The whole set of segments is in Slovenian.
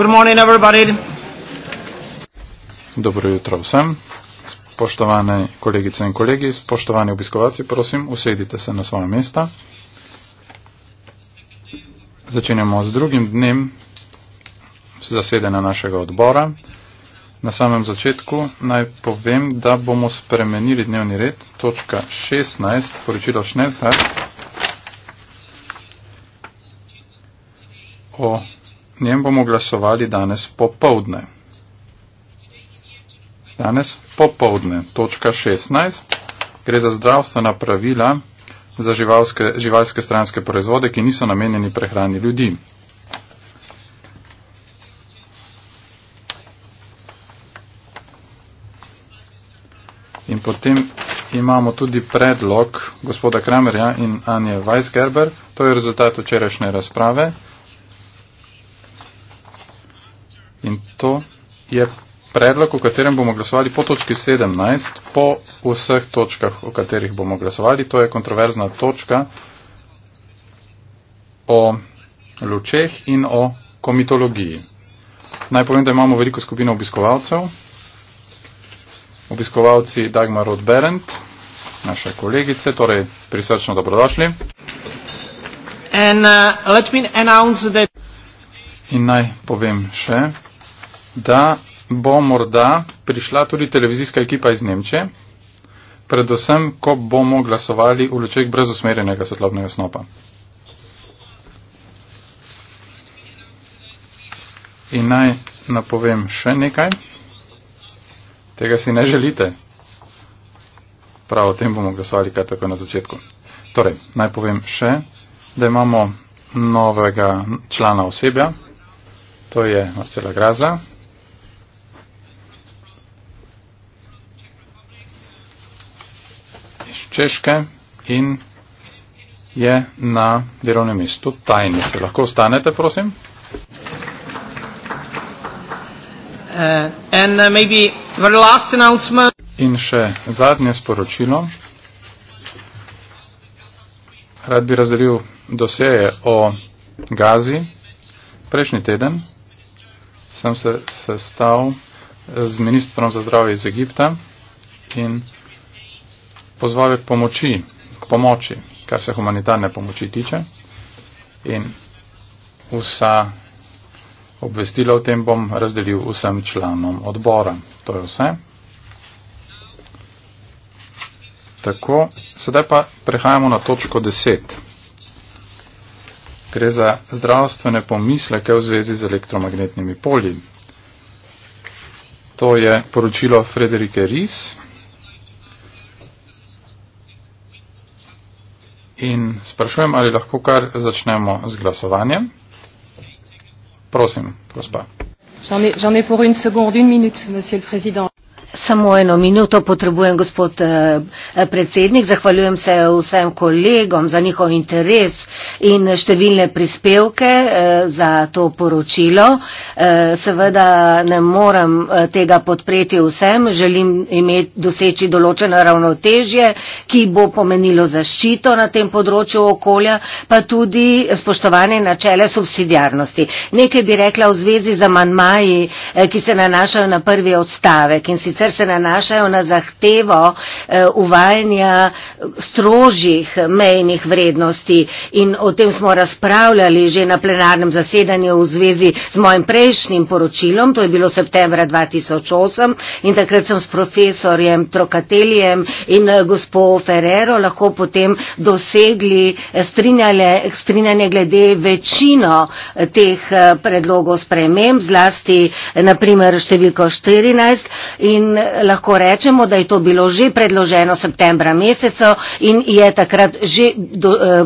Good morning, everybody. Dobro jutro vsem, spoštovane kolegice in kolegi, spoštovani obiskovalci, prosim, usedite se na svoje mesta. Začenjamo z drugim dnem zasedena našega odbora. Na samem začetku naj povem, da bomo spremenili dnevni red, točka 16, poročilo Šnelhar o njem bomo glasovali danes popovdne. Danes popovdne. Točka 16. Gre za zdravstvena pravila za živalske, živalske stranske proizvode, ki niso namenjeni prehrani ljudi. In potem imamo tudi predlog gospoda Kramerja in Anje Weisgerber. To je rezultat včerajšnje razprave. In to je predlog, o katerem bomo glasovali po točki 17, po vseh točkah, o katerih bomo glasovali. To je kontroverzna točka o lučeh in o komitologiji. Naj povem, da imamo veliko skupino obiskovalcev. Obiskovalci Dagmar Odberend, naše kolegice, torej prisrčno dobrodošli. And, uh, let me announce that... In naj povem še, da bo morda prišla tudi televizijska ekipa iz Nemčije, predvsem, ko bomo glasovali v lučeh brez usmerjenega svetlobnega snopa. In naj napovem še nekaj. Tega si ne želite. Prav o tem bomo glasovali kaj tako na začetku. Torej, naj povem še, da imamo novega člana osebja. To je Marcela Graza, Češke in je na delovnem mestu tajnice. Lahko ostanete, prosim. Uh, and, uh, maybe very last announcement. In še zadnje sporočilo. Rad bi razdelil doseje o Gazi. Prejšnji teden sem se sestal z ministrom za zdravje iz Egipta in pozvali k pomoči, k pomoči, kar se humanitarne pomoči tiče. In vsa obvestila o tem bom razdelil vsem članom odbora. To je vse. Tako, sedaj pa prehajamo na točko 10. Gre za zdravstvene pomisleke v zvezi z elektromagnetnimi polji. To je poročilo Frederike Ries, in sprašujem, ali lahko kar začnemo z glasovanjem. Prosim, gospa. J'en ai pour une seconde, une minute, monsieur le président. Samo eno minuto potrebujem, gospod eh, eh, predsednik. Zahvaljujem se vsem kolegom za njihov interes in številne prispevke eh, za to poročilo. Seveda ne moram tega podpreti vsem. Želim imeti doseči določeno ravnotežje, ki bo pomenilo zaščito na tem področju okolja, pa tudi spoštovanje načele subsidijarnosti. Nekaj bi rekla v zvezi z amandmaji, ki se nanašajo na prvi odstavek in sicer sicer se nanašajo na zahtevo eh, uvajanja strožjih mejnih vrednosti in o tem smo razpravljali že na plenarnem zasedanju v zvezi z mojim prejšnjim poročilom, to je bilo septembra 2008 in takrat sem s profesorjem Trokateljem in eh, gospo Ferrero lahko potem dosegli eh, strinjanje glede večino teh predlogov sprememb, zlasti naprimer številko 14 in lahko rečemo, da je to bilo že predloženo septembra mesecu in je takrat že do, eh,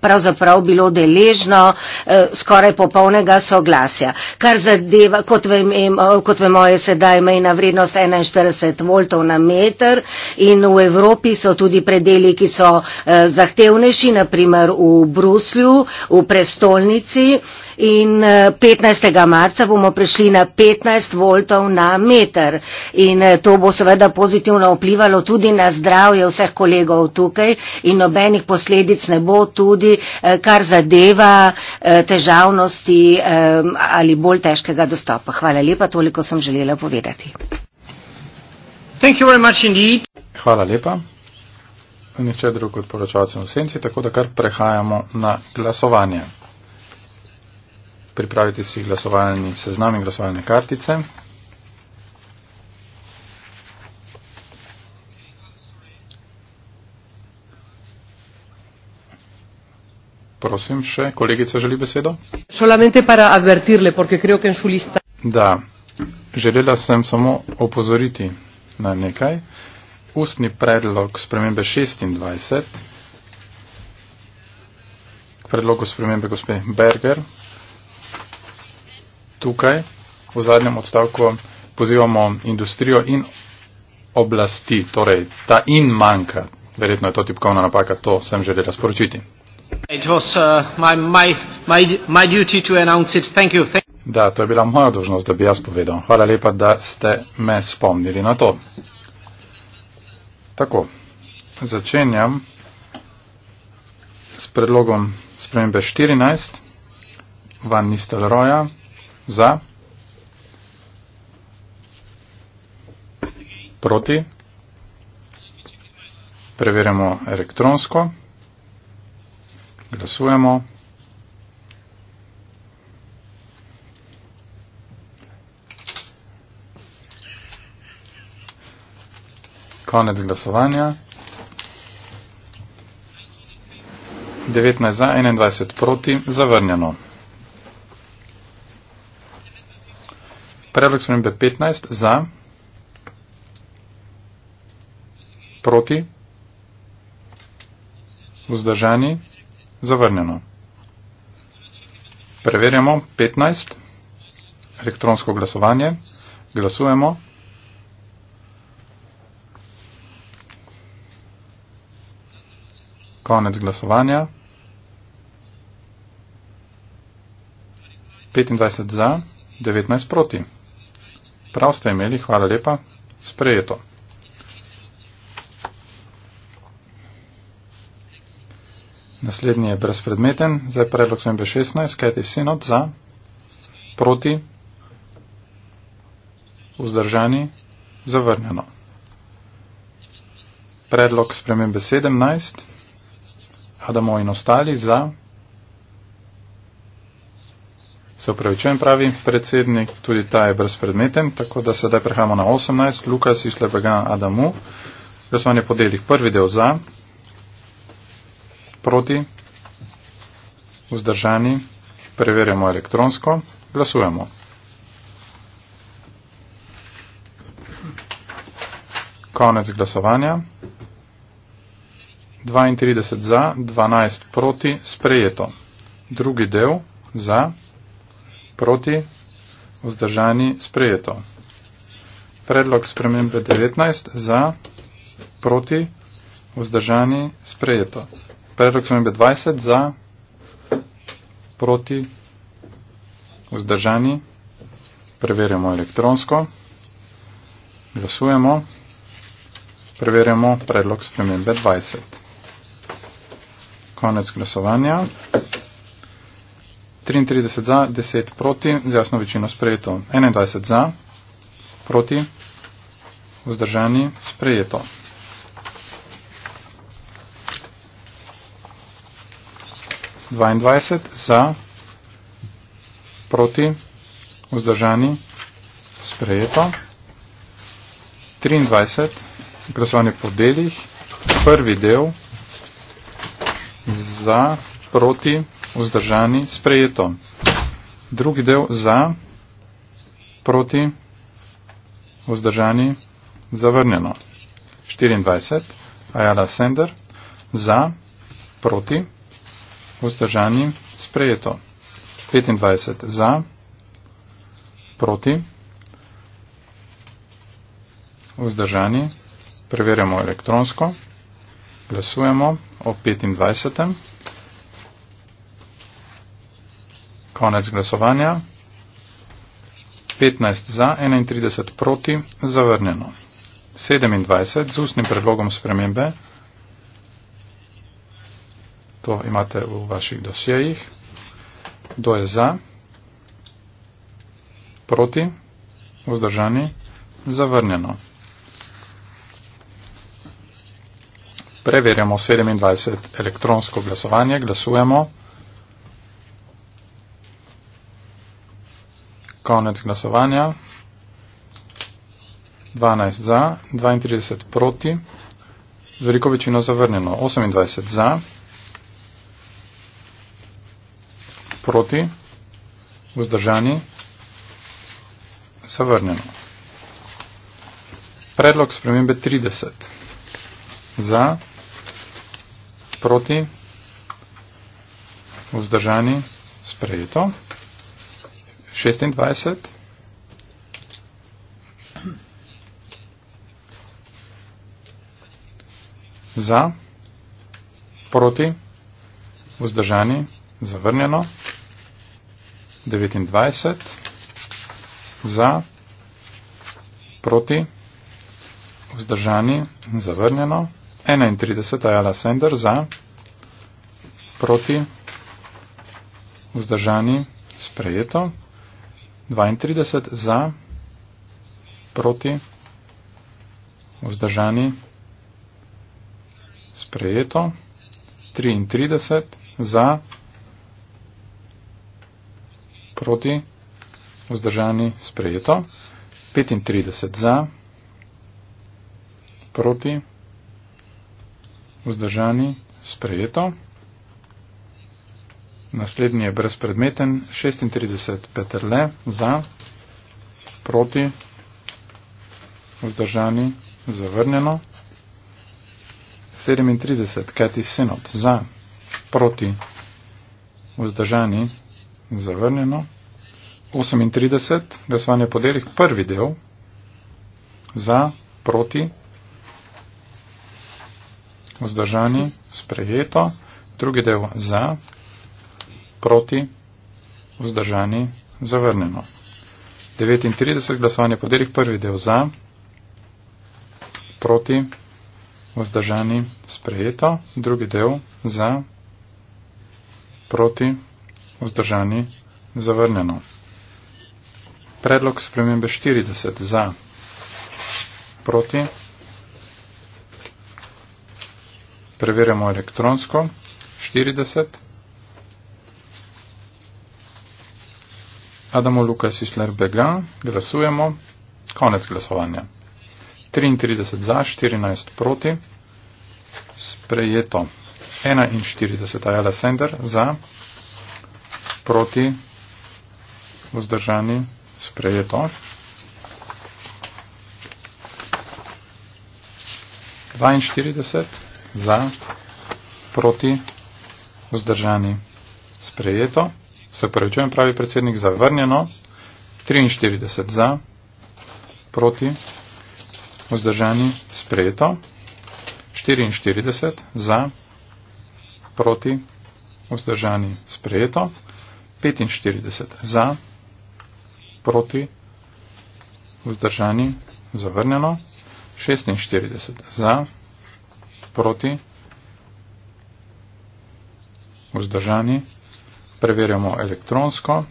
pravzaprav bilo deležno eh, skoraj popolnega soglasja. Kar zadeva, kot vemo, eh, kot vemo je sedaj mejna vrednost 41 voltov na meter in v Evropi so tudi predeli, ki so zahtevnejši, naprimer v Bruslju, v prestolnici in 15. Eh, marca bomo prišli na 15 voltov na meter in eh, to bo seveda pozitivno vplivalo tudi na zdravje vseh kolegov tukaj in nobenih posledic ne bo tudi, eh, kar zadeva težavnosti ali bolj težkega dostopa. Hvala lepa, toliko sem želela povedati. Hvala lepa. Nihče drug od poročavcev v senci, tako da kar prehajamo na glasovanje pripraviti si glasovalni seznam in glasovalne kartice. Prosim, še kolegica želi besedo? Solamente para advertirle, porque creo que en su lista... Da, želela sem samo opozoriti na nekaj. Ustni predlog spremembe 26, predlogu spremembe gospe Berger, tukaj v zadnjem odstavku pozivamo industrijo in oblasti, torej ta in manjka. Verjetno je to tipkovna napaka, to sem želel sporočiti. Was, uh, my, my, my, my thank you, thank da, to je bila moja dožnost, da bi jaz povedal. Hvala lepa, da ste me spomnili na to. Tako, začenjam s predlogom spremembe 14 van Nistelroja za, proti, preverjamo elektronsko, glasujemo, konec glasovanja, 19 za, 21 proti, zavrnjeno. Predlog spremembe 15 za, proti, vzdržani, zavrnjeno. Preverjamo 15, elektronsko glasovanje, glasujemo. Konec glasovanja. 25 za, 19 proti. Prav ste imeli, hvala lepa, sprejeto. Naslednji je brezpredmeten, zdaj predlog sem 16, kajti vsi not za, proti, vzdržani, zavrnjeno. Predlog spremembe 17, Adamo in ostali za, Se upravičujem, pravi predsednik, tudi ta je brezpredmeten, tako da sedaj prehajamo na 18. Lukas iz Lebega Adamu. Glasovanje po delih. Prvi del za, proti, vzdržani, preverjamo elektronsko, glasujemo. Konec glasovanja. 32 za, 12 proti, sprejeto. Drugi del za proti, vzdržani, sprejeto. Predlog spremembe 19 za, proti, vzdržani, sprejeto. Predlog spremembe 20 za, proti, vzdržani, preverjamo elektronsko, glasujemo, preverjamo predlog spremembe 20. Konec glasovanja. 33 za, 10 proti, z jasno večino sprejeto. 21 za, proti, vzdržani, sprejeto. Dvaindvajset za, proti, vzdržani, sprejeto. Triindvajset, glasovanje po delih, prvi del, za, proti, vzdržani vzdržani, sprejeto. Drugi del za, proti, vzdržani, zavrnjeno. 24. Ayala Sender, za, proti, vzdržani, sprejeto. 25. Za, proti, vzdržani, preverjamo elektronsko, glasujemo o 25. Konec glasovanja. 15 za, 31 proti, zavrnjeno. 27 z ustnim predlogom spremembe. To imate v vaših dosjejih. Kdo je za? Proti? Vzdržani? Zavrnjeno. Preverjamo 27 elektronsko glasovanje. Glasujemo. Konec glasovanja. 12 za, 32 proti, z veliko večino zavrnjeno. 28 za, proti, vzdržani, zavrnjeno. Predlog spremembe 30. Za, proti, vzdržani, sprejeto. 26. Za, proti, vzdržani, zavrnjeno. 29. Za, proti, vzdržani, zavrnjeno. 31. Ajala Sender, za, proti, vzdržani, sprejeto. 32 za, proti, vzdržani, sprejeto, 33 za, proti, vzdržani, sprejeto, 35 za, proti, vzdržani, sprejeto. Naslednji je brezpredmeten, 36 Peterle za, proti, vzdržani, zavrnjeno. 37 Keti Sinot za, proti, vzdržani, zavrnjeno. 38 glasovanje po delih, prvi del, za, proti, vzdržani, sprejeto. Drugi del za, proti, vzdržani, zavrnjeno. 39 glasovanje po delih, prvi del za, proti, vzdržani, sprejeto, drugi del za, proti, vzdržani, zavrnjeno. Predlog spremembe 40 za, proti, preverjamo elektronsko, 40, 40, Adamo Luka Sisler Bega, glasujemo, konec glasovanja. 33 za, 14 proti, sprejeto. 41 Ayala Sender za, proti, vzdržani, sprejeto. 42 za, proti, vzdržani, sprejeto. Se oporečujem, pravi predsednik, zavrnjeno, 43 za, proti, vzdržani, sprejeto, 44 za, proti, vzdržani, sprejeto, 45 za, proti, vzdržani, zavrnjeno, 46 za, proti, vzdržani, sprejeto preverjamo elektronsko,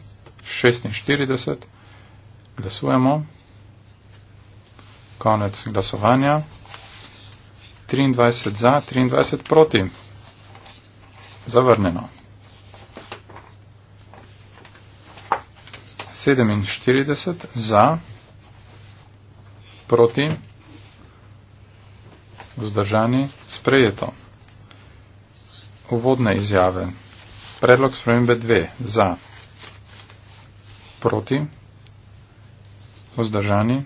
46, glasujemo, konec glasovanja, 23 za, 23 proti, zavrneno. 47 za, proti, vzdržani, sprejeto. Uvodne izjave. Predlog spremembe dve. Za. Proti. Vzdržani.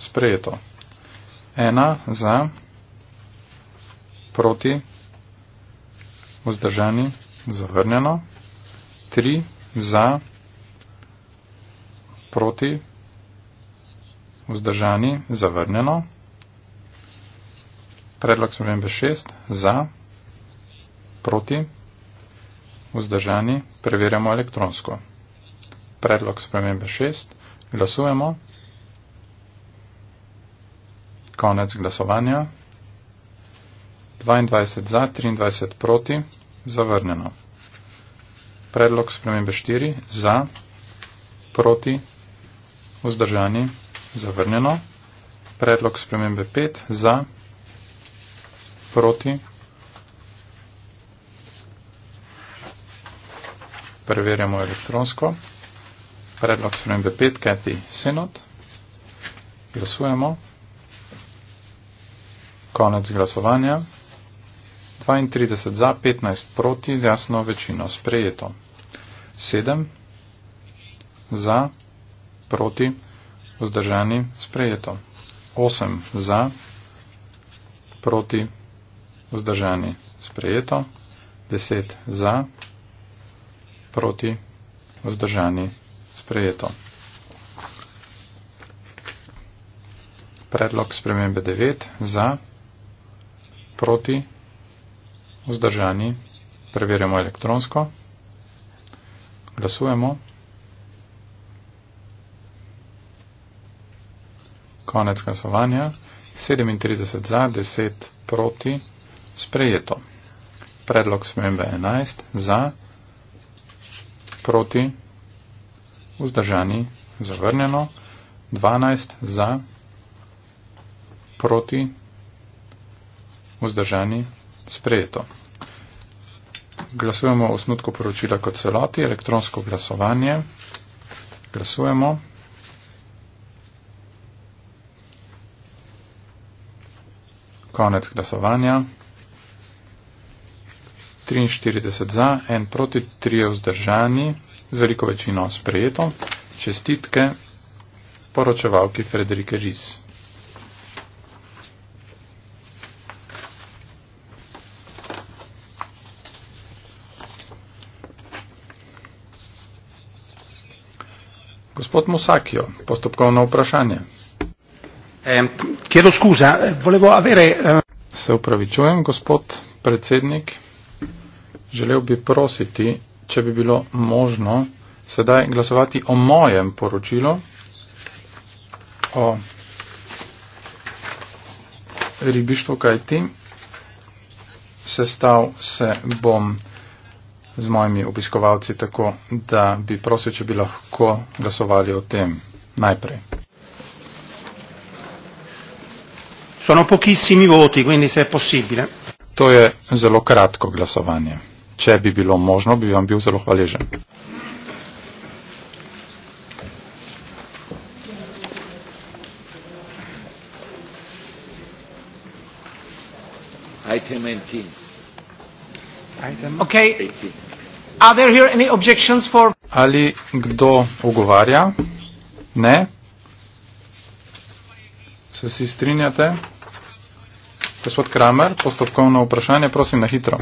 Sprejeto. Ena. Za. Proti. Vzdržani. Zavrnjeno. Tri. Za. Proti. Vzdržani. Zavrnjeno. Predlog spremembe šest. Za. Proti vzdržani, preverjamo elektronsko. Predlog spremembe 6. Glasujemo. Konec glasovanja. 22 za, 23 proti, zavrnjeno. Predlog spremembe 4. Za, proti, vzdržani, zavrnjeno. Predlog spremembe 5. Za, proti, vzdržani. preverjamo elektronsko. Predlog spremembe 5, Kathy Sinod. Glasujemo. Konec glasovanja. 32 za, 15 proti, z jasno večino sprejeto. 7 za, proti, vzdržani sprejeto. 8 za, proti, vzdržani sprejeto. 10 za, proti proti vzdržani sprejeto. Predlog spremembe 9 za proti vzdržani preverjamo elektronsko. Glasujemo. Konec glasovanja. 37 za, 10 proti sprejeto. Predlog spremembe 11 za proti, vzdržani, zavrnjeno, 12 za, proti, vzdržani, sprejeto. Glasujemo o snutku poročila kot celoti, elektronsko glasovanje. Glasujemo. Konec glasovanja. 43 za, en proti, trije vzdržani, z veliko večino sprejeto. Čestitke poročevalki Frederike Žiz. Gospod Musakio, postopkovno vprašanje. Eh, scusa, volevo avere, eh... Se upravičujem, gospod predsednik. Želel bi prositi, če bi bilo možno sedaj glasovati o mojem poročilu, o ribištvu kajti. Sestav se bom z mojimi obiskovalci tako, da bi prosil, če bi lahko glasovali o tem najprej. Sono pochissimi voti, quindi se è possibile. To je zelo kratko glasovanje če bi bilo možno, bi vam bil zelo hvaležen. Item 18. Okay. Are there here any objections for... Ali kdo ugovarja? Ne? Se si strinjate? Ne? Gospod Kramer, postopkovno vprašanje, prosim, na hitro.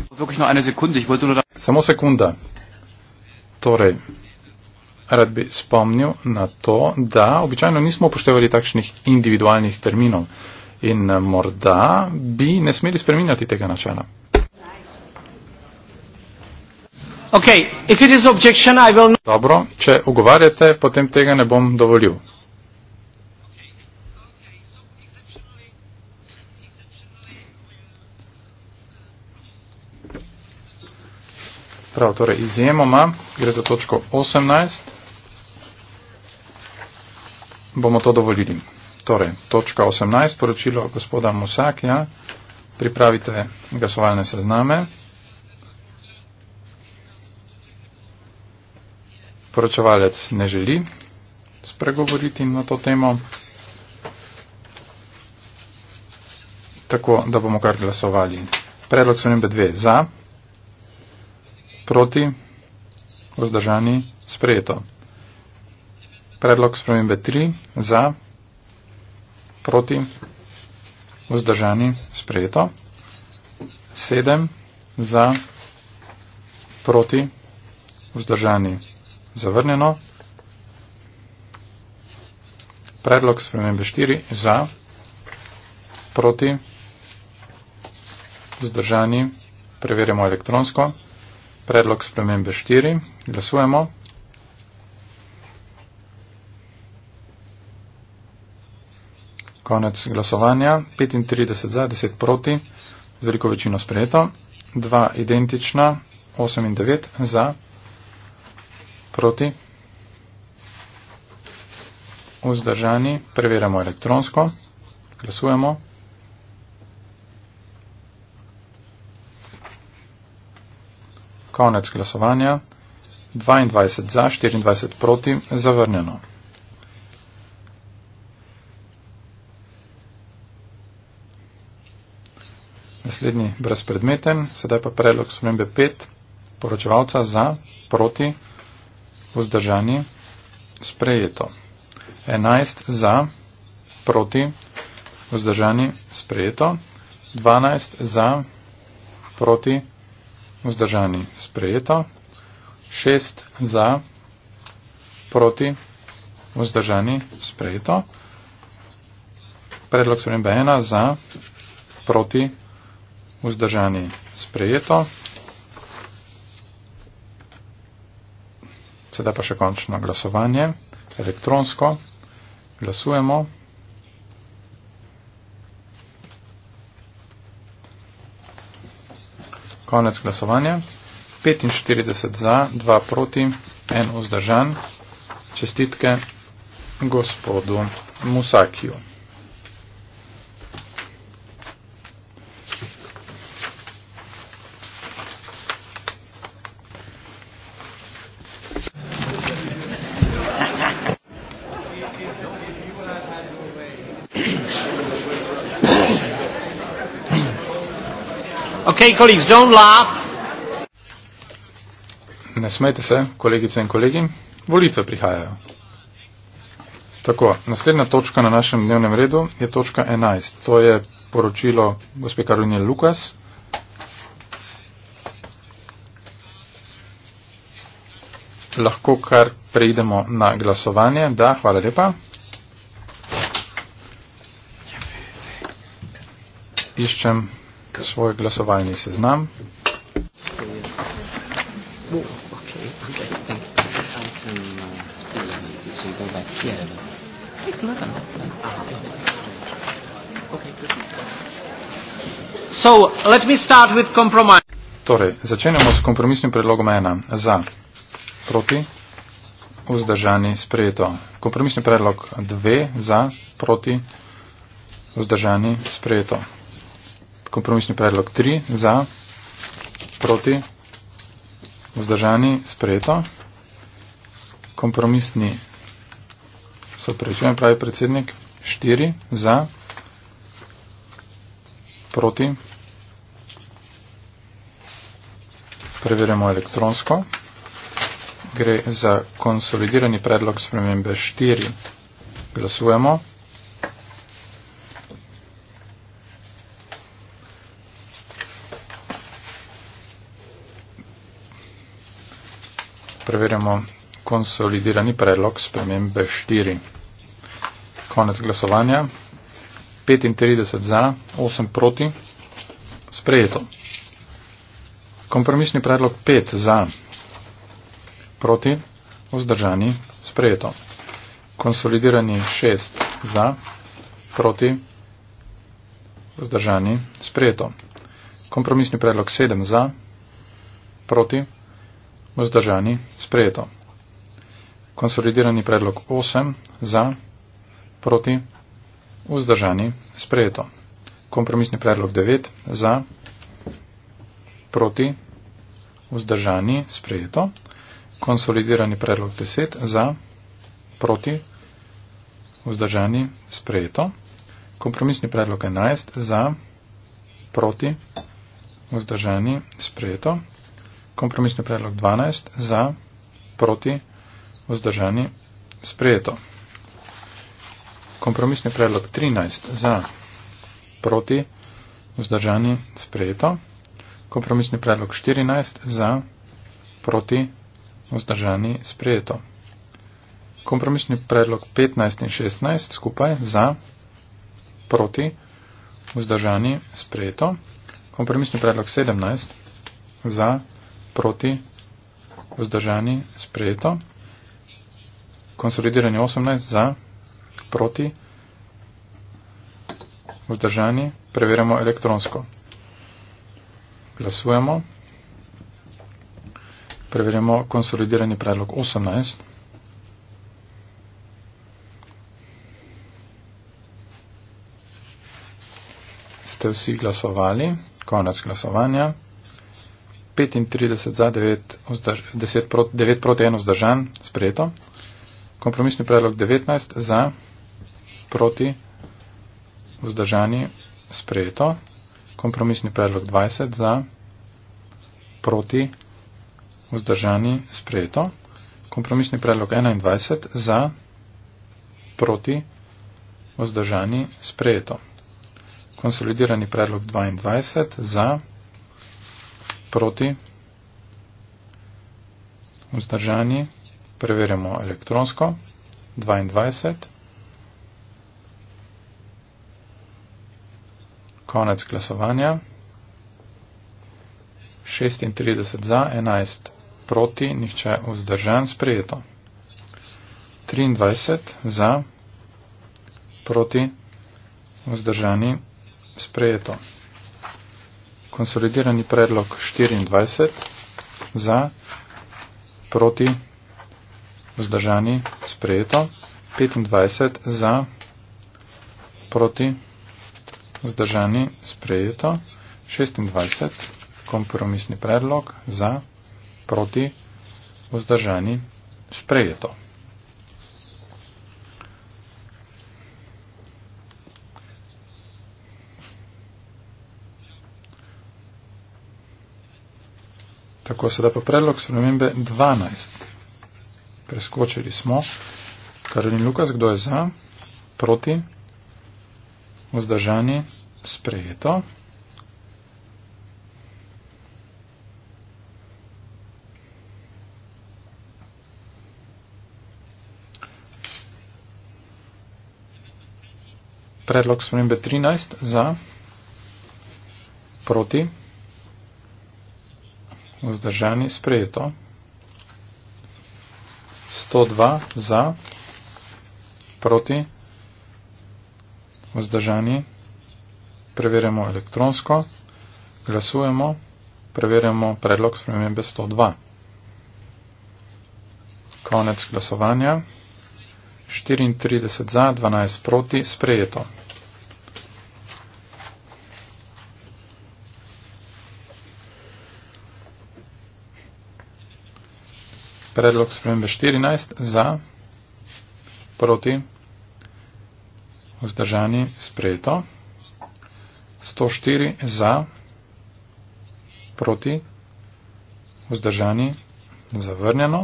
Samo sekunda. Torej, rad bi spomnil na to, da običajno nismo upoštevali takšnih individualnih terminov in eh, morda bi ne smeli spreminjati tega načela. Okay, if it is objection, I will... Dobro, če ugovarjate, potem tega ne bom dovolil. Prav, torej izjemoma, gre za točko 18, bomo to dovolili. Torej, točka 18, poročilo gospoda Musakja, pripravite glasovalne sezname. Poročevalec ne želi spregovoriti na to temo, tako da bomo kar glasovali. Predlog so nebe dve za. Proti, vzdržani, sprejeto. Predlog spremembe 3, za, proti, vzdržani, sprejeto. 7, za, proti, vzdržani, zavrnjeno. Predlog spremembe 4, za, proti, vzdržani, preverjamo elektronsko predlog spremembe 4. Glasujemo. Konec glasovanja. 35 za, 10 proti, z veliko večino sprejeto. 2 identična, 8 in 9 za, proti. Vzdržani, preverjamo elektronsko. Glasujemo. Konec glasovanja. 22 za, 24 proti, zavrnjeno. Naslednji brezpredmeten, sedaj pa predlog spremembe 5, poročevalca za, proti, vzdržani, sprejeto. 11 za, proti, vzdržani, sprejeto. 12 za, proti, vzdržani vzdržani sprejeto, šest za, proti, vzdržani sprejeto, predlog spremembe ena za, proti, vzdržani sprejeto, sedaj pa še končno glasovanje, elektronsko, glasujemo. Konec glasovanja. 45 za, 2 proti, 1 vzdržan. Čestitke gospodu Musakiju. colleagues, don't laugh. Ne smete se, kolegice in kolegi, volitve prihajajo. Tako, naslednja točka na našem dnevnem redu je točka 11. To je poročilo gospe Karolinje Lukas. Lahko kar preidemo na glasovanje. Da, hvala lepa. Iščem svoj glasovalni seznam. So, let me start with compromise. Torej, začenjamo s kompromisnim predlogom ena. Za, proti, vzdržani, sprejeto. Kompromisni predlog dve, za, proti, vzdržani, sprejeto kompromisni predlog 3 za, proti, vzdržani, sprejeto. Kompromisni, se oprečujem, pravi predsednik, 4 za, proti, preverjamo elektronsko. Gre za konsolidirani predlog spremembe 4. Glasujemo. preverjamo konsolidirani predlog spremembe 4. Konec glasovanja. 35 za, 8 proti. Sprejeto. Kompromisni predlog 5 za, proti, vzdržani, sprejeto. Konsolidirani 6 za, proti, vzdržani, sprejeto. Kompromisni predlog 7 za, proti, vzdržani. Vzdržani sprejeto. Konsolidirani predlog 8 za, proti, vzdržani sprejeto. Kompromisni predlog 9 za, proti, vzdržani sprejeto. Konsolidirani predlog 10 za, proti, vzdržani sprejeto. Kompromisni predlog 11 za, proti, vzdržani sprejeto kompromisni predlog 12 za, proti, vzdržani, sprejeto. Kompromisni predlog 13 za, proti, vzdržani, sprejeto. Kompromisni predlog 14 za, proti, vzdržani, sprejeto. Kompromisni predlog 15 in 16 skupaj za, proti, vzdržani, sprejeto. Kompromisni predlog 17 za, proti, vzdržani, sprejeto proti vzdržani sprejeto, konsolidiranje 18 za proti vzdržani preverjamo elektronsko. Glasujemo, preverjamo konsolidirani predlog 18. Ste vsi glasovali, konec glasovanja. 35 za 9, 10, 9 proti 1 vzdržan, sprejeto. Kompromisni predlog 19 za proti vzdržani, sprejeto. Kompromisni predlog 20 za proti vzdržani, sprejeto. Kompromisni predlog 21 za proti vzdržani, sprejeto. Konsolidirani predlog 22 za proti vzdržani, sprejeto proti, vzdržani, preverjamo elektronsko, 22, konec glasovanja, 36 za, 11 proti, nihče vzdržan, sprejeto. 23 za, proti, vzdržani, sprejeto konsolidirani predlog 24 za proti vzdržani sprejeto, 25 za proti vzdržani sprejeto, 26 kompromisni predlog za proti vzdržani sprejeto. Tako se da pa predlog spremembe 12. Preskočili smo. Karolin Lukas, kdo je za? Proti? Vzdržani? Sprejeto. Predlog spremembe 13 za proti vzdržani sprejeto. 102 za, proti, vzdržani, preverjamo elektronsko, glasujemo, preverjamo predlog spremembe 102. Konec glasovanja, 34 za, 12 proti, sprejeto. predlog spremembe 14 za, proti, vzdržani, sprejeto, 104 za, proti, vzdržani, zavrnjeno.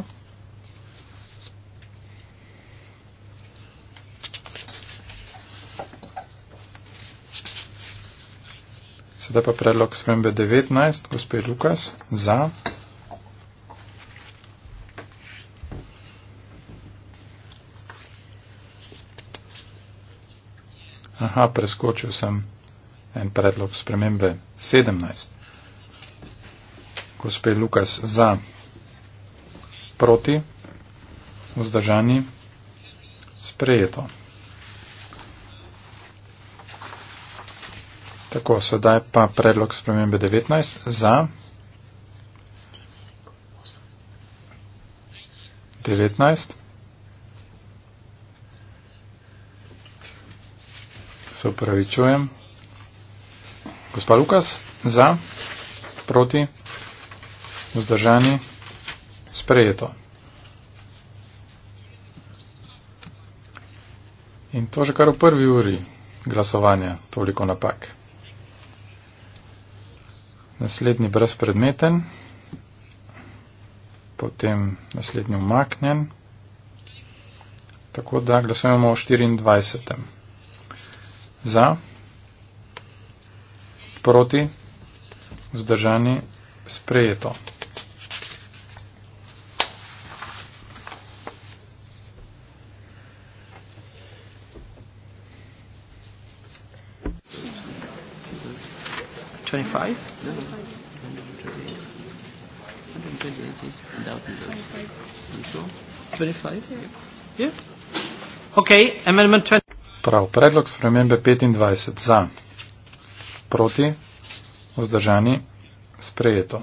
Sedaj pa predlog spremembe 19, gospod Lukas, za. Aha, preskočil sem en predlog spremembe. 17. Gospe Lukas za proti, vzdržani, sprejeto. Tako, sedaj pa predlog spremembe 19 za 19. Se upravičujem. Gospa Lukas, za, proti, vzdržani, sprejeto. In to že kar v prvi uri glasovanja, toliko napak. Naslednji brezpredmeten, potem naslednji umaknjen, tako da glasujemo o 24 za, proti, vzdržani, sprejeto. Twenty-five. Twenty-five. Yeah. Okay. Amendment twenty. Prav predlog spremembe 25 za, proti, vzdržani, sprejeto.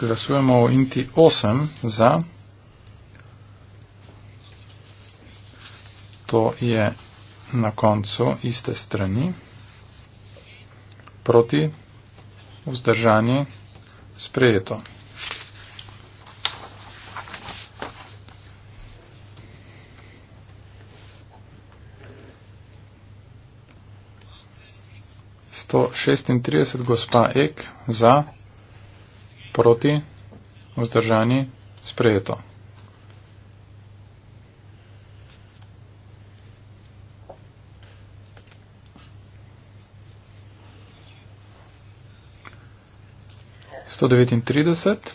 Glasujemo o inti 8 za, to je na koncu iste strani, proti vzdržanje sprejeto. Sto šestintrideset gospa Ek za proti vzdržanje sprejeto. 139.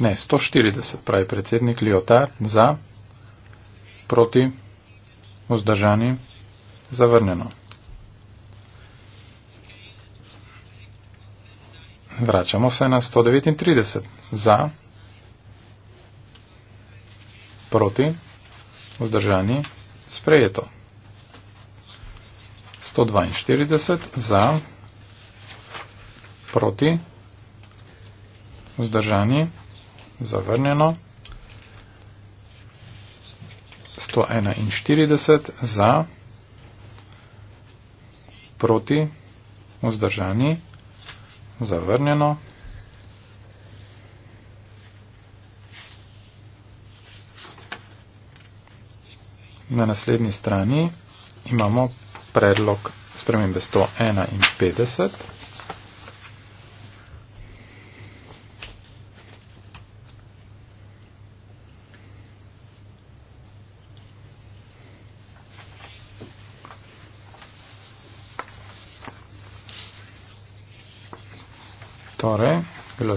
Ne, 140, pravi predsednik Lyotard, za, proti, vzdržani, zavrnjeno. Vračamo se na 139, za, proti, vzdržani, sprejeto. 142, za, proti, vzdržani, zavrnjeno, 141 za, proti, vzdržani, zavrnjeno, 141. Na naslednji strani imamo predlog spremembe 151.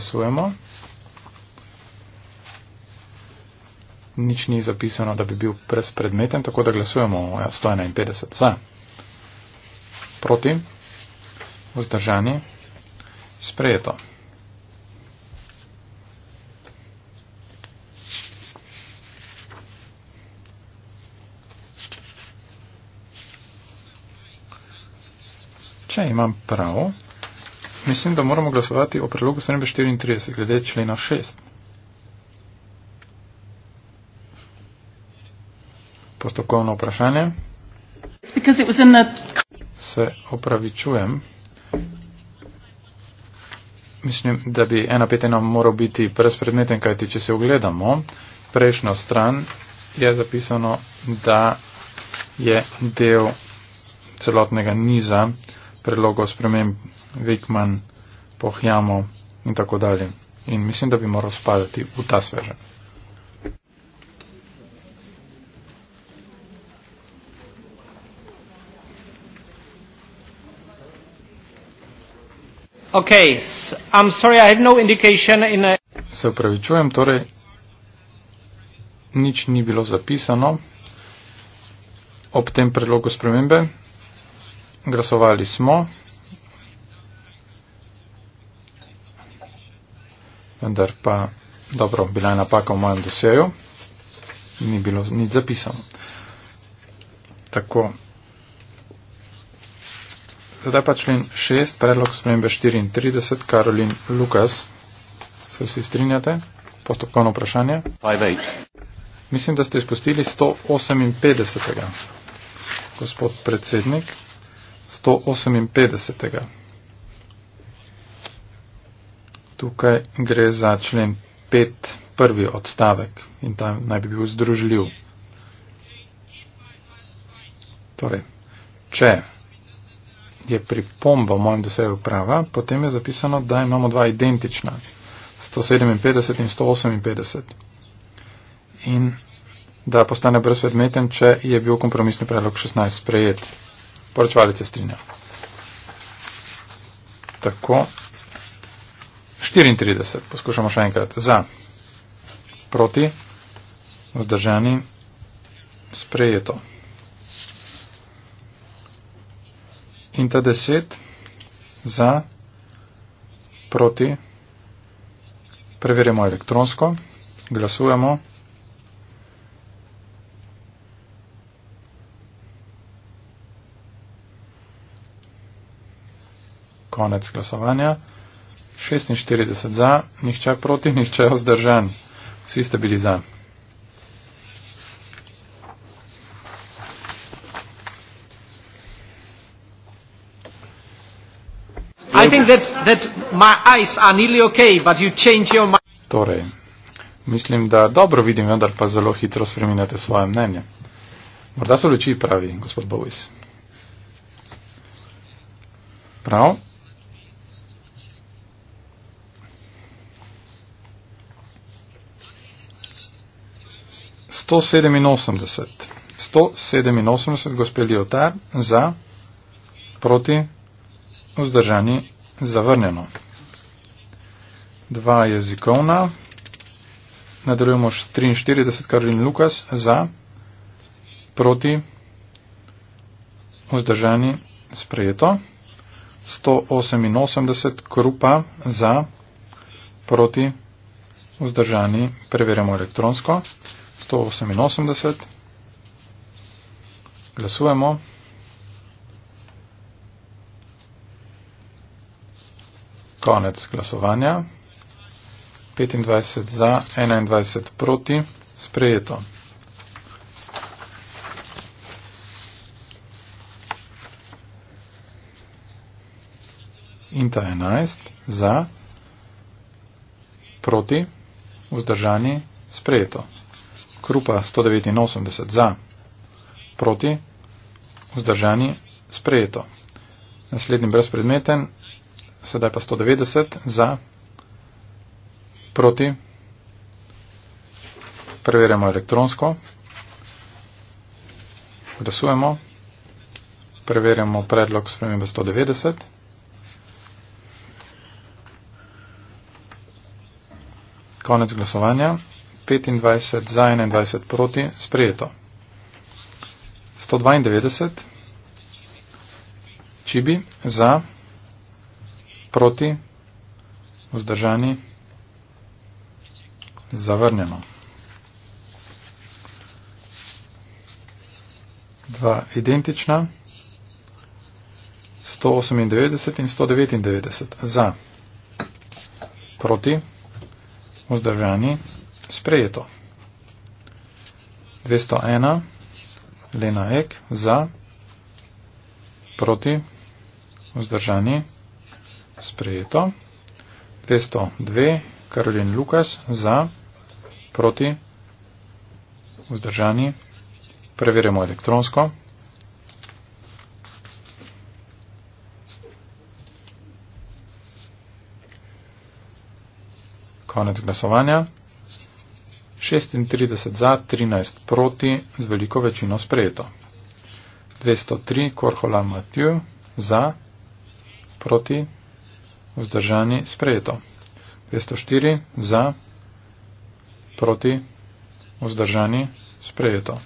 glasujemo. Nič ni zapisano, da bi bil predmeten, tako da glasujemo o ja, 151. Za. Proti. Vzdržani. Sprejeto. Mislim, da moramo glasovati o predlogu strenbe 34, glede člena 6. Postopkovno vprašanje. Se opravičujem. Mislim, da bi ena petina moral biti prespredmeten, kajti če se ogledamo, prejšnjo stran je zapisano, da je del celotnega niza predlogov spremembe Wickman, Pohjamo in tako dalje. In mislim, da bi moral spadati v ta sveže. Okay, I'm sorry, I have no indication in a... Se upravičujem, torej nič ni bilo zapisano ob tem predlogu spremembe. Glasovali smo. vendar pa dobro, bila je napaka v mojem doseju, ni bilo nič zapisano. Tako. Zdaj pa člen 6, predlog spremembe 34, Karolin Lukas. Se vsi strinjate? Postopkovno vprašanje. Mislim, da ste izpustili 158. Gospod predsednik, 158 tukaj gre za člen 5, prvi odstavek in ta naj bi bil združljiv. Torej, če je pripomba v mojem dosegu prava, potem je zapisano, da imamo dva identična, 157 in 158. In da postane brezpredmeten, če je bil kompromisni predlog 16 sprejet. Poročevalec se strinja. Tako, 34. Poskušamo še enkrat. Za. Proti. Vzdržani. Sprejeto. In ta 10. Za. Proti. Preverjamo elektronsko. Glasujemo. Konec glasovanja. 46 za, nihče proti, nihče vzdržan. Vsi ste bili za. I think that, that my eyes are nearly okay, but you change your mind. Torej, mislim, da dobro vidim, vendar pa zelo hitro spreminjate svoje mnenje. Morda so luči pravi, gospod Bovis. Prav. 187. 187, gospod Liotar, za, proti, vzdržani, zavrnjeno. Dva jezikovna. Nadaljujemo še 43, Karolin Lukas, za, proti, vzdržani, sprejeto. 188, Krupa, za, proti, vzdržani, preverjamo elektronsko. 188. Glasujemo. Konec glasovanja. 25 za, 21 proti. Sprejeto. In ta 11 za, proti, vzdržani, sprejeto. Krupa 189 za, proti, vzdržani, sprejeto. Naslednji brezpredmeten, sedaj pa 190 za, proti, preverjamo elektronsko, glasujemo, preverjamo predlog spremembe 190. Konec glasovanja. 25 za 21 proti, sprejeto. 192, čibi za, proti, vzdržani, zavrnjeno. 2 identična, 198 in 199 za, proti, vzdržani, zavrnjeno sprejeto. 201, Lena Ek, za, proti, vzdržani, sprejeto. 202, Karolin Lukas, za, proti, vzdržani, preverjamo elektronsko. Konec glasovanja. 36 za, 13 proti, z veliko večino sprejeto. 203 Korhola Matiju za, proti, vzdržani sprejeto. 204 za, proti, vzdržani sprejeto.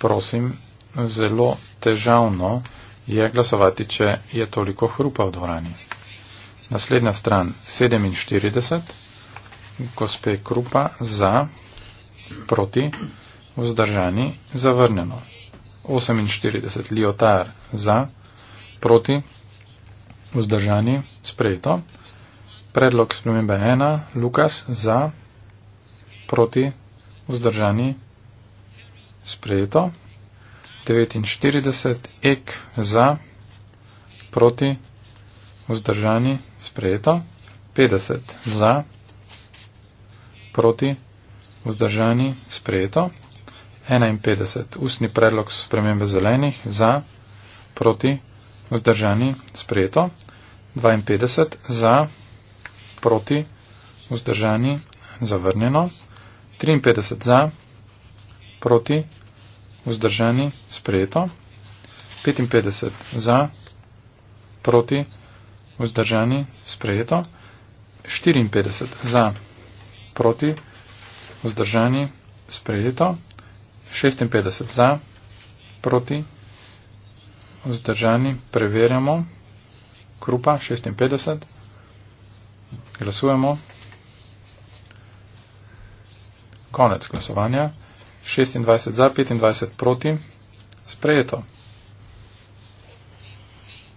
Prosim, zelo težavno je glasovati, če je toliko hrupa v dvorani. Naslednja stran 47. Gospe Krupa za, proti, vzdržani, zavrnjeno. 48. Liotar za, proti, vzdržani, sprejeto. Predlog spremembe 1. Lukas za, proti, vzdržani, sprejeto. 49, ek za, proti, vzdržani, sprejeto, 50 za, proti, vzdržani, sprejeto, 51, ustni predlog spremembe zelenih, za, proti, vzdržani, sprejeto, 52 za, proti, vzdržani, zavrnjeno, 53 za, proti, vzdržani, vzdržani, sprejeto, 55 za, proti, vzdržani, sprejeto, 54 za, proti, vzdržani, sprejeto, 56 za, proti, vzdržani, preverjamo, krupa 56, glasujemo, konec glasovanja. 26 za, 25 proti, sprejeto.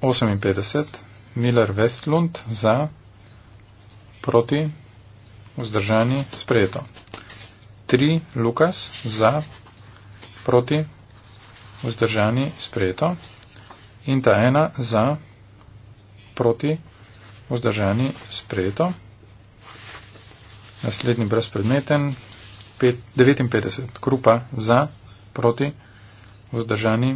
58, Miller Westlund za, proti, vzdržani, sprejeto. 3, Lukas za, proti, vzdržani, sprejeto. In ta ena za, proti, vzdržani, sprejeto. Naslednji brezpredmeten, pet, 59, krupa za, proti, vzdržani,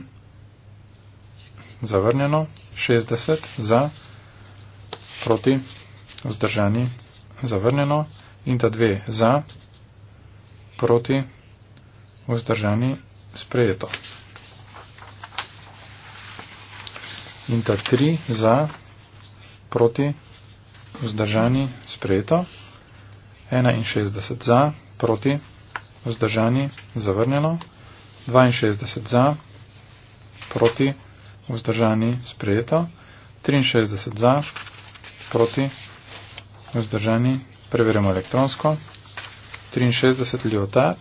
zavrnjeno, 60 za, proti, vzdržani, zavrnjeno in ta dve za, proti, vzdržani, sprejeto. In ta tri za, proti, vzdržani, sprejeto. 61 za, proti, vzdržani, sprejeto vzdržani, zavrnjeno, 62 za, proti, vzdržani, sprejeto, 63 za, proti, vzdržani, preverimo elektronsko, 63 ljota,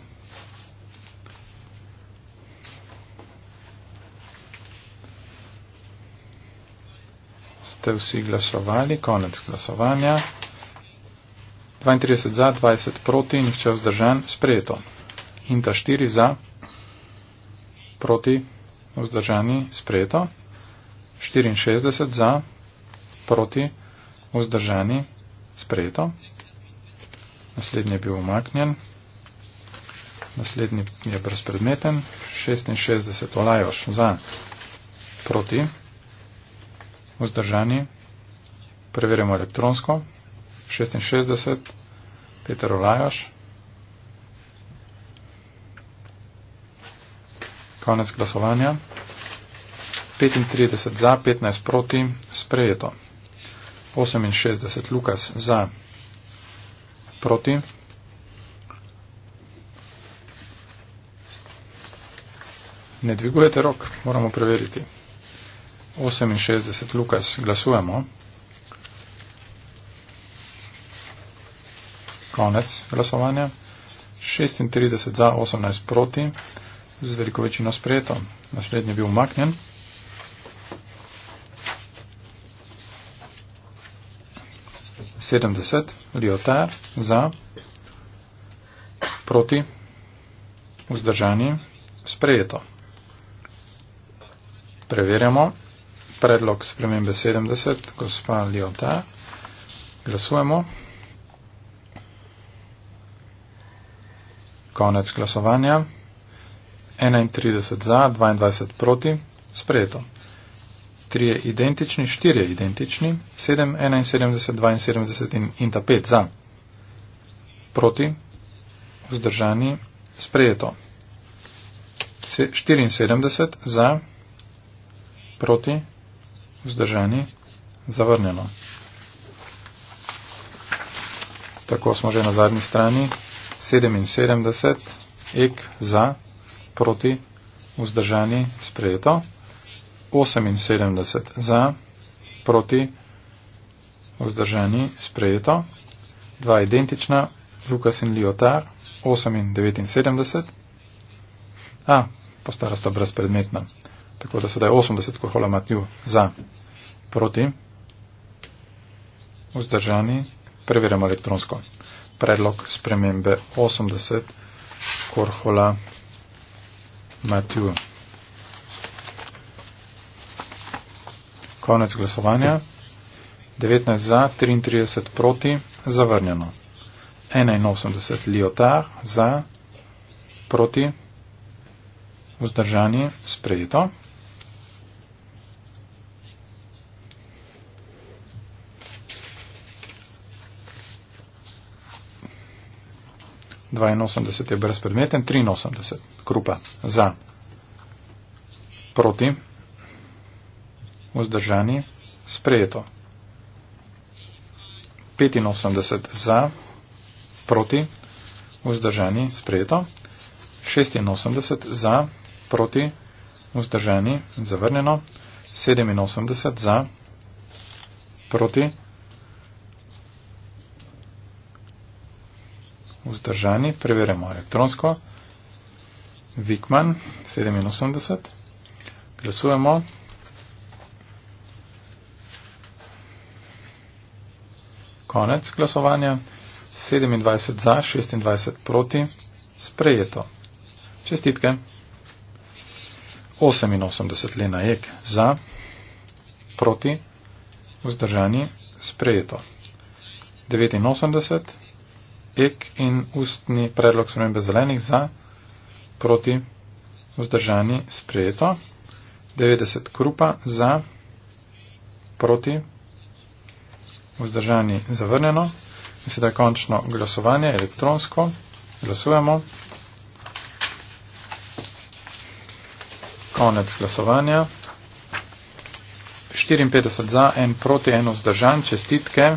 ste vsi glasovali, konec glasovanja, 32 za, 20 proti, nihče vzdržan, sprejeto in ta štiri za, proti, vzdržani, sprejeto, 64 za, proti, vzdržani, sprejeto, naslednji je bil umaknjen, naslednji je brezpredmeten, 66 olajoš za, proti, vzdržani, preverjamo elektronsko, 66, Peter Olajaš, Konec glasovanja. 35 za, 15 proti, sprejeto. 68 Lukas za, proti. Ne dvigujete rok, moramo preveriti. 68 Lukas, glasujemo. Konec glasovanja. 36 za, 18 proti z veliko večino sprejeto. Naslednji je bil umaknjen. Sedemdeset, Lyotard, za, proti, vzdržanje, sprejeto. Preverjamo. Predlog spremembe 70, gospa Liota, glasujemo. Konec glasovanja. 31 za, 22 proti, sprejeto. 3 je identični, 4 je identični, 7, 71, 72 in, in ta 5 za. Proti, vzdržani, sprejeto. 74 za, proti, vzdržani, zavrnjeno. Tako smo že na zadnji strani. 77, ek za, proti, vzdržani, sprejeto. 78 za, proti, vzdržani, sprejeto. Dva identična, Lukas in Liotar, 8 in 79. A, postara sta brezpredmetna. Tako da sedaj 80, ko hola Matiju, za, proti, vzdržani, preverjamo elektronsko. Predlog spremembe 80, korhola. Matiju. Konec glasovanja. 19 za, 33 proti, zavrnjeno. 81 liotar za, proti, vzdržani, sprejeto. 82 je brezpredmeten, 83 krupa za proti, vzdržani, sprejeto. 85 za proti, vzdržani, sprejeto. 86 za proti, vzdržani, zavrnjeno. 87 za proti, vzdržani. vzdržani, preverjamo elektronsko. Vikman 87. Glasujemo. Konec glasovanja. 27 za, 26 proti. Sprejeto. Čestitke. 88 Lena Ek za, proti, vzdržani, sprejeto. 89 ek in ustni predlog spremembe zelenih za, proti, vzdržani, sprejeto, 90 krupa za, proti, vzdržani, zavrnjeno. In sedaj končno glasovanje elektronsko. Glasujemo. Konec glasovanja. 54 za, 1 proti, 1 vzdržan. Čestitke.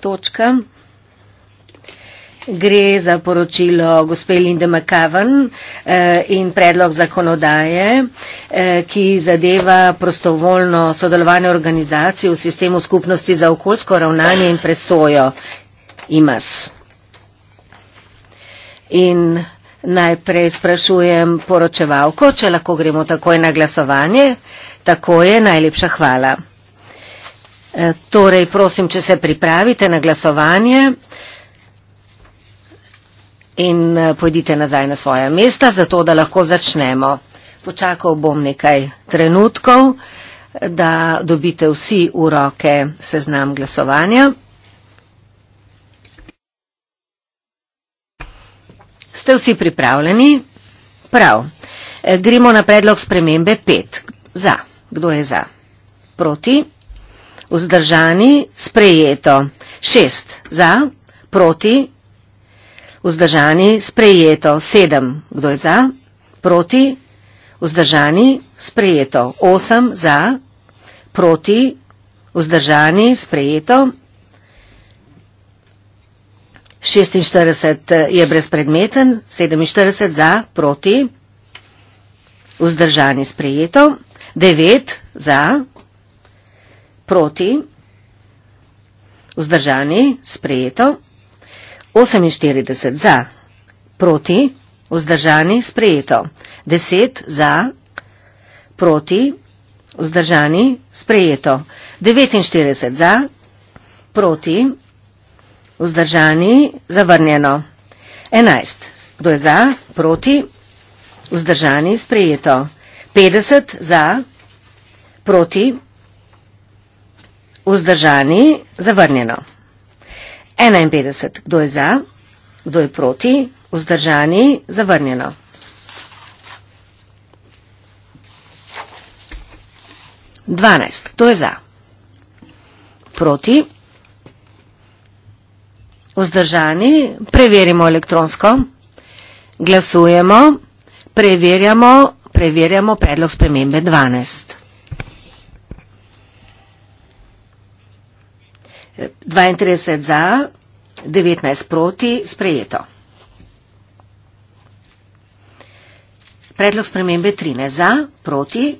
točka. Gre za poročilo gospe Linde McCaven eh, in predlog zakonodaje, eh, ki zadeva prostovoljno sodelovanje organizacij v sistemu skupnosti za okoljsko ravnanje in presojo IMAS. In najprej sprašujem poročevalko, če lahko gremo takoj na glasovanje. Tako je, najlepša hvala. E, torej, prosim, če se pripravite na glasovanje in e, pojdite nazaj na svoje mesta, zato da lahko začnemo. Počakal bom nekaj trenutkov, da dobite vsi v roke seznam glasovanja. Ste vsi pripravljeni? Prav. E, gremo na predlog spremembe 5. Za. Kdo je za? Proti? vzdržani, sprejeto. Šest za, proti, vzdržani, sprejeto. Sedem, kdo je za, proti, vzdržani, sprejeto. Osem za, proti, vzdržani, sprejeto. 46 je brezpredmeten, 47 za, proti, vzdržani, sprejeto. 9 za, proti, vzdržani, sprejeto, 48 za, proti, vzdržani, sprejeto, 10 za, proti, vzdržani, sprejeto, 49 za, proti, vzdržani, zavrnjeno, 11. Kdo je za, proti, vzdržani, sprejeto, 50 za, proti, vzdržani, sprejeto, Vzdržani, zavrnjeno. 51. Kdo je za? Kdo je proti? Vzdržani, zavrnjeno. Dvanajst. Kdo je za? Proti? Vzdržani, preverimo elektronsko. Glasujemo, preverjamo, preverjamo predlog spremembe dvanajst. 32 za, 19 proti, sprejeto. Predlog spremembe 13 za, proti,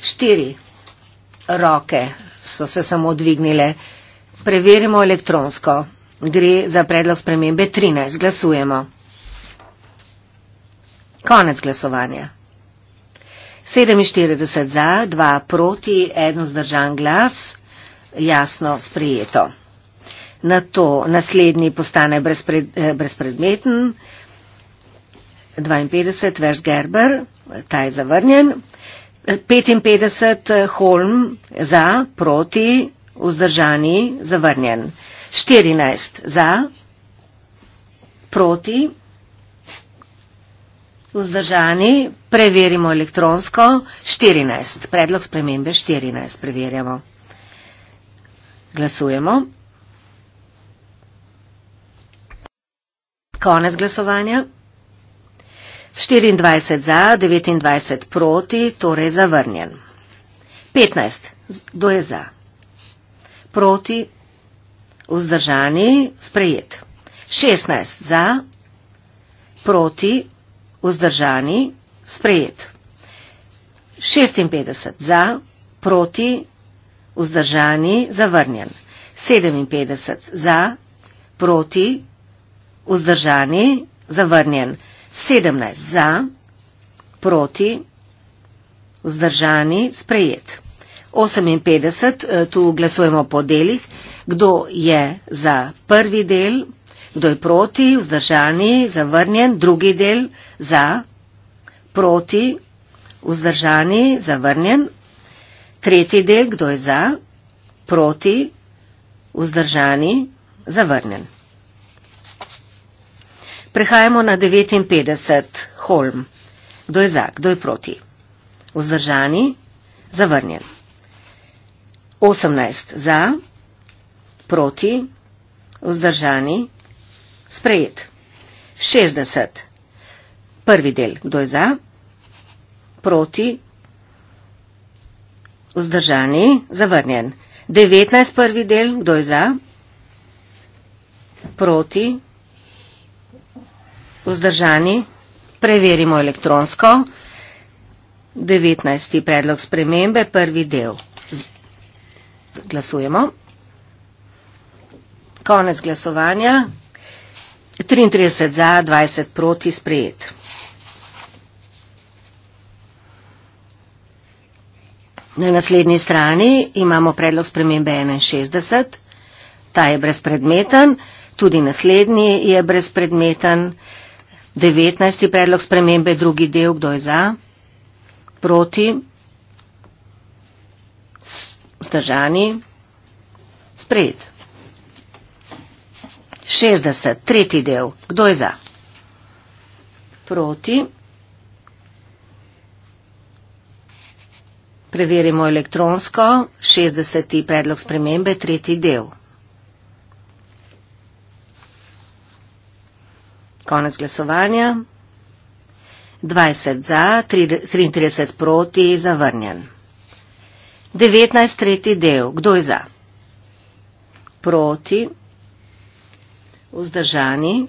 4 roke so se samo dvignile. Preverimo elektronsko. Gre za predlog spremembe 13. Glasujemo. Konec glasovanja. 47 za, 2 proti, 1 zdržan glas, jasno sprijeto. Na to naslednji postane brezpred, eh, brezpredmeten, 52 Vers Gerber, ta je zavrnjen, 55 Holm za, proti, vzdržani, zavrnjen, 14 za, proti, Vzdržani, preverimo elektronsko. 14. Predlog spremembe 14. Preverjamo. Glasujemo. Konec glasovanja. 24 za, 29 proti, torej zavrnjen. 15. Kdo je za? Proti. Vzdržani, sprejet. 16 za, proti vzdržani, sprejet. 56 za, proti, vzdržani, zavrnjen. 57 za, proti, vzdržani, zavrnjen. 17 za, proti, vzdržani, sprejet. 58, eh, tu glasujemo po delih, kdo je za prvi del, kdo je proti, vzdržani, zavrnjen, drugi del, za, proti, vzdržani, zavrnjen. Tretji del, kdo je za, proti, vzdržani, zavrnjen. Prehajamo na 59. Holm. Kdo je za, kdo je proti? Vzdržani, zavrnjen. 18. Za, proti, vzdržani, sprejet. 60. Prvi del, kdo je za, proti, vzdržani, zavrnjen. 19. prvi del, kdo je za, proti, vzdržani, preverimo elektronsko. 19. predlog spremembe, prvi del. Glasujemo. Konec glasovanja. 33 za, 20 proti, sprejet. Na naslednji strani imamo predlog spremembe 61. Ta je brezpredmeten, tudi naslednji je brezpredmeten. 19. predlog spremembe, drugi del, kdo je za, proti, zdržani, sprejet. 60. tretji del, kdo je za, proti. Preverimo elektronsko, 60. predlog spremembe, tretji del. Konec glasovanja. 20 za, 33 proti, zavrnjen. 19. tretji del. Kdo je za? Proti. Vzdržani.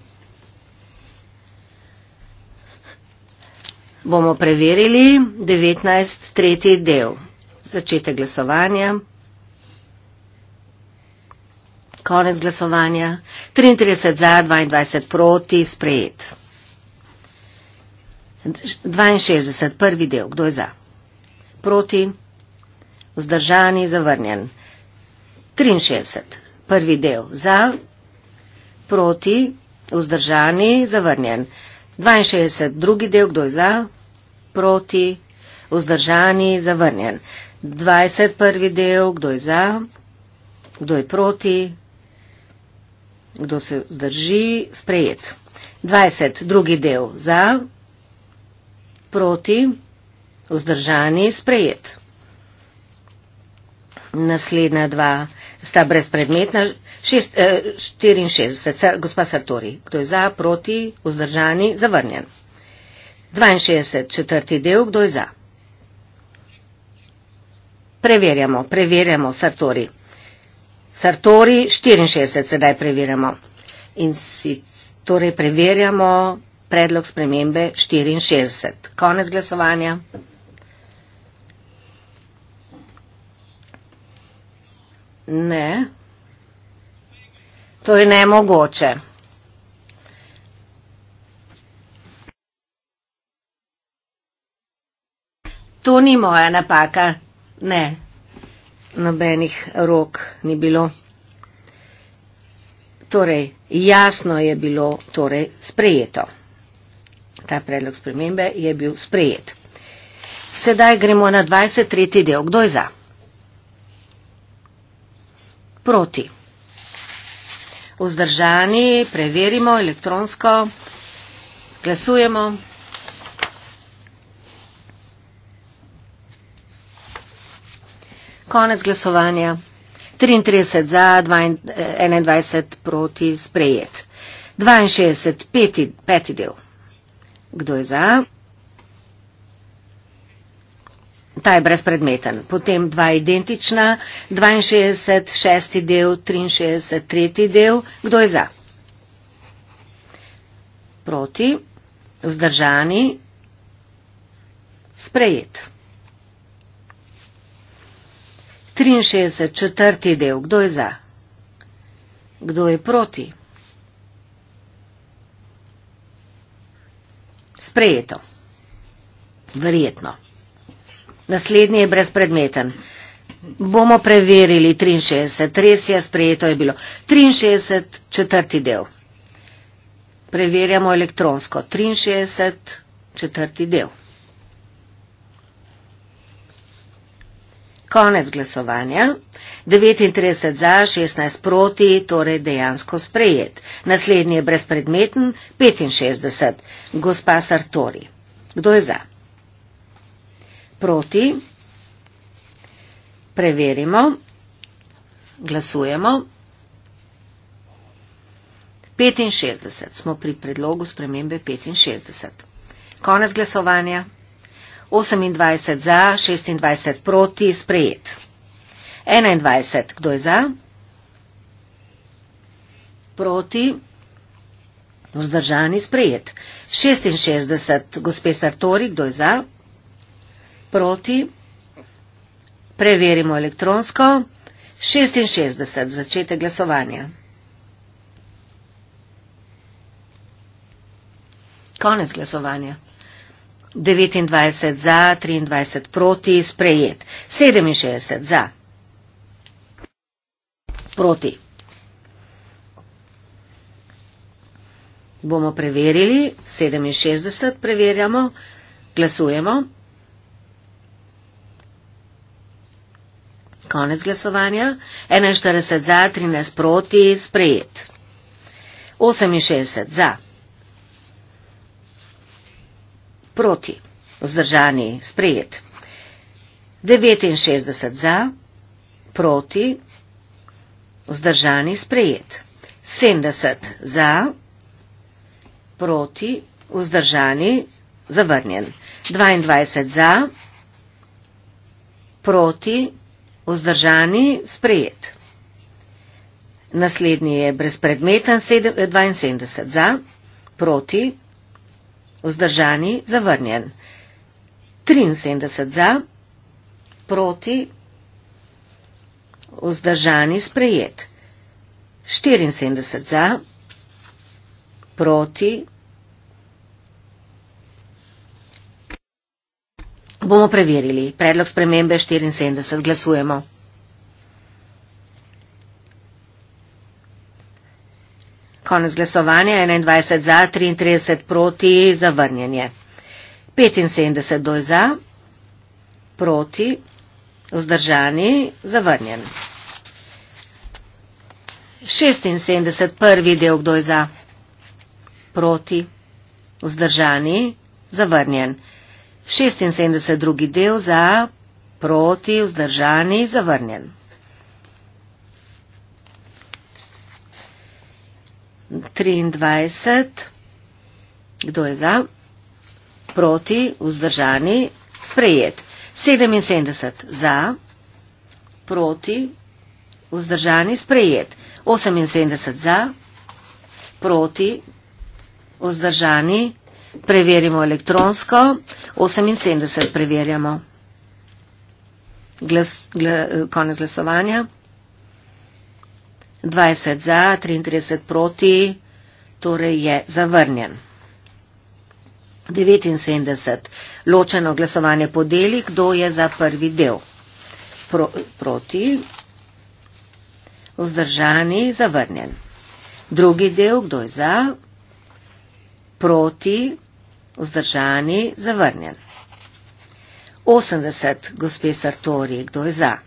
bomo preverili 19. tretji del. Začete glasovanja. Konec glasovanja. 33 za, 22 proti, sprejet. 62, prvi del. Kdo je za? Proti, vzdržani, zavrnjen. 63, prvi del. Za, proti, vzdržani, zavrnjen. 62, drugi del. Kdo je za? proti, vzdržani, zavrnjen. 21. del, kdo je za, kdo je proti, kdo se vzdrži, sprejet. 22. del, za, proti, vzdržani, sprejet. Naslednja dva sta brezpredmetna. 64. Eh, gospa Sartori, kdo je za, proti, vzdržani, zavrnjen. 62 četrti del, kdo je za? Preverjamo, preverjamo, Sartori. Sartori 64 sedaj preverjamo. In si torej preverjamo predlog spremembe 64. Konec glasovanja. Ne. To je nemogoče. to ni moja napaka. Ne, nobenih rok ni bilo. Torej, jasno je bilo torej, sprejeto. Ta predlog spremembe je bil sprejet. Sedaj gremo na 23. del. Kdo je za? Proti. Vzdržani, preverimo elektronsko, glasujemo. Konec glasovanja. 33 za, 21 eh, proti, sprejet. 62, peti, peti del. Kdo je za? Ta je brezpredmeten. Potem dva identična, 62, šesti del, 63, tretji del. Kdo je za? Proti, vzdržani, sprejet. 63. četrti del. Kdo je za? Kdo je proti? Sprejeto. Verjetno. Naslednji je brezpredmeten. Bomo preverili 63. Res je, sprejeto je bilo. 63. četrti del. Preverjamo elektronsko. 63. četrti del. Konec glasovanja. 39 za, 16 proti, torej dejansko sprejet. Naslednji je brezpredmeten, 65. Gospa Sartori. Kdo je za? Proti. Preverimo. Glasujemo. 65. Smo pri predlogu spremembe 65. Konec glasovanja. 28 za, 26 proti, sprejet. 21, kdo je za? Proti, vzdržani, sprejet. 66, gospe Sartori, kdo je za? Proti, preverimo elektronsko. 66, začete glasovanje. Konec glasovanja. 29 za, 23 proti, sprejet. 67 za. Proti. Bomo preverili. 67 preverjamo. Glasujemo. Konec glasovanja. 41 za, 13 proti, sprejet. 68 za. proti. Vzdržani sprejet. 69 za, proti, vzdržani sprejet. 70 za, proti, vzdržani, zavrnjen. 22 za, proti, vzdržani, sprejet. Naslednji je brezpredmeten, 72 eh, za, proti, vzdržani, zavrnjen. 73 za, proti, vzdržani, sprejet. 74 za, proti. Bomo preverili. Predlog spremembe 74. Glasujemo. Konec glasovanja 21 za, 33 proti, zavrnjenje. 75 doj za, proti, vzdržani, zavrnjen. 76 prvi del, kdo je za, proti, vzdržani, zavrnjen. 76 drugi del za, proti, vzdržani, zavrnjen. 23. Kdo je za? Proti, vzdržani, sprejet. 77 za, proti, vzdržani, sprejet. 78 za, proti, vzdržani, preverimo elektronsko. 78 preverjamo. Glas, gla, konec glasovanja. 20 za, 33 proti, torej je zavrnjen. 79. Ločeno glasovanje po deli, kdo je za prvi del. Pro, proti, vzdržani, zavrnjen. Drugi del, kdo je za, proti, vzdržani, zavrnjen. 80. Gospe Sartori, kdo je za,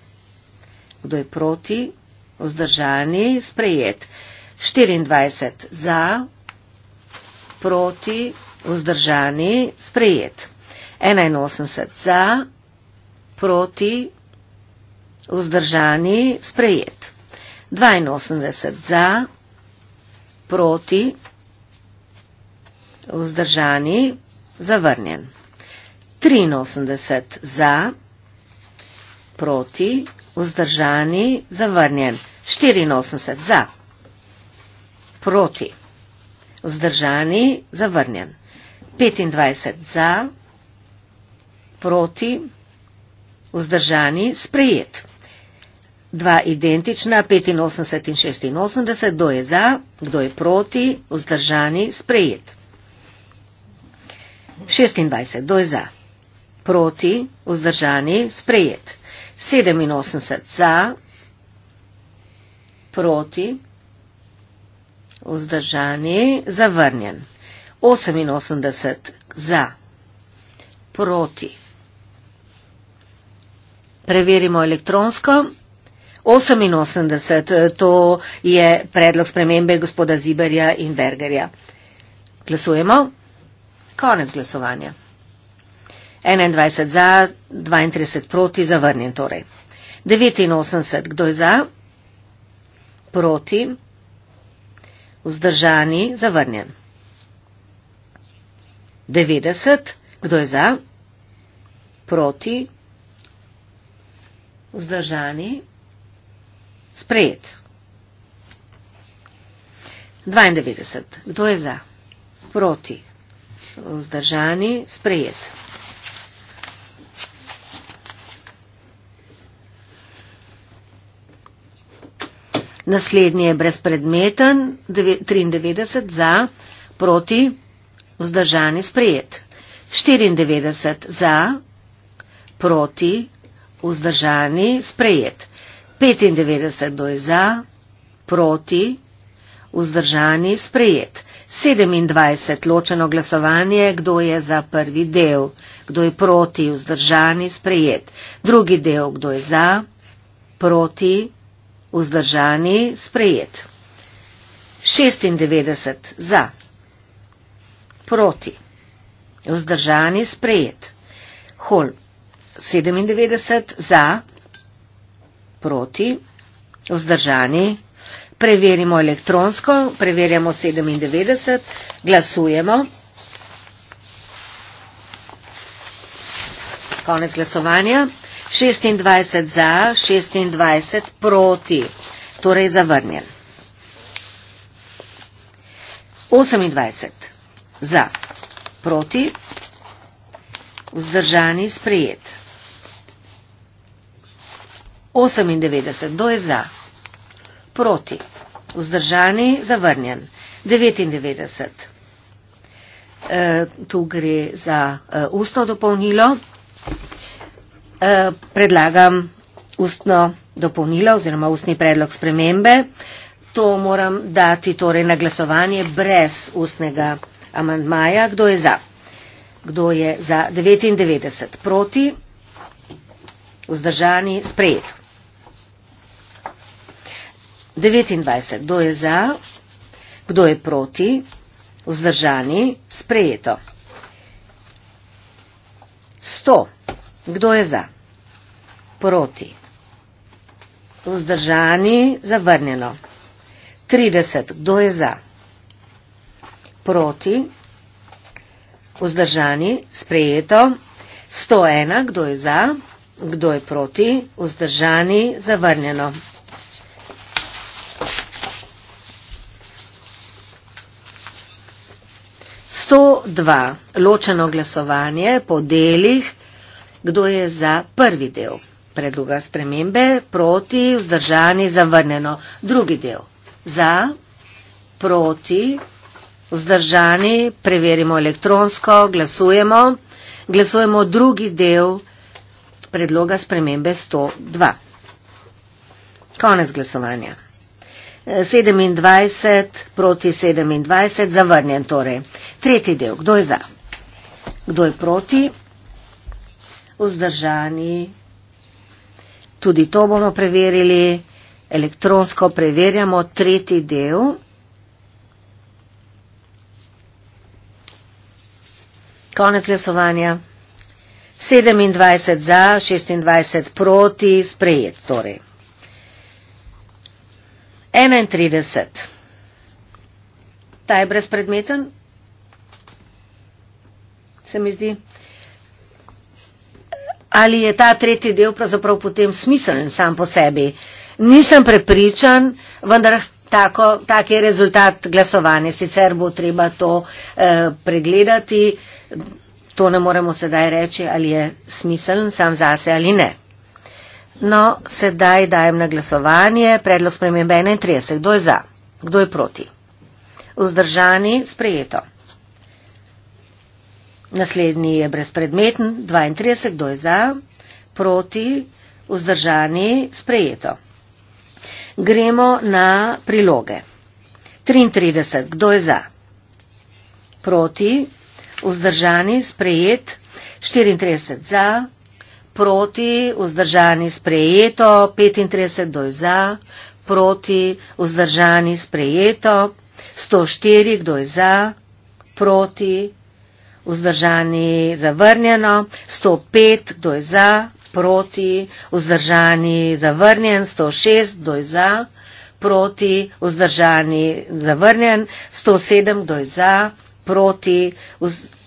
kdo je proti, vzdržani vzdržani, sprejet. 24 za, proti, vzdržani, sprejet. 81 za, proti, vzdržani, sprejet. 82 za, proti, vzdržani, zavrnjen. 83 za, proti, vzdržani, zavrnjen. 84 za, proti, vzdržani, zavrnjen. 25 za, proti, vzdržani, sprejet. Dva identična, 85 in 86, kdo je za, kdo je proti, vzdržani, sprejet. 26, kdo je za, proti, vzdržani, sprejet. 87 za, proti, vzdržani, zavrnjen. 88 za, proti. Preverimo elektronsko. 88, to je predlog spremembe gospoda Ziberja in Bergerja. Glasujemo. Konec glasovanja. 21 za, 32 proti, zavrnjen torej. 89, kdo je za? proti, vzdržani, zavrnjen. 90, kdo je za, proti, vzdržani, sprejet. 92, kdo je za, proti, vzdržani, sprejet. 93. Naslednji je brezpredmeten, 93 za, proti, vzdržani sprejet. 94 za, proti, vzdržani sprejet. 95 do je za, proti, vzdržani sprejet. 27 ločeno glasovanje, kdo je za prvi del, kdo je proti, vzdržani sprejet. Drugi del, kdo je za, proti, vzdržani sprejet vzdržani, sprejet. 96 za, proti, vzdržani, sprejet. Hol 97 za, proti, vzdržani. Preverimo elektronsko, preverjamo 97, glasujemo. Konec glasovanja. 26 za, 26 proti, torej zavrnjen. 28 za, proti, vzdržani, sprejet. 98 do je za, proti, vzdržani, zavrnjen. 99. Eh, tu gre za eh, ustno dopolnilo. Eh, predlagam ustno dopolnilo oziroma ustni predlog spremembe. To moram dati torej na glasovanje brez ustnega amandmaja. Kdo je za? Kdo je za 99? Proti? Vzdržani? Sprejet. 29. Kdo je za? Kdo je proti? Vzdržani? Sprejeto. 100. Kdo je za? Proti. Vzdržani, zavrnjeno. 30. Kdo je za? Proti. Vzdržani, sprejeto. 101. Kdo je za? Kdo je proti? Vzdržani, zavrnjeno. Sto dva, ločeno glasovanje po delih kdo je za prvi del predloga spremembe, proti, vzdržani, zavrnjeno. Drugi del. Za, proti, vzdržani, preverimo elektronsko, glasujemo. Glasujemo drugi del predloga spremembe 102. Konec glasovanja. 27 proti 27, zavrnjen torej. Tretji del. Kdo je za? Kdo je proti? vzdržani. Tudi to bomo preverili, elektronsko preverjamo tretji del. Konec glasovanja. 27 za, 26 proti, sprejet torej. 31. Ta je brezpredmeten, se mi zdi ali je ta tretji del pravzaprav potem smiseln sam po sebi. Nisem prepričan, vendar tako, tak je rezultat glasovanja. Sicer bo treba to eh, pregledati, to ne moremo sedaj reči, ali je smiseln sam zase ali ne. No, sedaj dajem na glasovanje predlog spremembe 31. Kdo je za? Kdo je proti? Vzdržani, sprejeto. Naslednji je brezpredmeten, 32, kdo je za, proti, vzdržani, sprejeto. Gremo na priloge. 33, kdo je za, proti, vzdržani, sprejet, 34 za, proti, vzdržani, sprejeto, 35, kdo je za, proti, vzdržani, sprejeto, 104, kdo je za, proti, vzdržani zavrnjeno, 105 doj za, proti, vzdržani zavrnjen, 106 doj za, proti, vzdržani zavrnjen, 107 doj za, proti,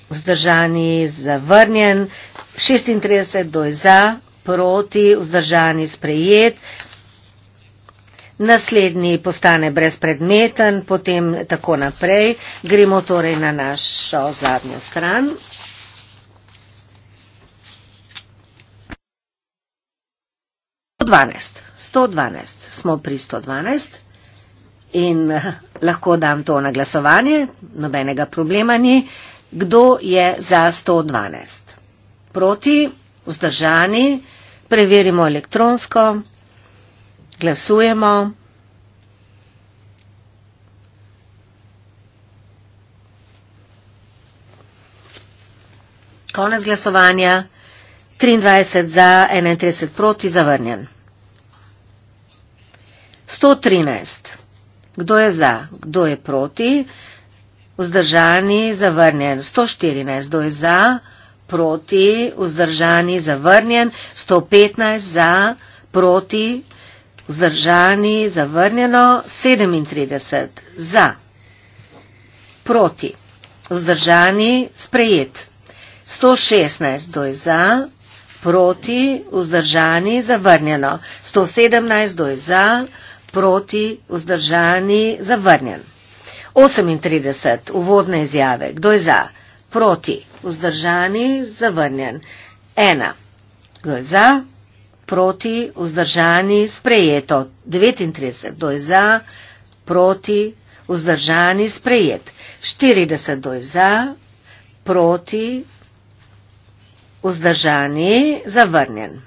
vzdržani zavrnjen, 36 doj za, proti, vzdržani sprejet, naslednji postane brezpredmeten, potem tako naprej. Gremo torej na našo zadnjo stran. Dvanajst, sto dvanajst, smo pri sto dvanajst in eh, lahko dam to na glasovanje, nobenega problema ni. Kdo je za sto dvanajst? Proti, vzdržani, preverimo elektronsko, Glasujemo. Konec glasovanja. 23 za, 31 proti, zavrnjen. 113. Kdo je za, kdo je proti? Vzdržani, zavrnjen. 114. Kdo je za, proti? Vzdržani, zavrnjen. 115 za, proti? vzdržani, zavrnjeno 37, za, proti, vzdržani, sprejet, 116, doj za, proti, vzdržani, zavrnjeno, 117, doj za, proti, vzdržani, zavrnjen. 38, uvodne izjave, kdo je za, proti, vzdržani, zavrnjen, 1, kdo je za, proti, vzdržani, sprejeto. 39 doj za, proti, vzdržani, sprejet. 40 doj za, proti, vzdržani, zavrnjen.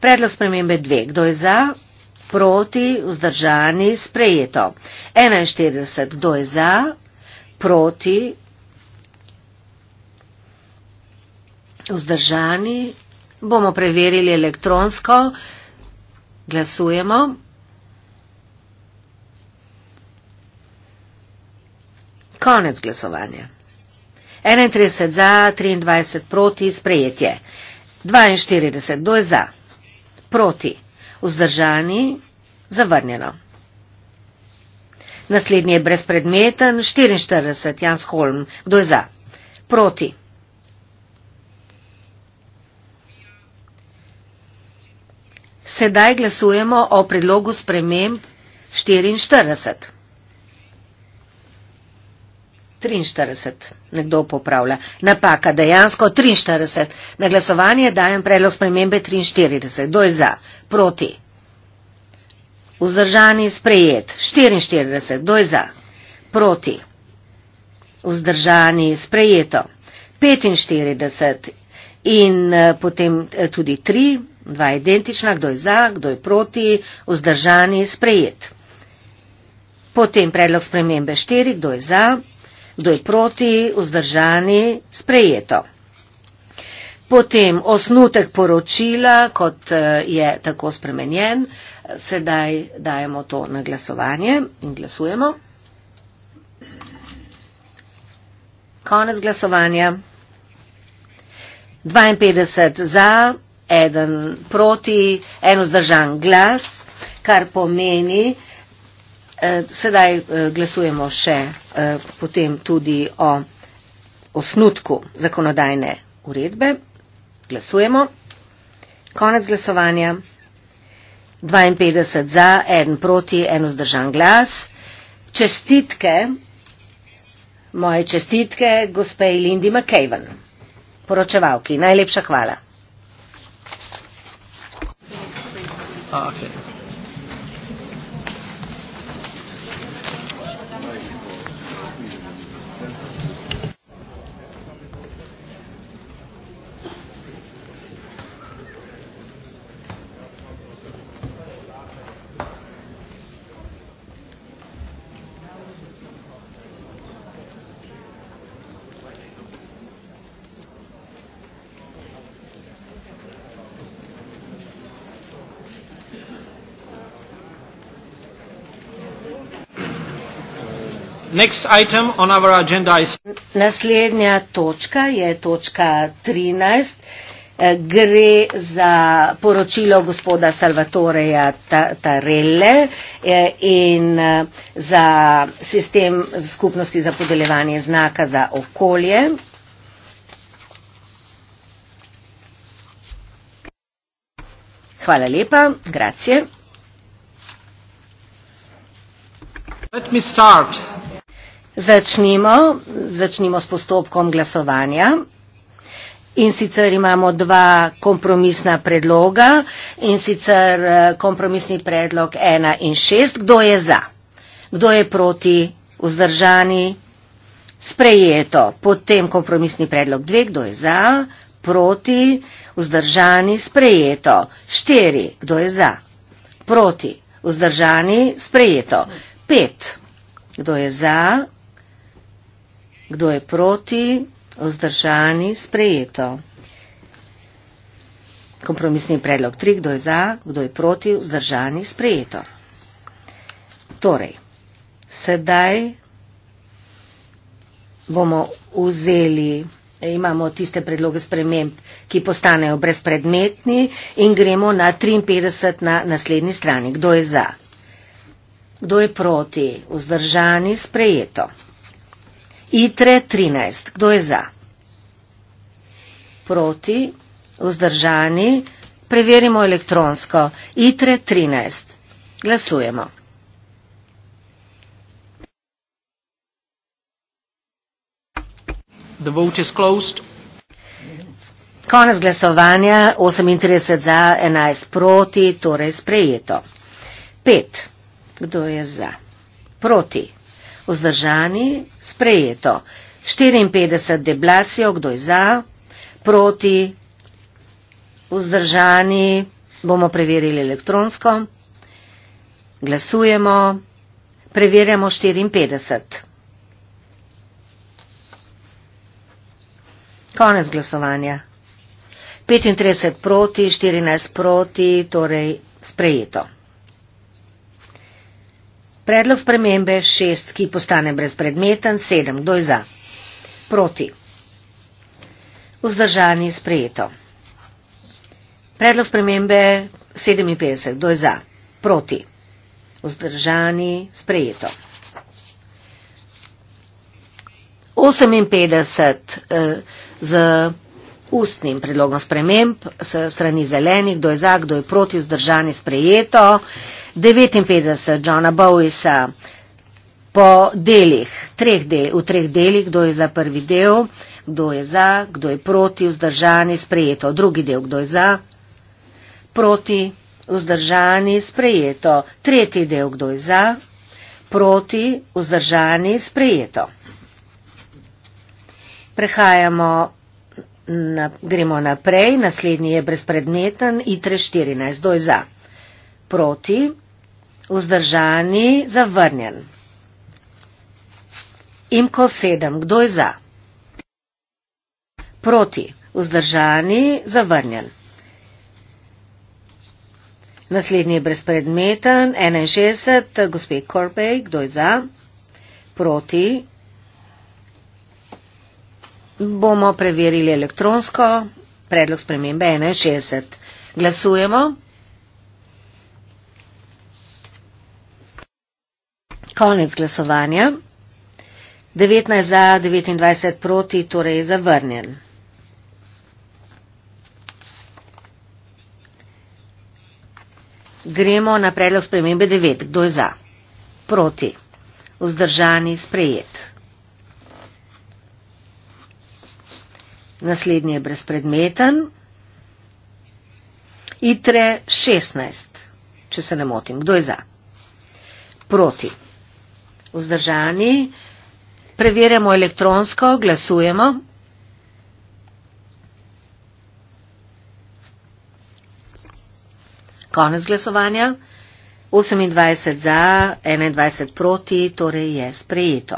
Predlog spremembe 2. Kdo je za? Proti, vzdržani, sprejeto. 41. Kdo je za? Proti, Vzdržani. Bomo preverili elektronsko. Glasujemo. Konec glasovanja. 31 za, 23 proti, sprejetje. 42, kdo je za? Proti. Vzdržani. Zavrnjeno. Naslednji je brezpredmeten, 44, Jans Holm. Kdo je za? Proti. Sedaj glasujemo o predlogu sprememb 44. 43. Nekdo popravlja. Napaka dejansko 43. Na glasovanje dajem predlog spremembe 43. Kdo je za? Proti. Vzdržani sprejet. 44. Kdo je za? Proti. Vzdržani sprejeto. 45. In eh, potem eh, tudi 3 dva identična, kdo je za, kdo je proti, vzdržani, sprejet. Potem predlog spremembe štiri, kdo je za, kdo je proti, vzdržani, sprejeto. Potem osnutek poročila, kot eh, je tako spremenjen, sedaj dajemo to na glasovanje in glasujemo. Konec glasovanja. 52 za, eden proti, en vzdržan glas, kar pomeni, eh, sedaj eh, glasujemo še eh, potem tudi o osnutku zakonodajne uredbe. Glasujemo. Konec glasovanja. 52 za, en proti, en vzdržan glas. Čestitke, moje čestitke, gospe Lindi McCaven, poročevalki. Najlepša hvala. Ah, okay. Next item on our agenda is... Naslednja točka je točka 13. E, gre za poročilo gospoda Salvatoreja Tarelle e, in e, za sistem skupnosti za podeljevanje znaka za okolje. Hvala lepa, grazie. Začnimo, začnimo s postopkom glasovanja. In sicer imamo dva kompromisna predloga in sicer eh, kompromisni predlog 1 in 6. Kdo je za? Kdo je proti? Vzdržani? Sprejeto. Potem kompromisni predlog 2. Kdo je za? Proti? Vzdržani? Sprejeto. 4. Kdo je za? Proti? Vzdržani? Sprejeto. 5. Kdo je za? Kdo je proti? Vzdržani? Sprejeto. Kompromisni predlog 3. Kdo je za? Kdo je proti? Vzdržani? Sprejeto. Torej, sedaj bomo vzeli, imamo tiste predloge sprememb, ki postanejo brezpredmetni in gremo na 53 na naslednji strani. Kdo je za? Kdo je proti? Vzdržani? Sprejeto. ITRE 13. Kdo je za? Proti, vzdržani, preverimo elektronsko. ITRE 13. Glasujemo. The vote is closed. Konec glasovanja, 38 za, 11 proti, torej sprejeto. 5. Kdo je za? Proti vzdržani, sprejeto. 54 deblasijo, kdo je za, proti, vzdržani, bomo preverili elektronsko, glasujemo, preverjamo 54. Konec glasovanja. 35 proti, 14 proti, torej sprejeto. Predlog spremembe šest, ki postane brezpredmeten, sedem, kdo je za? Proti. Vzdržani sprejeto. Predlog spremembe 57. Kdo je za? Proti. Vzdržani sprejeto. 58 eh, z ustnim predlogom sprememb s strani zelenih. Kdo je za? Kdo je proti? Vzdržani sprejeto. Eh, 59 Johna Bowisa po delih, treh del, v treh delih, kdo je za prvi del, kdo je za, kdo je proti, vzdržani, sprejeto. Drugi del, kdo je za, proti, vzdržani, sprejeto. Tretji del, kdo je za, proti, vzdržani, sprejeto. Prehajamo, na, gremo naprej, naslednji je brezpredmeten, ITRE 14, kdo je za proti, vzdržani, zavrnjen. Imko sedem, kdo je za? Proti, vzdržani, zavrnjen. Naslednji je brezpredmeten, 61, gospe Korbej, kdo je za? Proti. Bomo preverili elektronsko, predlog spremembe 61. Glasujemo. konec glasovanja. 19 za, 29 proti, torej zavrnjen. Gremo na predlog spremembe 9. Kdo je za? Proti. Vzdržani sprejet. Naslednji je brezpredmeten. ITRE 16, če se ne motim. Kdo je za? Proti vzdržani. Preverjamo elektronsko, glasujemo. Konec glasovanja. 28 za, 21 proti, torej je sprejeto.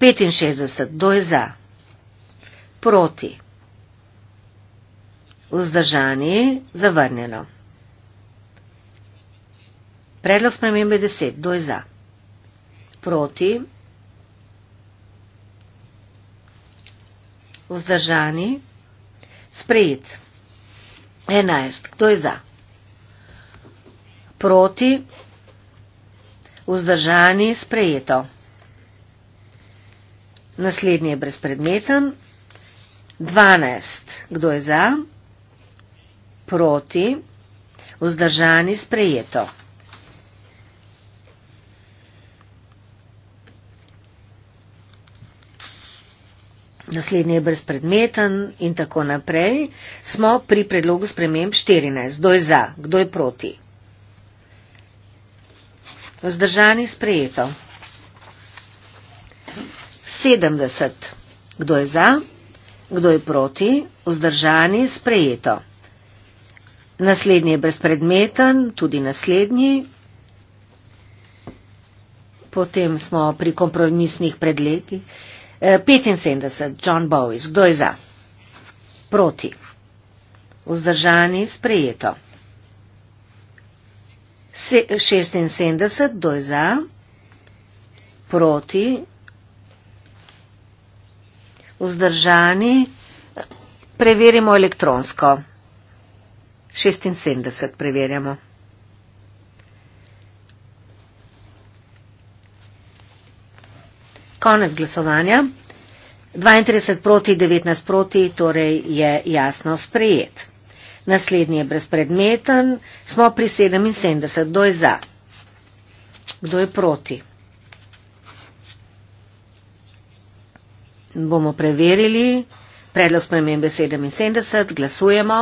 65, kdo je za? Proti. Vzdržani, zavrnjeno. Predlog spremembe 10, kdo je za? proti, vzdržani, sprejet. 11. Kdo je za? Proti, vzdržani, sprejeto. Naslednji je brezpredmeten. 12. Kdo je za? Proti, vzdržani, sprejeto. naslednji je brezpredmeten in tako naprej, smo pri predlogu sprememb 14. Kdo je za, kdo je proti? Vzdržani sprejeto. 70. Kdo je za, kdo je proti? Vzdržani sprejeto. Naslednji je brezpredmeten, tudi naslednji. Potem smo pri kompromisnih predlegih. 75, eh, John Bowis, kdo je za? Proti. Vzdržani, sprejeto. Se, 76, kdo je za? Proti. Vzdržani, preverimo elektronsko. 76 preverjamo. Konec glasovanja. 32 proti, 19 proti, torej je jasno sprejet. Naslednji je brezpredmeten, smo pri 77, kdo je za? Kdo je proti? Bomo preverili. Predlog spremembe 77, glasujemo.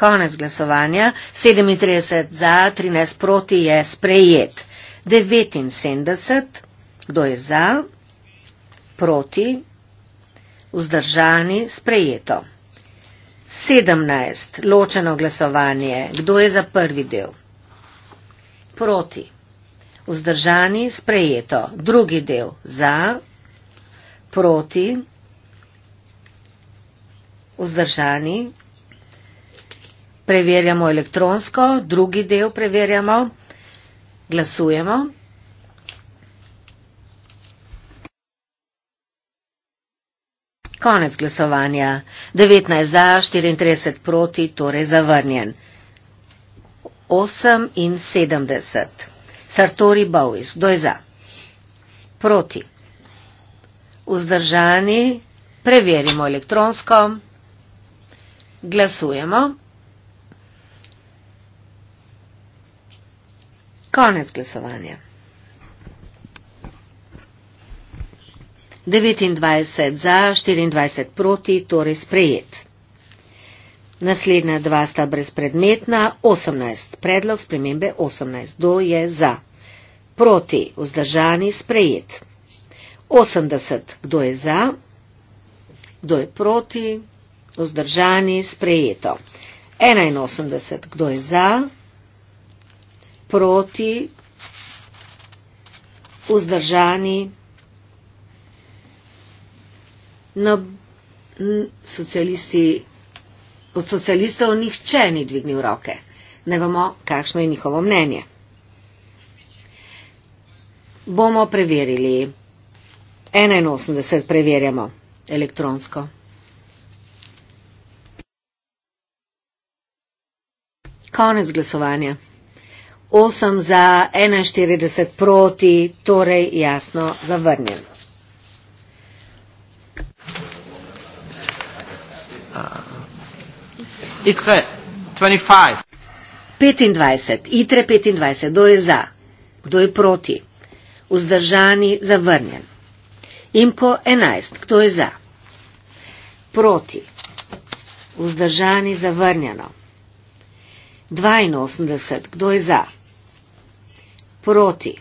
konec glasovanja, 37 za, 13 proti je sprejet. 79, kdo je za, proti, vzdržani, sprejeto. 17, ločeno glasovanje, kdo je za prvi del, proti, vzdržani, sprejeto. Drugi del, za, proti, vzdržani, sprejeto preverjamo elektronsko, drugi del preverjamo, glasujemo. Konec glasovanja. 19 za, 34 proti, torej zavrnjen. 78. Sartori Bowis, kdo je za? Proti. Vzdržani, preverimo elektronsko, glasujemo. Konec glasovanja. 29 za, 24 proti, torej sprejet. Naslednja dva sta brezpredmetna, 18. Predlog spremembe 18. Do je za. Proti, vzdržani, sprejet. 80. Kdo je za? Kdo je proti? Vzdržani, sprejeto. 81. Kdo je za? proti, vzdržani na socialisti. Od socialistov nihče ni dvignil roke. Ne vemo, kakšno je njihovo mnenje. Bomo preverili. 81 preverjamo elektronsko. Konec glasovanja. 8 za 41 proti, torej jasno zavrnjen. Itre 25. 25. Itre 25. Kdo je za? Kdo je proti? Vzdržani zavrnjen. Imko 11. Kdo je za? Proti. Vzdržani zavrnjeno. 82. Kdo je za? proti.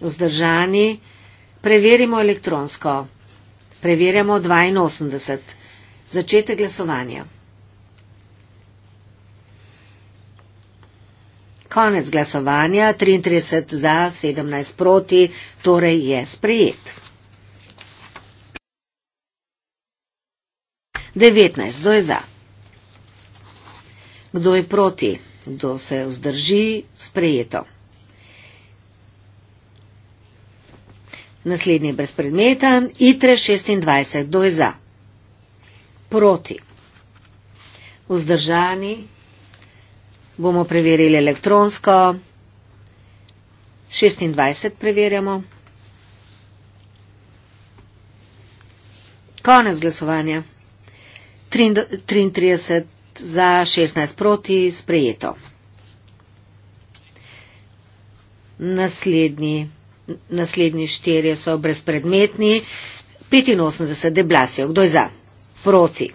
Vzdržani, preverimo elektronsko. Preverjamo 82. Začetek glasovanja. Konec glasovanja, 33 za, 17 proti, torej je sprejet. 19. Kdo je za? Kdo je proti? Kdo se vzdrži? Sprejeto. Naslednji je brezpredmeten, ITRE 26, kdo je za? Proti. Vzdržani bomo preverili elektronsko. 26 preverjamo. Konec glasovanja. 33 za, 16 proti, sprejeto. Naslednji naslednji štirje so brezpredmetni. 85 deblasijo. Kdo je za? Proti.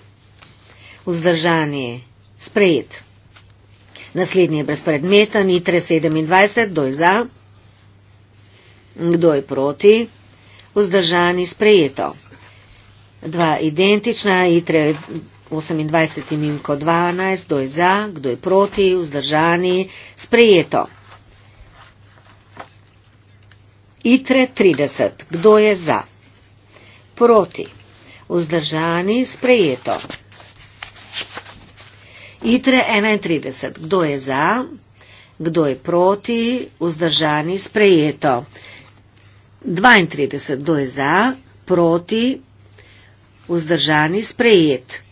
Vzdržani. Sprejet. Naslednji je brezpredmeten. Nitre 27. Kdo je za? Kdo je proti? Vzdržani. Sprejeto. Dva identična. Itre 28 in Minko 12. Kdo je za? Kdo je proti? Vzdržani. Sprejeto. ITRE 30. Kdo je za? Proti. Vzdržani sprejeto. ITRE 31. Kdo je za? Kdo je proti? Vzdržani sprejeto. 32. Kdo je za? Proti? Vzdržani sprejet.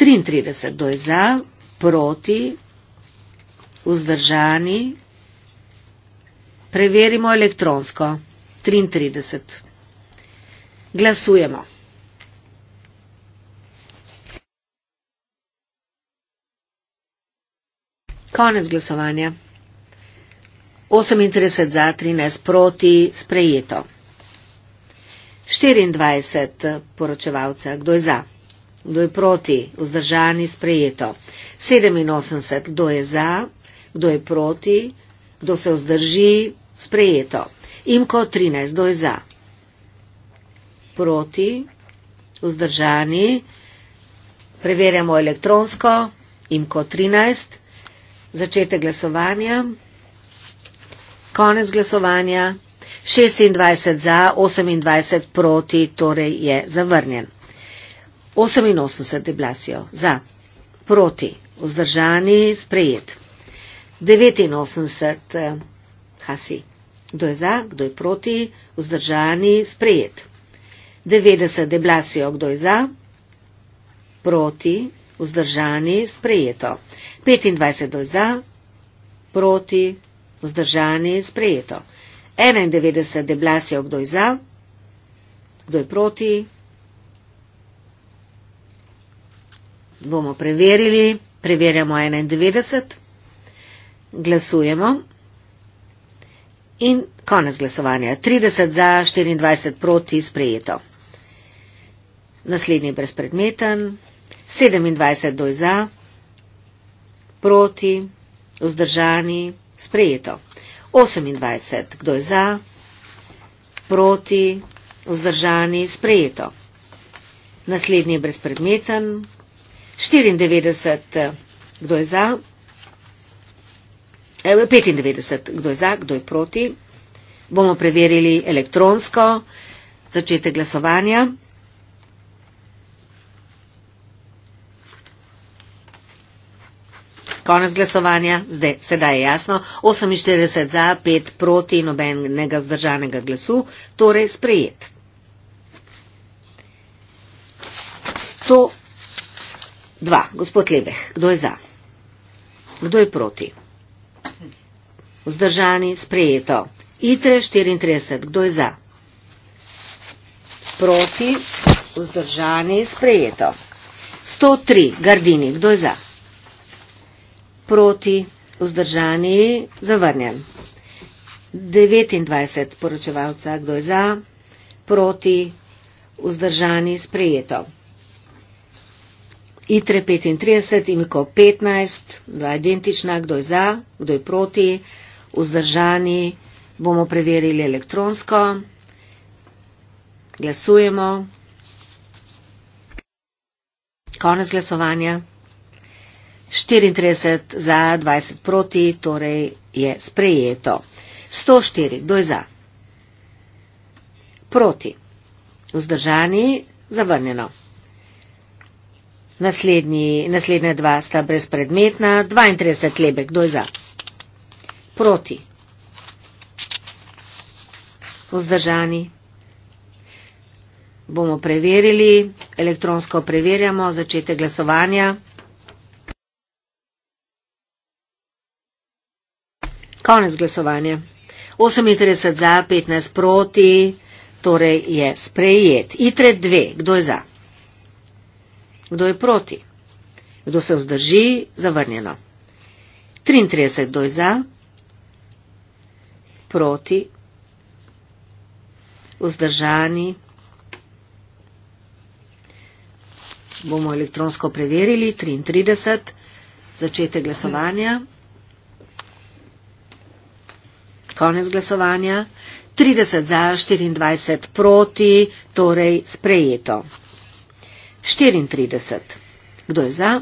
33. Kdo je za? Proti? Vzdržani sprejeto. Preverimo elektronsko. 33. Glasujemo. Konec glasovanja. 38 za, 13 proti, sprejeto. 24 poročevalca, kdo je za, kdo je proti, vzdržani, sprejeto. 87, kdo je za, kdo je proti, kdo se vzdrži, sprejeto. Imko 13, doj za. Proti, vzdržani, preverjamo elektronsko, imko 13, začete glasovanja, konec glasovanja, 26 za, 28 proti, torej je zavrnjen. 88 deblasijo, za, proti, vzdržani, sprejet. 89, eh, hasi kdo je za, kdo je proti, vzdržani, sprejet. 90 de Blasio, kdo je za, proti, vzdržani, sprejeto. 25 kdo je za, proti, vzdržani, sprejeto. 91 de Blasio, kdo je za, kdo je proti, bomo preverili, preverjamo 91, glasujemo in konec glasovanja. 30 za, 24 proti, sprejeto. Naslednji brezpredmeten, 27 doj za, proti, vzdržani, sprejeto. 28, kdo je za, proti, vzdržani, sprejeto. Naslednji brezpredmeten, 94, kdo je za, 95, kdo je za, kdo je proti. Bomo preverili elektronsko začetek glasovanja. Konec glasovanja, zdaj, sedaj je jasno. 48 za, 5 proti, nobenega zdržanega glasu, torej sprejet. 102. Gospod Lebeh, kdo je za? Kdo je proti? Vzdržani, sprejeto. ITRE 34, kdo je za? Proti, vzdržani, sprejeto. 103, Gardini, kdo je za? Proti, vzdržani, zavrnjen. 29, poročevalca, kdo je za? Proti, vzdržani, sprejeto. ITRE 35 in ko 15, dva identična, kdo je za, kdo je proti, vzdržani, bomo preverili elektronsko. Glasujemo. Konec glasovanja. 34 za, 20 proti, torej je sprejeto. 104, kdo je za? Proti. Vzdržani, zavrnjeno. Naslednji, naslednja dva sta brezpredmetna, 32 lebe, kdo je za? proti. Vzdržani. Bomo preverili, elektronsko preverjamo začetek glasovanja. Konec glasovanja. 38 za, 15 proti, torej je sprejet. ITRE 2, kdo je za? Kdo je proti? Kdo se vzdrži? Zavrnjeno. 33, kdo je za? proti, vzdržani. Bomo elektronsko preverili 33, začete glasovanja, konec glasovanja, 30 za, 24 proti, torej sprejeto. 34. Kdo je za?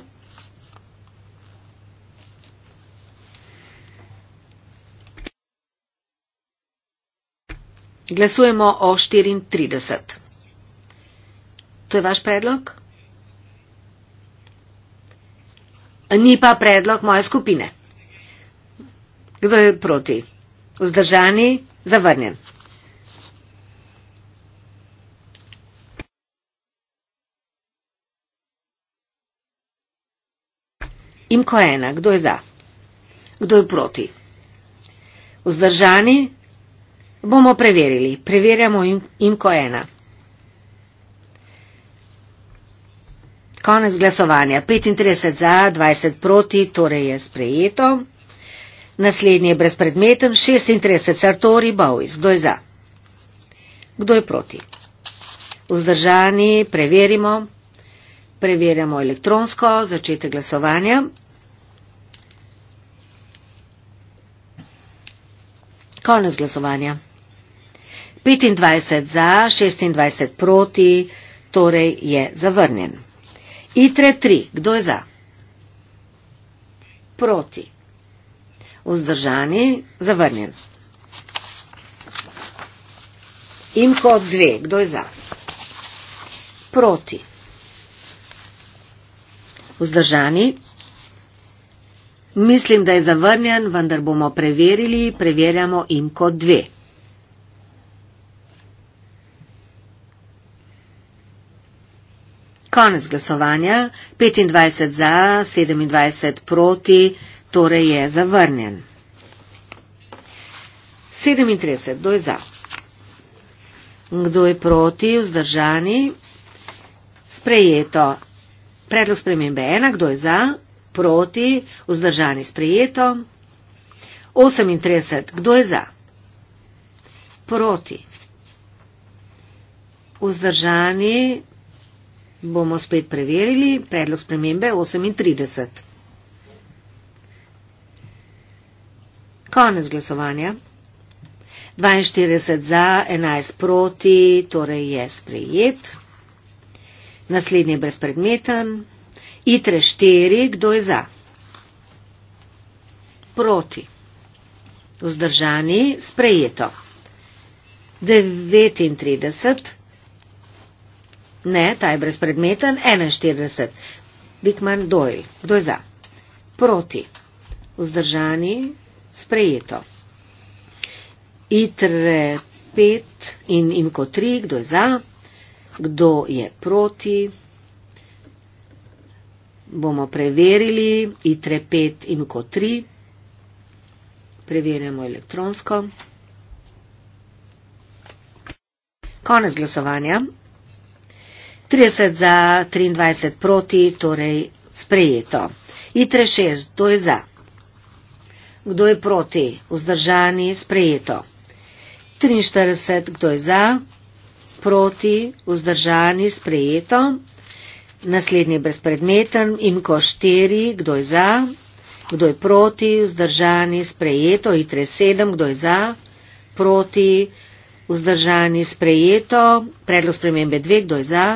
Glasujemo o 34. To je vaš predlog? Ni pa predlog moje skupine. Kdo je proti? Vzdržani, zavrnjen. Imko ena, kdo je za? Kdo je proti? Vzdržani, Bomo preverili. Preverjamo imko ena. Konec glasovanja. 35 za, 20 proti, torej je sprejeto. Naslednji je brezpredmeten, 36 Sartori Bowis. Kdo je za? Kdo je proti? Vzdržani, preverimo. Preverjamo elektronsko, začete glasovanja. Konec glasovanja. 25 za, 26 proti, torej je zavrnjen. ITRE 3, kdo je za? Proti. Vzdržani, zavrnjen. IMKO 2, kdo je za? Proti. Vzdržani. Mislim, da je zavrnjen, vendar bomo preverili, preverjamo IMKO 2. Konec glasovanja, 25 za, 27 proti, torej je zavrnjen. 37, kdo je za? Kdo je proti, vzdržani? Sprejeto. Predlog spremembe ena, kdo je za, proti, vzdržani sprejeto. 38, kdo je za, proti, vzdržani sprejeto bomo spet preverili predlog spremembe 38. Konec glasovanja. 42 za, 11 proti, torej je sprejet. Naslednji je brezpredmeten. ITRE 4, kdo je za? Proti. Vzdržani, sprejeto. 39. Ne, ta je brezpredmeten. 41. Bikman Doyle. Kdo je za? Proti. Vzdržani. Sprejeto. Itre 5 in imko 3. Kdo je za? Kdo je proti? Bomo preverili. Itre 5 in imko 3. Preverjamo elektronsko. Konec glasovanja. 30 za, 23 proti, torej sprejeto. ITRE 6, to je za. Kdo je proti? Vzdržani, sprejeto. 43, kdo je za? Proti, vzdržani, sprejeto. Naslednji je brezpredmeten in ko 4, kdo je za? Kdo je proti? Vzdržani, sprejeto. ITRE 7, kdo je za? Proti, vzdržani, sprejeto. Predlog spremembe 2, kdo je za?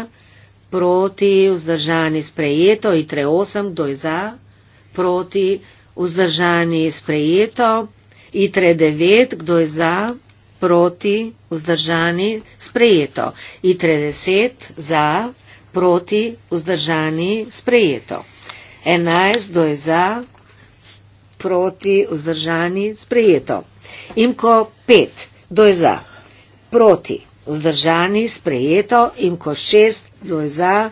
proti, vzdržani, sprejeto, itre 8, kdo je za, proti, vzdržani, sprejeto, itre 9, kdo je za, proti, vzdržani, sprejeto, itre 10, za, proti, vzdržani, sprejeto, 11, kdo je za, proti, vzdržani, sprejeto, imko 5, kdo je za, proti, vzdržani, sprejeto, imko 6, Kdo je za?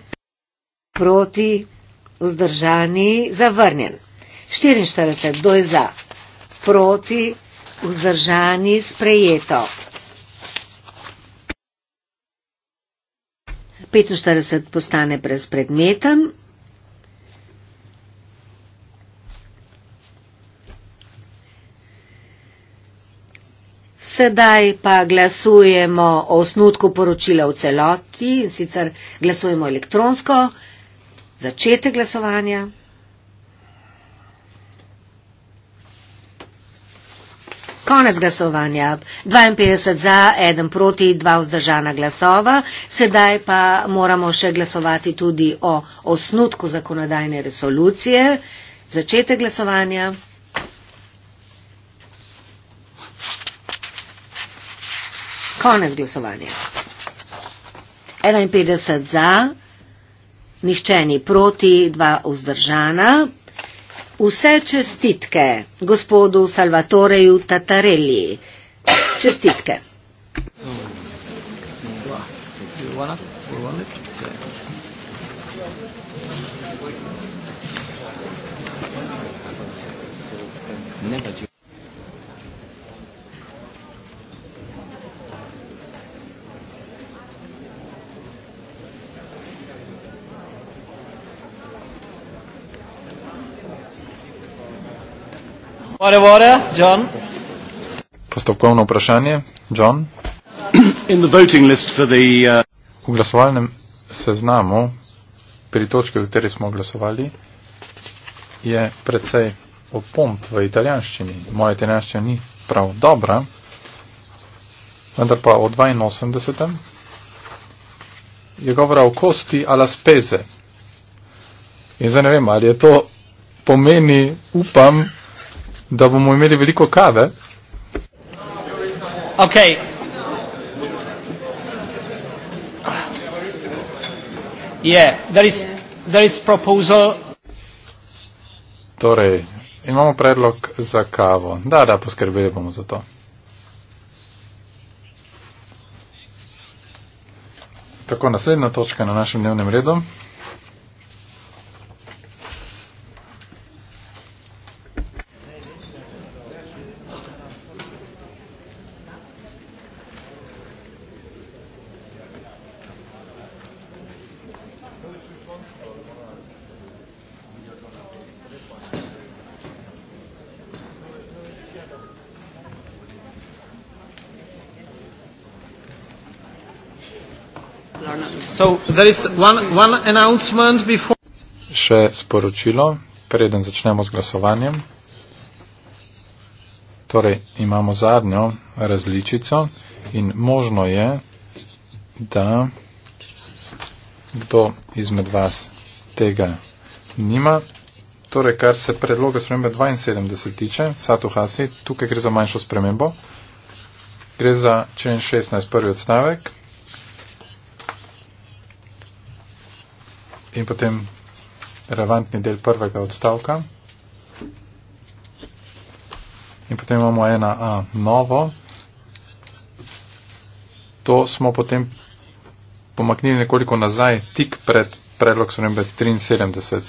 Proti? Vzdržani? Zavrnjen. 44. Kdo je za? Proti? Vzdržani? Sprejeto. 45 postane brezpredmeten, Sedaj pa glasujemo o osnutku poročila v celoti in sicer glasujemo elektronsko. Začetek glasovanja. Konec glasovanja. 52 za, 1 proti, 2 vzdržana glasova. Sedaj pa moramo še glasovati tudi o osnutku zakonodajne resolucije. Začetek glasovanja. Konec glasovanja. 51 za, nihče ni proti, dva vzdržana. Vse čestitke gospodu Salvatoreju Tatarelli. Čestitke. Never do. Hvala, Vore. John. Postopkovno vprašanje. John. Uh, v glasovalnem seznamu pri točki, v kateri smo glasovali, je precej opomp v italijanščini. Moja italijanščina ni prav dobra, vendar pa o 82. je govora o kosti ala speze. In zdaj ne vem, ali je to pomeni, upam, da bomo imeli veliko kave. Ok. Yeah, there is, there is proposal. Torej, imamo predlog za kavo. Da, da, poskrbeli bomo za to. Tako, naslednja točka na našem dnevnem redu. Še sporočilo, preden začnemo z glasovanjem. Torej, imamo zadnjo različico in možno je, da kdo izmed vas tega nima. Torej, kar se predloga spremembe 72 tiče, Satu Hasi, tukaj gre za manjšo spremembo. Gre za člen 16. prvi odstavek, in potem relevantni del prvega odstavka. In potem imamo ena a novo. To smo potem pomaknili nekoliko nazaj, tik pred predlog sprembe 73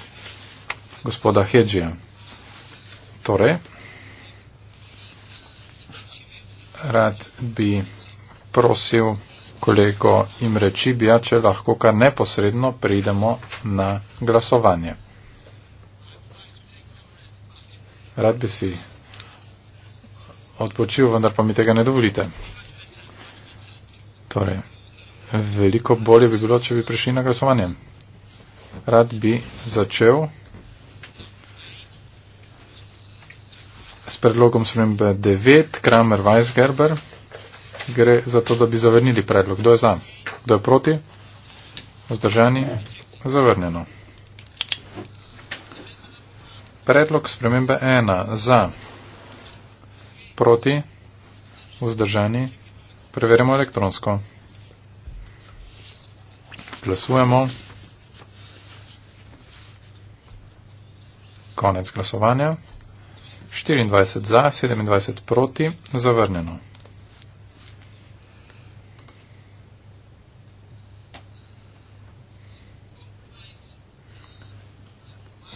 gospoda Hedžija. Torej, rad bi prosil kolego im reči, bija, če lahko kar neposredno pridemo na glasovanje. Rad bi si odpočil, vendar pa mi tega ne dovolite. Torej, veliko bolje bi bilo, če bi prišli na glasovanje. Rad bi začel s predlogom sprembe 9, Kramer Weisgerber gre za to, da bi zavrnili predlog. Kdo je za? Kdo je proti? Vzdržani? Zavrnjeno. Predlog spremembe 1 za proti vzdržani preverimo elektronsko. Glasujemo. Konec glasovanja. 24 za, 27 proti, zavrnjeno.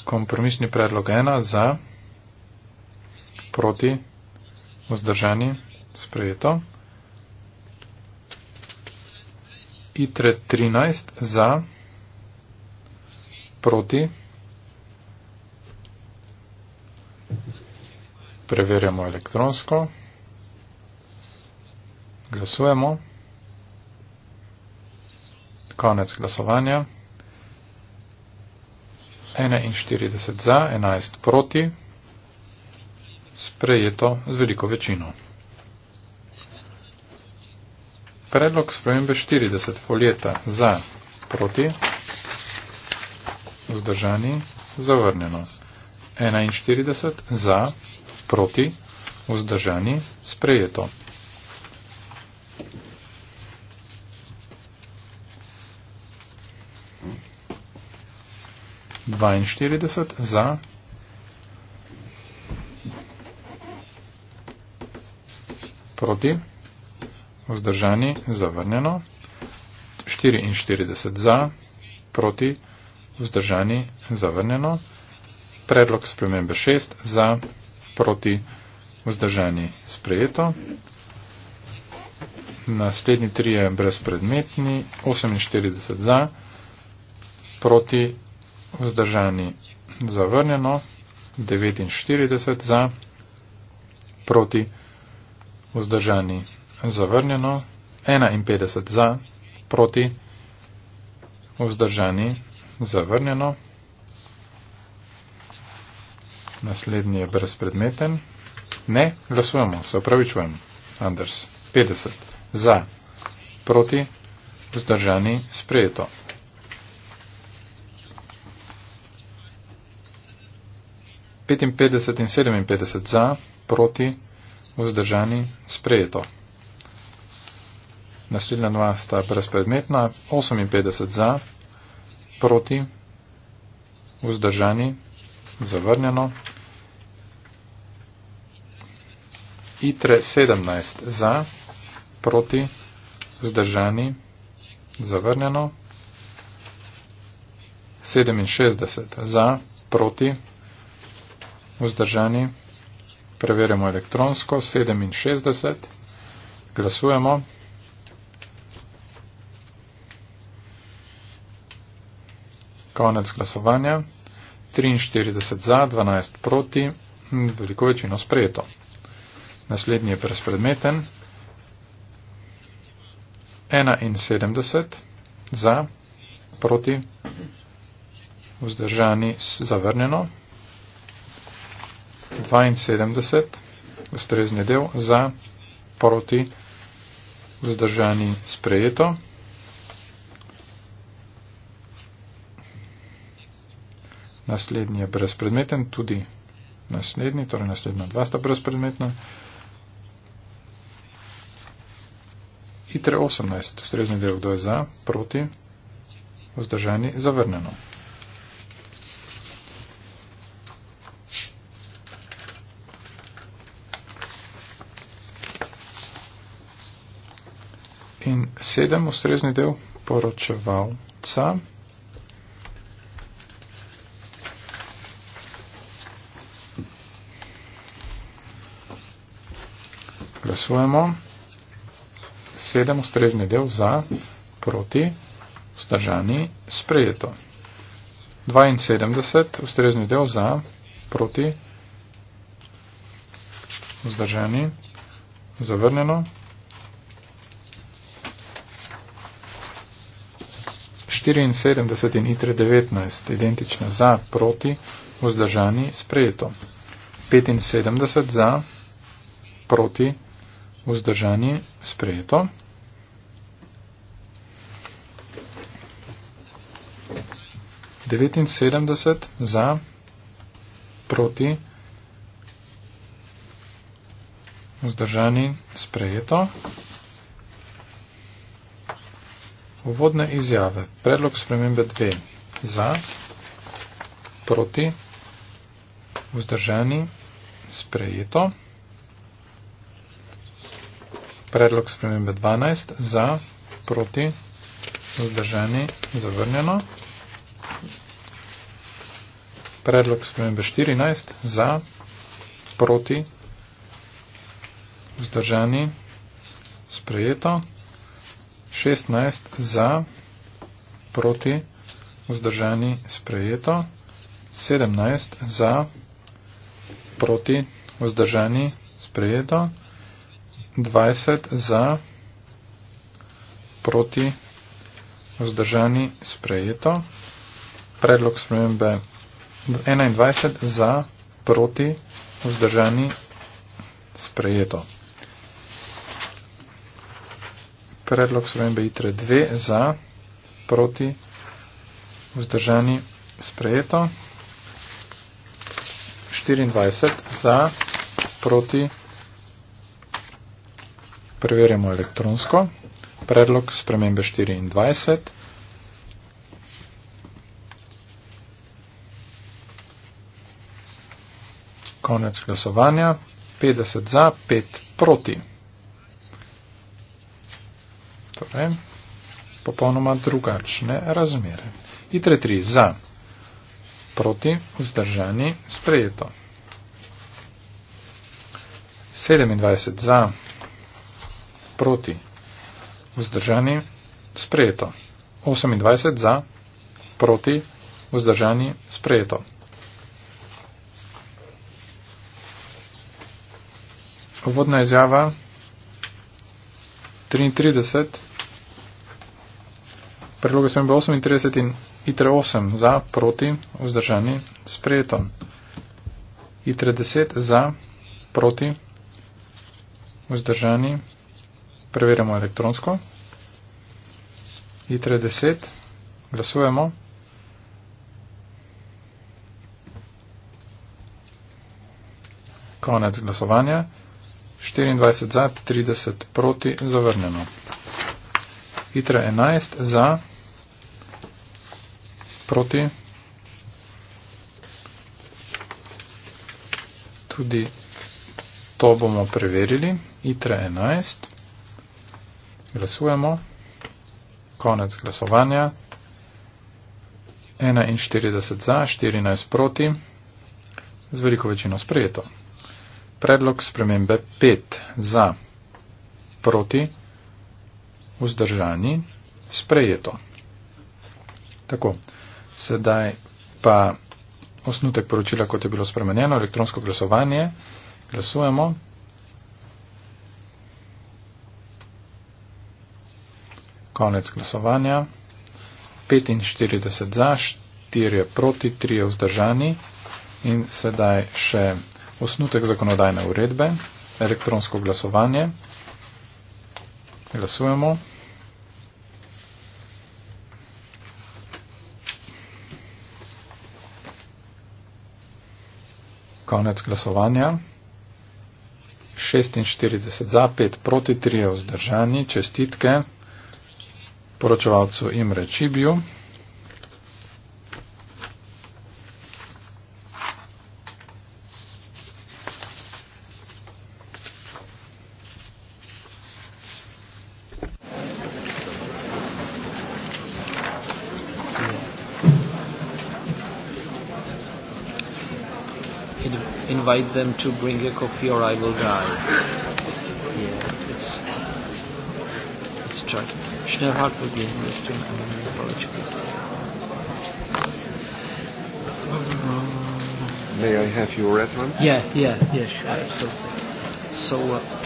kompromisni predlog ena za, proti, vzdržani, sprejeto. ITRE 13 za, proti, preverjamo elektronsko, glasujemo, konec glasovanja. 41 za, 11 proti, sprejeto z veliko večino. Predlog spremembe 40 folijeta za, proti, vzdržani, zavrnjeno. 41 za, proti, vzdržani, sprejeto. 42 za. Proti. Vzdržani. Zavrnjeno. 44 za. Proti. Vzdržani. Zavrnjeno. Predlog spremembe 6 za. Proti. Vzdržani. Sprejeto. Naslednji tri je brezpredmetni. 48 za. Proti vzdržani zavrnjeno, 49 za, proti vzdržani zavrnjeno, 51 za, proti vzdržani zavrnjeno. Naslednji je brezpredmeten. Ne, glasujemo, se opravičujem, Anders. 50 za, proti vzdržani sprejeto. 55 in 57 za, proti, vzdržani, sprejeto. Naslednja dva sta brezpredmetna, 58 za, proti, vzdržani, zavrnjeno. ITRE 17 za, proti, vzdržani, zavrnjeno. 67 za, proti, vzdržani vzdržani. Preverjamo elektronsko, 67, glasujemo. Konec glasovanja, 43 za, 12 proti, veliko večino sprejeto. Naslednji je brezpredmeten. 71 za, proti, vzdržani, zavrnjeno. 72 ustrezni del za, proti, vzdržani sprejeto. Naslednji je brezpredmeten, tudi naslednji, torej naslednja dva sta brezpredmetna. Hitre 18, ustrezni del, kdo je za, proti, vzdržani, zavrnjeno. sedem ustrezni del poročevalca. Glasujemo. Sedem ustrezni del za, proti, vzdržani, sprejeto. 72 ustrezni del za, proti, vzdržani, zavrnjeno. 74 in ITRE 19, identična za, proti, vzdržani, sprejeto. 75 za, proti, vzdržani, sprejeto. Devetinsedemdeset za, proti, vzdržani, sprejeto. Uvodne izjave. Predlog spremembe dve. Za, proti, vzdržani, sprejeto. Predlog spremembe 12. Za, proti, vzdržani, zavrnjeno. Predlog spremembe 14. Za, proti, vzdržani, sprejeto. 16 za, proti, vzdržani, sprejeto. 17 za, proti, vzdržani, sprejeto. 20 za, proti, vzdržani, sprejeto. Predlog spremembe 21 za, proti, vzdržani, sprejeto. Predlog spremembe ITRE 2 za, proti, vzdržani, sprejeto. 24 za, proti, preverjamo elektronsko. Predlog spremembe 24. Konec glasovanja. 50 za, 5 proti torej, popolnoma drugačne razmere. Itre 3 za, proti, vzdržani, sprejeto. 27 za, proti, vzdržani, sprejeto. 28 za, proti, vzdržani, sprejeto. Uvodna izjava 33. Predloga sem bil 38 in ITRE 8 za, proti, vzdržani, sprejeto. ITRE 10 za, proti, vzdržani, preverjamo elektronsko. ITRE 10, glasujemo. Konec glasovanja. 24 za, 30 proti, zavrnjeno hitra 11 za proti tudi to bomo preverili hitra 11 glasujemo konec glasovanja 41 za 14 proti z veliko večino sprejeto predlog spremembe 5 za proti vzdržani, sprejeto. Tako, sedaj pa osnutek poročila, kot je bilo spremenjeno, elektronsko glasovanje. Glasujemo. Konec glasovanja. 45 za, 4 proti, 3 vzdržani. In sedaj še osnutek zakonodajne uredbe, elektronsko glasovanje. Glasujemo. Konec glasovanja. 46 za, 5 proti, 3 vzdržani. Čestitke poročevalcu Imre Čibiju. invite them to bring a coffee or I will die. Yeah, it's it's tragic. Schnellhardt would be English to me. I apologize. May I have your reference? Yeah, yeah, yes, absolutely. So. Uh,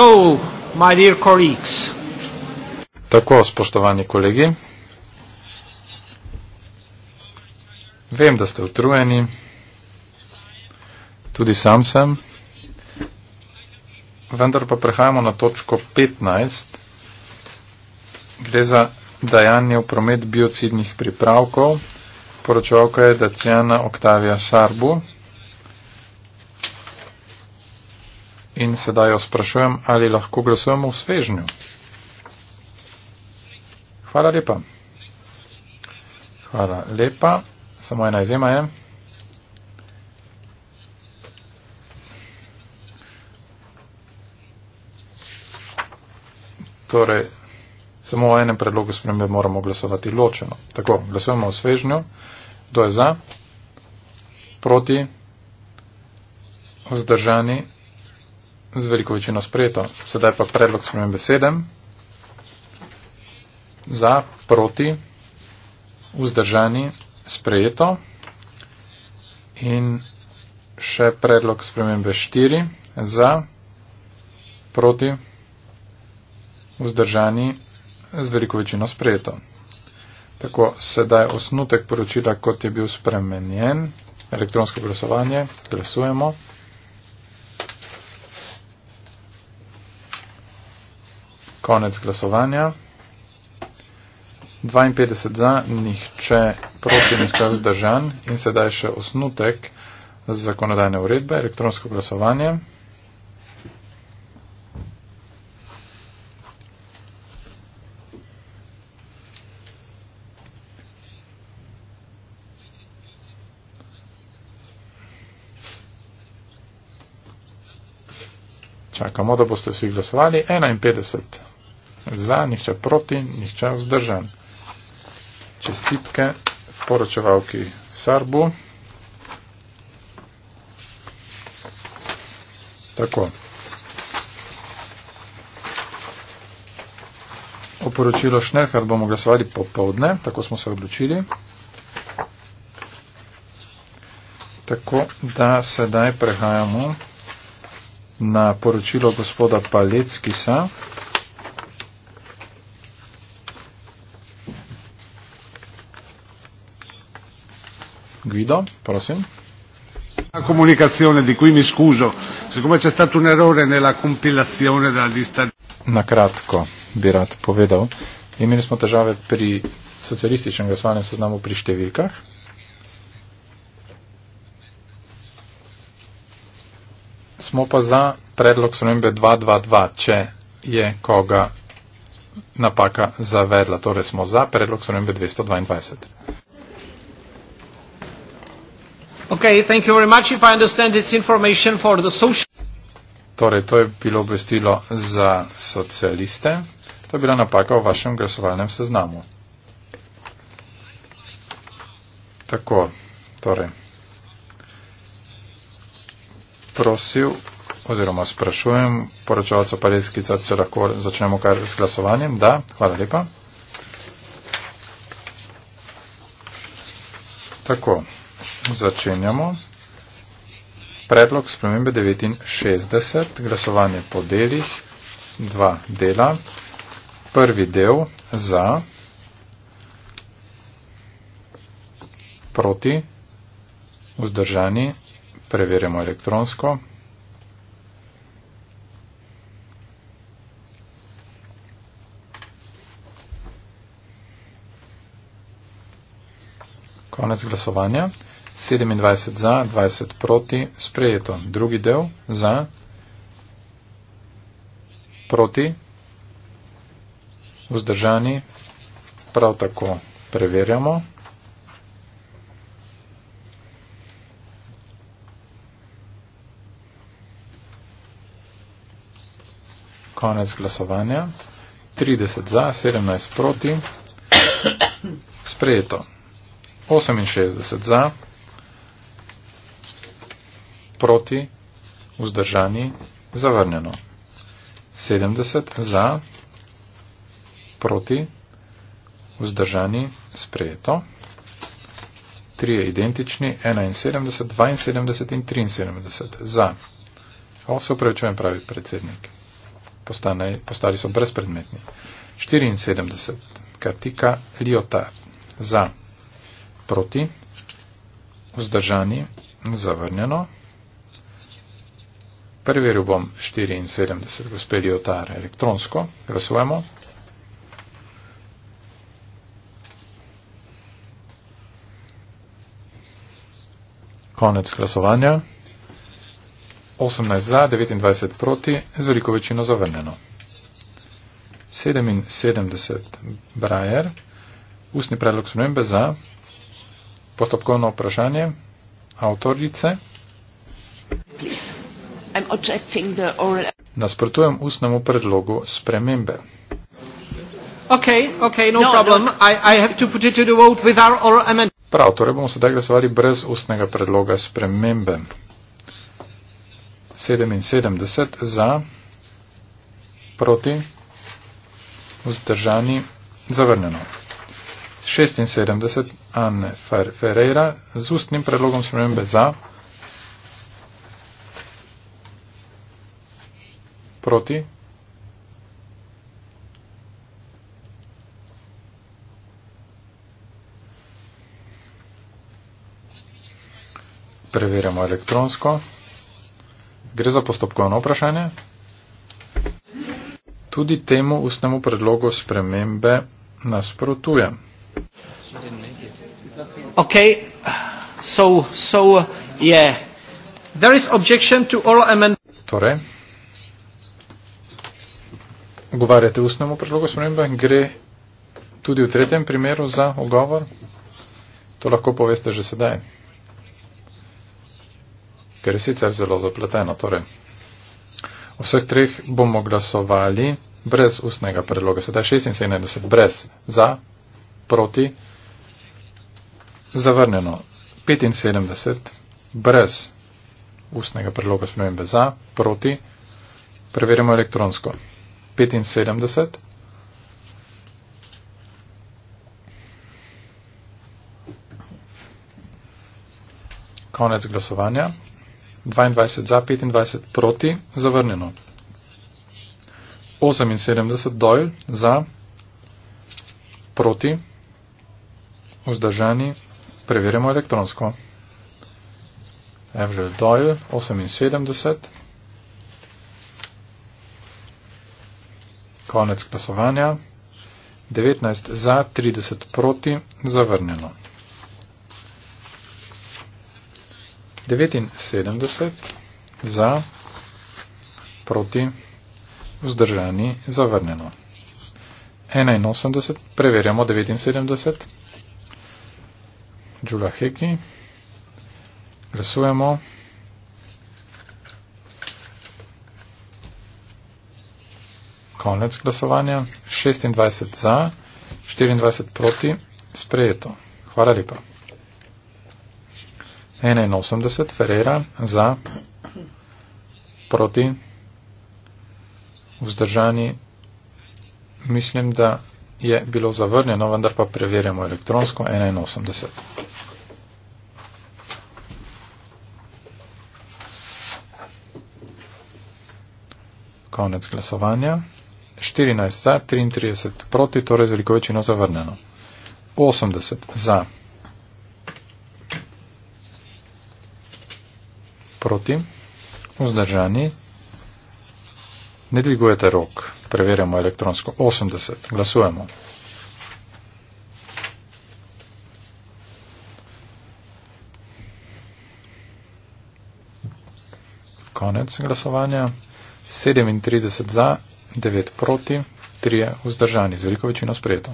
So, my dear colleagues. Tako, spoštovani kolegi. Vem, da ste utrujeni. Tudi sam sem. Vendar pa prehajamo na točko 15. Gre za dajanje v promet biocidnih pripravkov. Poročevalka je Dacijana Oktavija Sarbu. in sedaj jo sprašujem, ali lahko glasujemo v svežnju. Hvala lepa. Hvala lepa. Samo ena izjema je. Torej, samo o enem predlogu spremembe moramo glasovati ločeno. Tako, glasujemo o svežnju. Kdo je za? Proti? Vzdržani? z veliko večino sprejeto. Sedaj pa predlog spremembe 7. Za, proti, vzdržani, sprejeto. In še predlog spremembe 4. Za, proti, vzdržani, z veliko večino sprejeto. Tako, sedaj osnutek poročila, kot je bil spremenjen, elektronsko glasovanje, glasujemo. Konec glasovanja. 52 za, nihče proti, nihče vzdržan in sedaj še osnutek zakonodajne uredbe, elektronsko glasovanje. Čakamo, da boste vsi glasovali. 51 za, nihče proti, nihče vzdržan. Čestitke poročevalki Sarbu. Tako. Oporočilo Šnerhard bomo glasovali popovdne, tako smo se odločili. Tako da sedaj prehajamo na poročilo gospoda Palecki sa. Guido, prossimo. La comunicazione di cui mi scuso, siccome c'è stato un errore nella compilazione della lista. Na kratko bi rad povedal, imeli smo težave pri socialističnem glasovanju seznamu pri številkah. Smo pa za predlog spremembe 222, če je koga napaka zavedla. Torej smo za predlog spremembe 222. Okay, thank you very much. If I understand it's information for the social... Torej, to je bilo obvestilo za socialiste. To je bila napaka v vašem glasovalnem seznamu. Tako, torej. Prosil, oziroma sprašujem, poročevalca Parijskica, če lahko začnemo kar z glasovanjem. Da, hvala lepa. Tako začenjamo. Predlog spremembe 69, glasovanje po delih, dva dela. Prvi del za, proti, vzdržani, preverjamo elektronsko. Konec glasovanja. 27 za, 20 proti, sprejeto. Drugi del za, proti, vzdržani, prav tako preverjamo. Konec glasovanja. 30 za, 17 proti, sprejeto. 68 za, proti, vzdržani, zavrnjeno. 70 za, proti, vzdržani, sprejeto. 3 je identični, 71, 72 in 73 za. O, se upravičujem, pravi predsednik. Postane, postali so brezpredmetni. 74, kartika Liotard, za, proti, vzdržani, zavrnjeno. Preveril bom 74, gospod Jotar, elektronsko. Glasujemo. Konec glasovanja. 18 za, 29 proti, z veliko večino zavrnjeno. 77 Brajer, ustni predlog spremembe za postopkovno vprašanje avtorice. Please. Nasprotujem ustnemu predlogu spremembe. Okay, okay, no, no, no problem. I, I have to put it to the vote with our oral amendment. Prav, torej bomo sedaj glasovali brez ustnega predloga spremembe. 77 za, proti, vzdržani, zavrnjeno. 76 Anne Ferreira z ustnim predlogom spremembe za. proti. Preverjamo elektronsko. Gre za postopkovno vprašanje. Tudi temu ustnemu predlogu spremembe nasprotujem. Ok, so, so, uh, yeah. There is objection to oral amendment. Torej, ogovarjate ustnemu predlogu spremembe, gre tudi v tretjem primeru za ogovor. To lahko poveste že sedaj, ker je sicer zelo zapleteno. Torej, v vseh treh bomo glasovali brez ustnega predloga. Sedaj 76 brez za, proti, zavrnjeno 75 brez ustnega predloga spremembe za, proti. Preverimo elektronsko. 75. Konec glasovanja. 22 za, 25 proti, zavrnjeno. 78 dojl za, proti, vzdržani, preverimo elektronsko. Evžel dojl, 78. Konec glasovanja. 19 za, 30 proti, zavrnjeno. 79 za, proti, vzdržani, zavrnjeno. 81, preverjamo 79. Džula Heki, glasujemo. Konec glasovanja. 26 za, 24 proti. Sprejeto. Hvala lepa. 81 Ferrera za, proti. Vzdržani. Mislim, da je bilo zavrnjeno, vendar pa preverjamo elektronsko. 81. Konec glasovanja. 14 za, 33 proti, torej z veliko večino zavrnjeno. 80 za, proti, vzdržani, ne dvigujete rok, preverjamo elektronsko. 80, glasujemo. Konec glasovanja. 37 za, 9 proti, 3 vzdržani, z veliko večino sprejeto.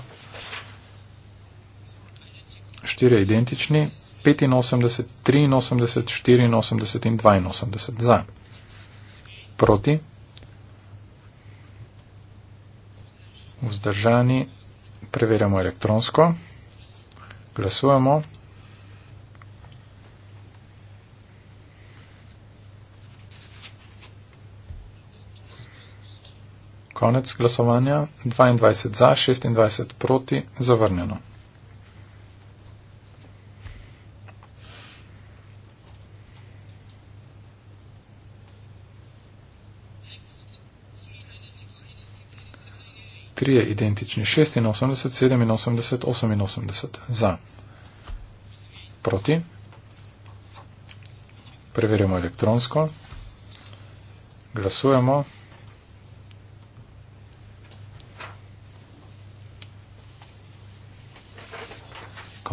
4 identični, 85, 83, 84 in 82 za. Proti, vzdržani, preverjamo elektronsko, glasujemo. Konec glasovanja 22 za, 26 proti, zavrnjeno. Tri je identični 86, 87, 88 za. Proti. Preverjamo elektronsko. Glasujemo.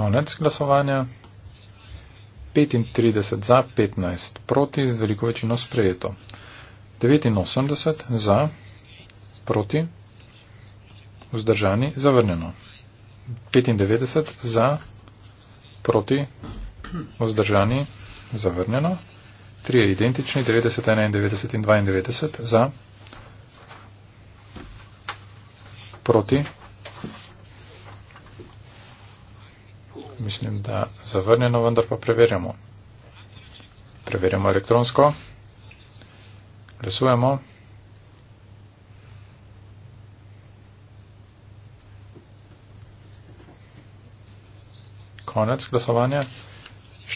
konec glasovanja. 35 za, 15 proti, z veliko večino sprejeto. 89 za, proti, vzdržani, zavrnjeno. 95 za, proti, vzdržani, zavrnjeno. 3 je identični, 90, 91 in 92 za, proti, mislim, da zavrnjeno, vendar pa preverjamo. Preverjamo elektronsko. Glasujemo. Konec glasovanja.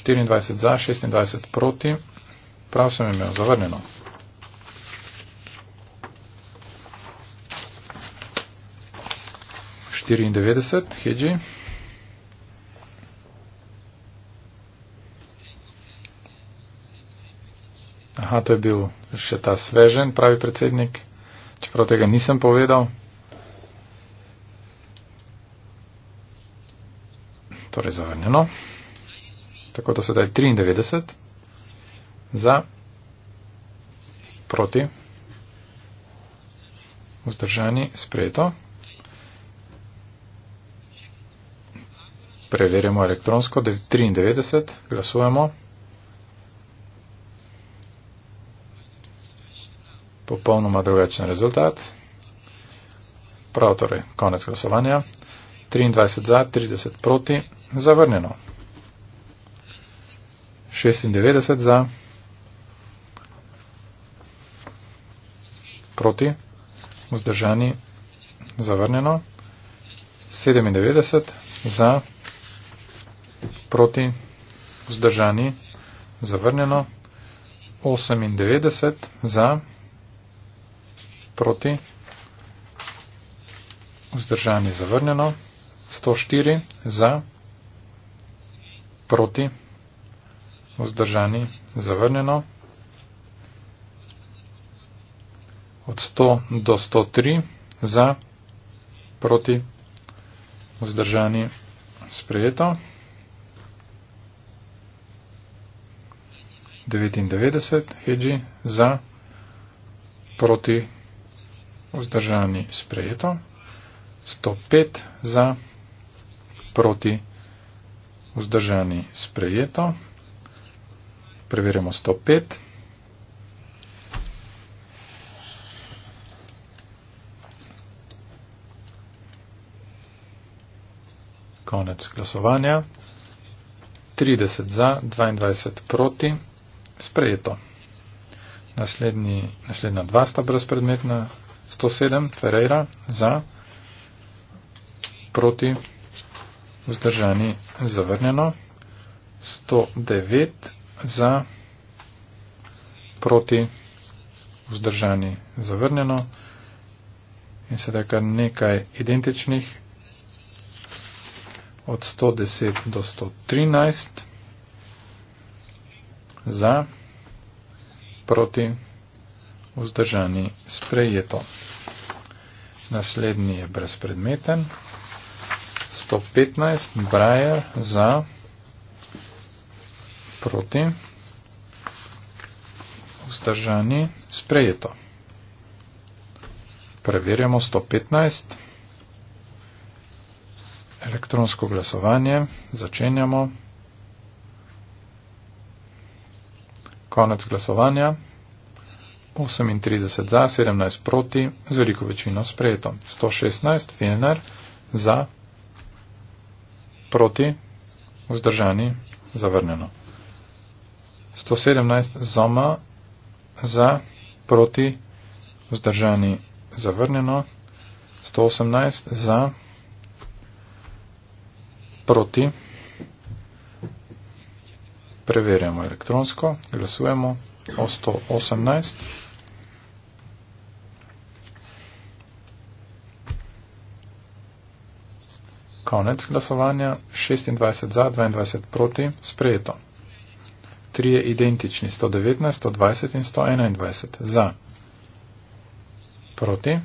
24 za, 26 proti. Prav sem imel zavrnjeno. Štiriindevetdeset, hedži. Aha, to je bil še ta svežen, pravi predsednik, čeprav tega nisem povedal. Torej, zavrnjeno. Tako da sedaj 93 za, proti, vzdržani, sprejeto. Preverjamo elektronsko, da je 93, glasujemo. popolnoma drugačen rezultat. Prav torej, konec glasovanja. 23 za, 30 proti, zavrnjeno. 96 za, proti, vzdržani, zavrnjeno. 97 za, proti, vzdržani, zavrnjeno. 98 za, proti, proti, vzdržanje zavrnjeno, 104 za, proti, vzdržanje zavrnjeno, od 100 do 103 za, proti, vzdržanje sprejeto, 99 hedži za, proti, vzdržani sprejeto, 105 za, proti vzdržani sprejeto, preverjamo 105. Konec glasovanja. 30 za, 22 proti, sprejeto. Naslednji, naslednja dva sta brezpredmetna, 107 Ferreira za proti vzdržani zavrnjeno, 109 za proti vzdržani zavrnjeno in sedaj kar nekaj identičnih od 110 do 113 za proti vzdržani sprejeto. Naslednji je brezpredmeten. 115. Brajer za proti. Vzdržani sprejeto. Preverjamo 115. Elektronsko glasovanje. Začenjamo. Konec glasovanja. 38 za, 17 proti, z veliko večino sprejeto. 116 Fener za, proti, vzdržani, zavrnjeno. 117 Zoma za, proti, vzdržani, zavrnjeno. 118 za, proti, preverjamo elektronsko, glasujemo. 118. Konec glasovanja. 26 za, 22 proti. Sprejeto. 3 je identični. 119, 120 in 121 za. Proti.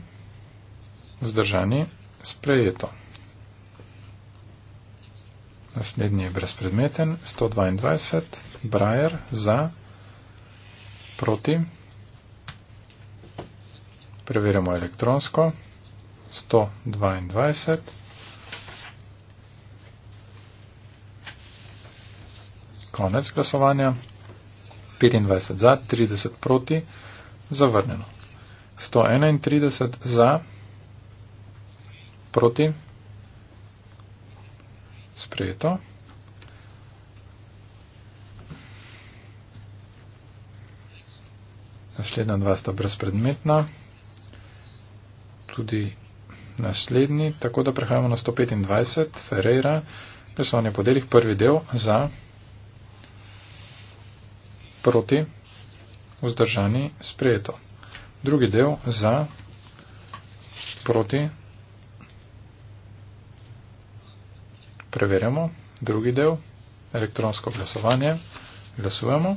Zdržani. Sprejeto. Naslednji je brezpredmeten. 122. Brajer za. Proti. Preverjamo elektronsko. 122. Konec glasovanja. 25 za, 30 proti, zavrnjeno. 131 za, proti, sprejeto. Naslednja dva sta brezpredmetna. Tudi naslednji, tako da prehajamo na 125, Ferreira, glasovanje po delih, prvi del za proti, vzdržani, sprejeto. Drugi del za, proti, preverjamo, drugi del, elektronsko glasovanje, glasujemo,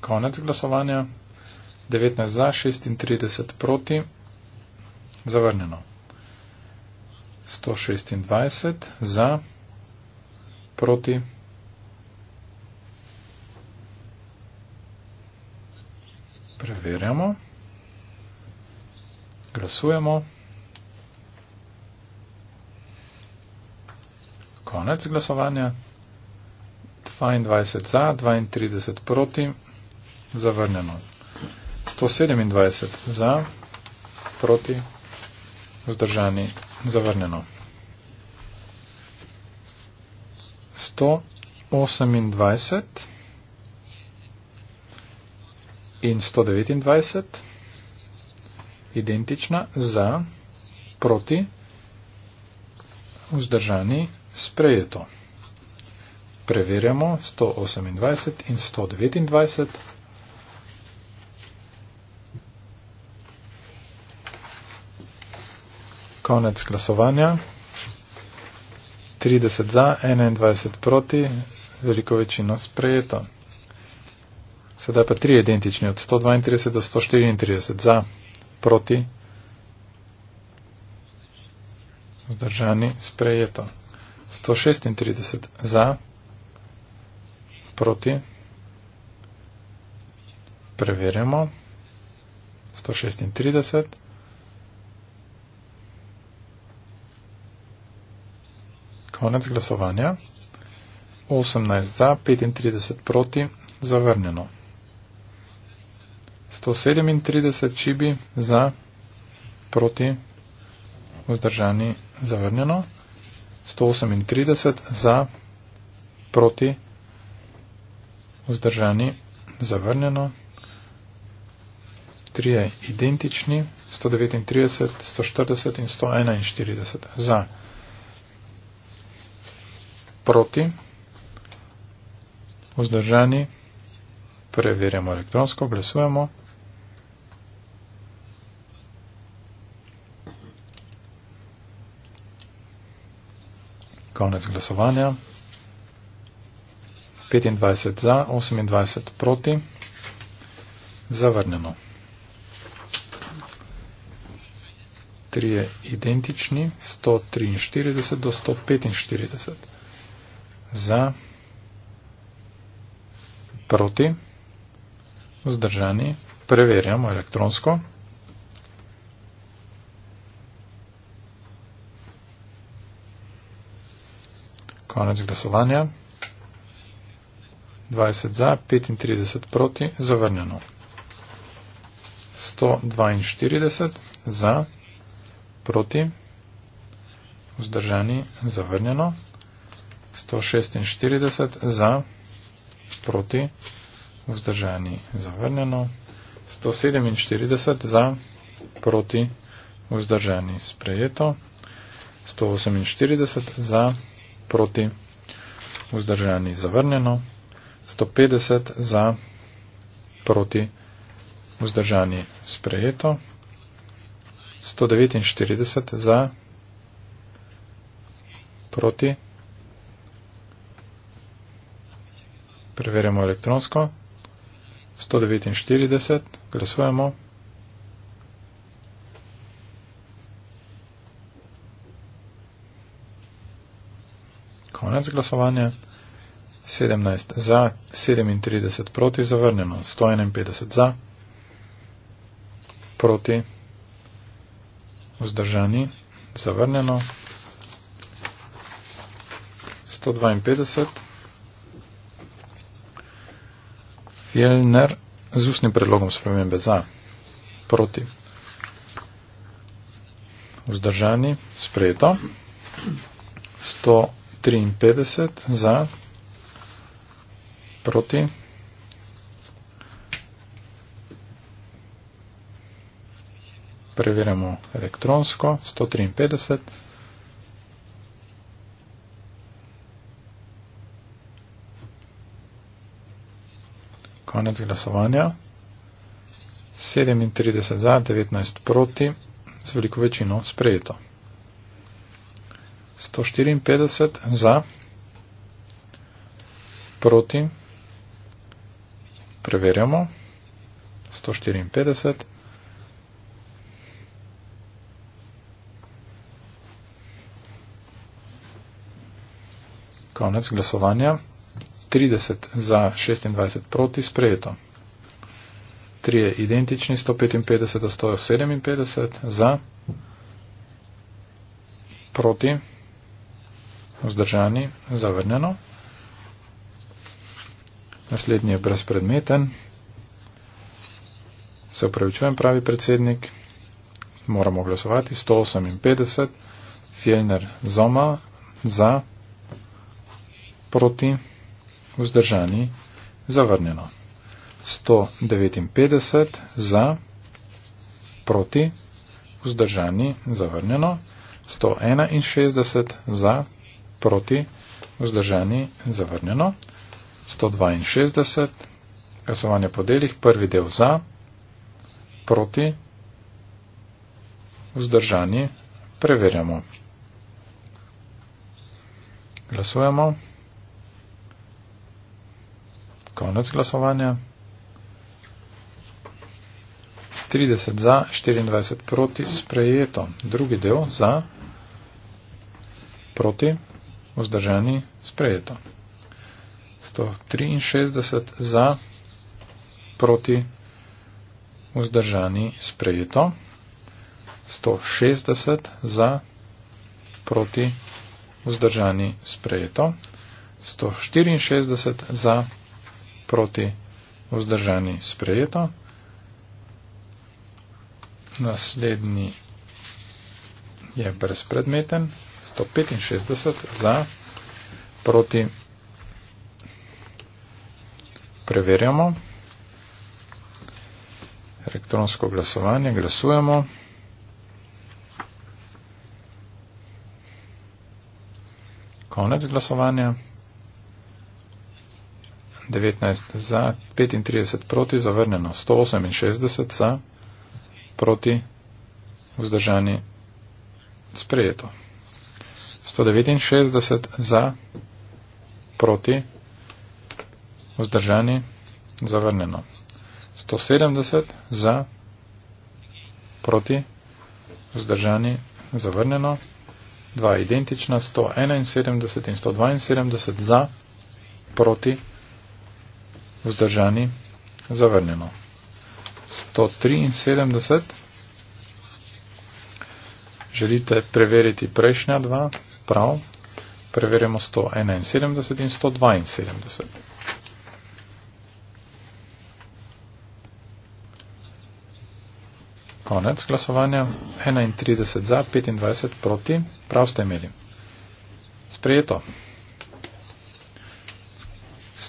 konec glasovanja, 19 za, 36 proti, zavrnjeno, 126 za, proti. Preverjamo. Glasujemo. Konec glasovanja. 22 za, 32 proti. Zavrnjeno. 127 za, proti. Vzdržani. Zavrnjeno. 128 in 129 identična za, proti, vzdržani, sprejeto. Preverjamo 128 in 129. Konec glasovanja. 30 za, 21 proti, veliko večino sprejeto. Sedaj pa tri identični, od 132 do 134 za, proti, zdržani, sprejeto. 136 za, proti, preverjamo, 136. Konec glasovanja. 18 za, 35 proti, zavrnjeno. 137 čibi za, proti, vzdržani, zavrnjeno. 138 za, proti, vzdržani, zavrnjeno. 3 identični, 139, 140 in 141 za. Proti. Vzdržani. Preverjamo elektronsko. Glasujemo. Konec glasovanja. 25 za, 28 proti. Zavrnjeno. Trije identični, 143 do 145 za, proti, vzdržani, preverjamo elektronsko. Konec glasovanja. 20 za, 35 proti, zavrnjeno. 142 za, proti, vzdržani, zavrnjeno. 146 za, proti, vzdržani zavrnjeno, 147 za, proti, vzdržani sprejeto, 148 za, proti, vzdržani zavrnjeno, 150 za, proti, vzdržani sprejeto, 149 za, proti, Preverjamo elektronsko. 149, glasujemo. Konec glasovanja. 17 za, 37 proti, zavrnjeno. 151 za, proti, vzdržani, zavrnjeno. 152. Fjellner z ustnim predlogom spremembe za, proti, vzdržani, sprejeto, 153 za, proti, preverjamo elektronsko, 153 konec glasovanja. 37 za, 19 proti, z veliko večino sprejeto. 154 za, proti, preverjamo. 154. Konec glasovanja. 30 za 26 proti sprejeto. 3 je identični, 155 do 157 za proti vzdržani, zavrnjeno. Naslednji je brezpredmeten. Se upravičujem, pravi predsednik. Moramo glasovati. 158. Fjellner Zoma za proti vzdržani, zavrnjeno. 159 za, proti, vzdržani, zavrnjeno. 161 za, proti, vzdržani, zavrnjeno. 162, glasovanje po delih, prvi del za, proti, vzdržani, preverjamo. Glasujemo konec glasovanja. 30 za, 24 proti, sprejeto. Drugi del za, proti, vzdržani, sprejeto. 163 za, proti, vzdržani, sprejeto. 160 za, proti, vzdržani, sprejeto. 164 za, proti, vzdržani, sprejeto proti vzdržani sprejeto. Naslednji je brezpredmeten, 165 za, proti preverjamo, elektronsko glasovanje, glasujemo, konec glasovanja. 19 za, 35 proti, zavrnjeno 168 za, proti, vzdržani, sprejeto. 169 za, proti, vzdržani, zavrnjeno. 170 za, proti, vzdržani, zavrnjeno. 2 identična, 171 in 172 za, proti, vzdržani vzdržani, zavrnjeno. 173. Želite preveriti prejšnja dva? Prav. Preverimo 171 in 172. Konec glasovanja. 31 za, 25 proti. Prav ste imeli. Sprejeto.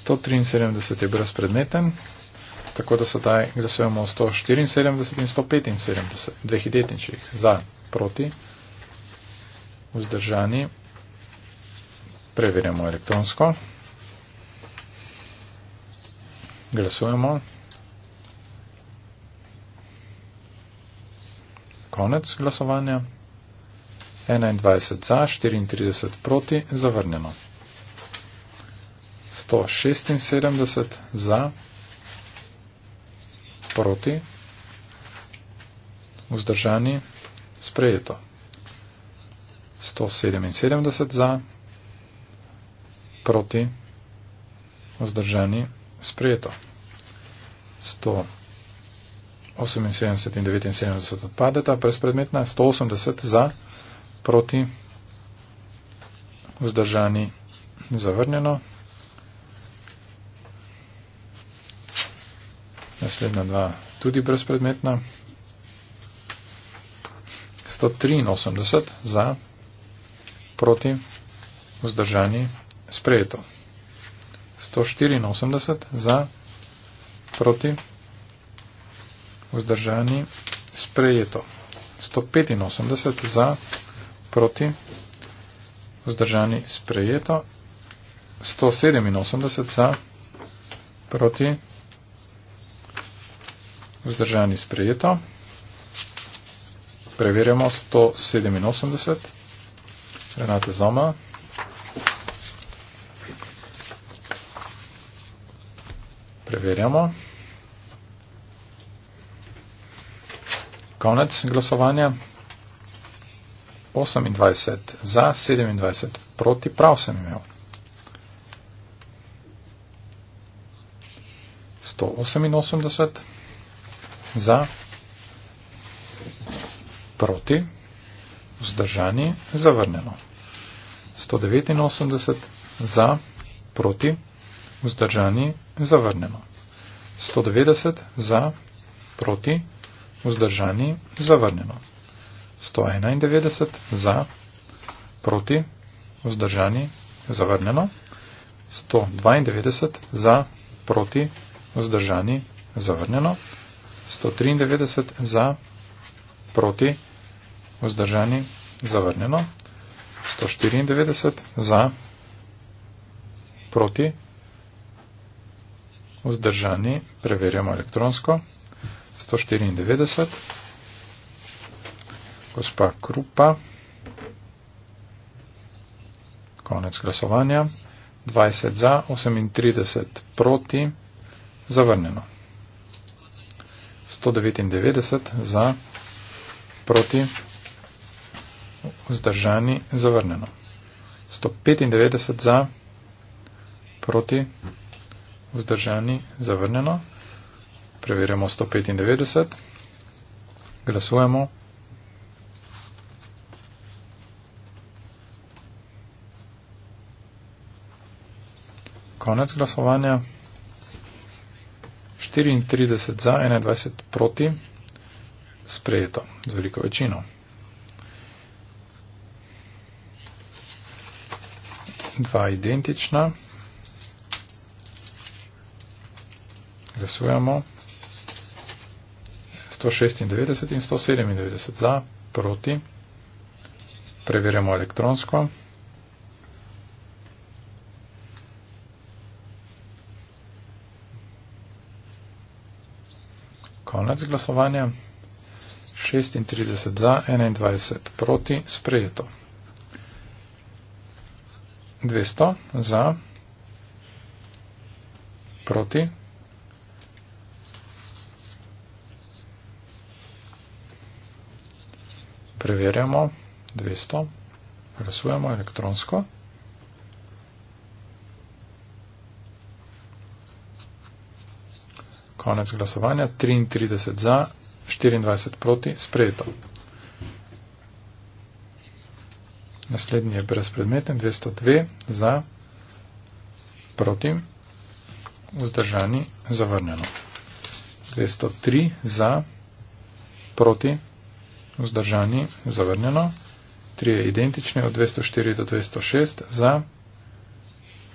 173 je brezpredmeten, tako da sedaj glasujemo o 174 in 175, dveh identičnih, za, proti, vzdržani. Preverjamo elektronsko. Glasujemo. Konec glasovanja. 21 za, 34 proti, zavrnjeno. 176 za, proti, vzdržani, sprejeto. 177 za, proti, vzdržani, sprejeto. 178 in 79 odpadeta, prespredmetna, 180 za, proti, vzdržani, zavrnjeno. naslednja dva tudi brezpredmetna. 183 za, proti, vzdržani, sprejeto. 184 za, proti, vzdržani, sprejeto. 185 za, proti, vzdržani, sprejeto. 187 za, proti, vzdržani, sprejeto vzdržani sprejeto. Preverjamo 187. Renate Zoma. Preverjamo. Konec glasovanja. 28 za, 27 proti, prav sem imel. 188 za, proti, vzdržani, zavrnjeno. 189 za, proti, vzdržani, zavrnjeno. 190 za, proti, vzdržani, zavrnjeno. 191 za, proti, vzdržani, zavrnjeno. 192 za, proti, vzdržani, zavrnjeno. 193 za, proti, vzdržani, zavrnjeno. 194 za, proti, vzdržani, preverjamo elektronsko. 194, gospa Krupa, konec glasovanja. 20 za, 38 proti, zavrnjeno. 199 za proti vzdržani zavrnjeno. 195 za proti vzdržani zavrnjeno. Preverjamo 195. Glasujemo. Konec glasovanja. 34 za, 21 proti, sprejeto z veliko večino. Dva identična. Glasujemo. 196 in 197 za, proti. Preverjamo elektronsko. konec glasovanja. 36 za, 21 proti, sprejeto. 200 za, proti, 200, glasujemo elektronsko. Konec glasovanja. 33 za, 24 proti, sprejeto. Naslednji je brezpredmeten, 202 za, proti, vzdržani, zavrnjeno. 203 za, proti, vzdržani, zavrnjeno. 3 je identični od 204 do 206 za,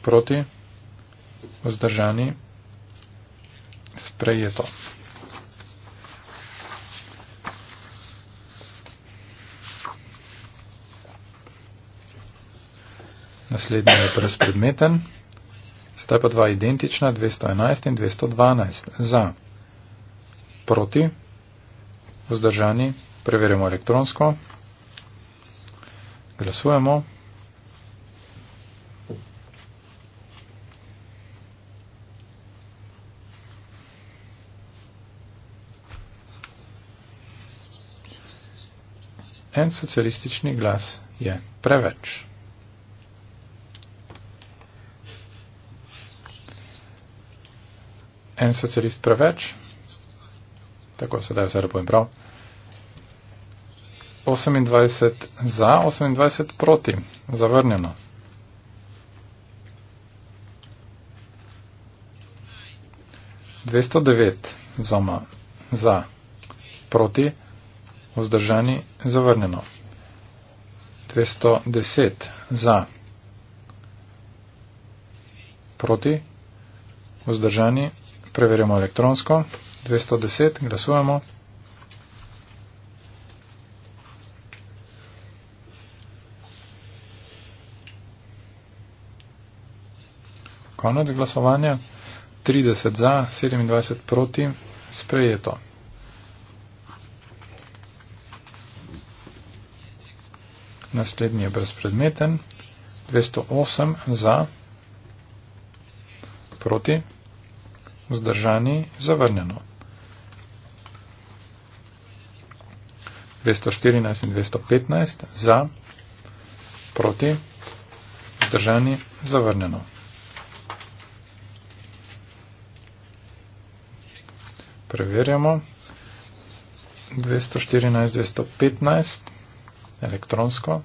proti, vzdržani, zavrnjeno sprejeto. Naslednji je brezpredmeten, sedaj pa dva identična, 211 in 212. Za, proti, vzdržani, preverjamo elektronsko, glasujemo. En socialistični glas je preveč. En socialist preveč, tako se da je zelo prav. 28 za, 28 proti, zavrnjeno. Dvesto devet za, proti, vzdržani, zavrnjeno. 310 za, proti, vzdržani, preverjamo elektronsko, 210, glasujemo. Konec glasovanja, 30 za, 27 proti, sprejeto. naslednji je brezpredmeten. 208 za, proti, vzdržani, zavrnjeno. 214 in 215 za, proti, vzdržani, zavrnjeno. 214, 215 elektronsko.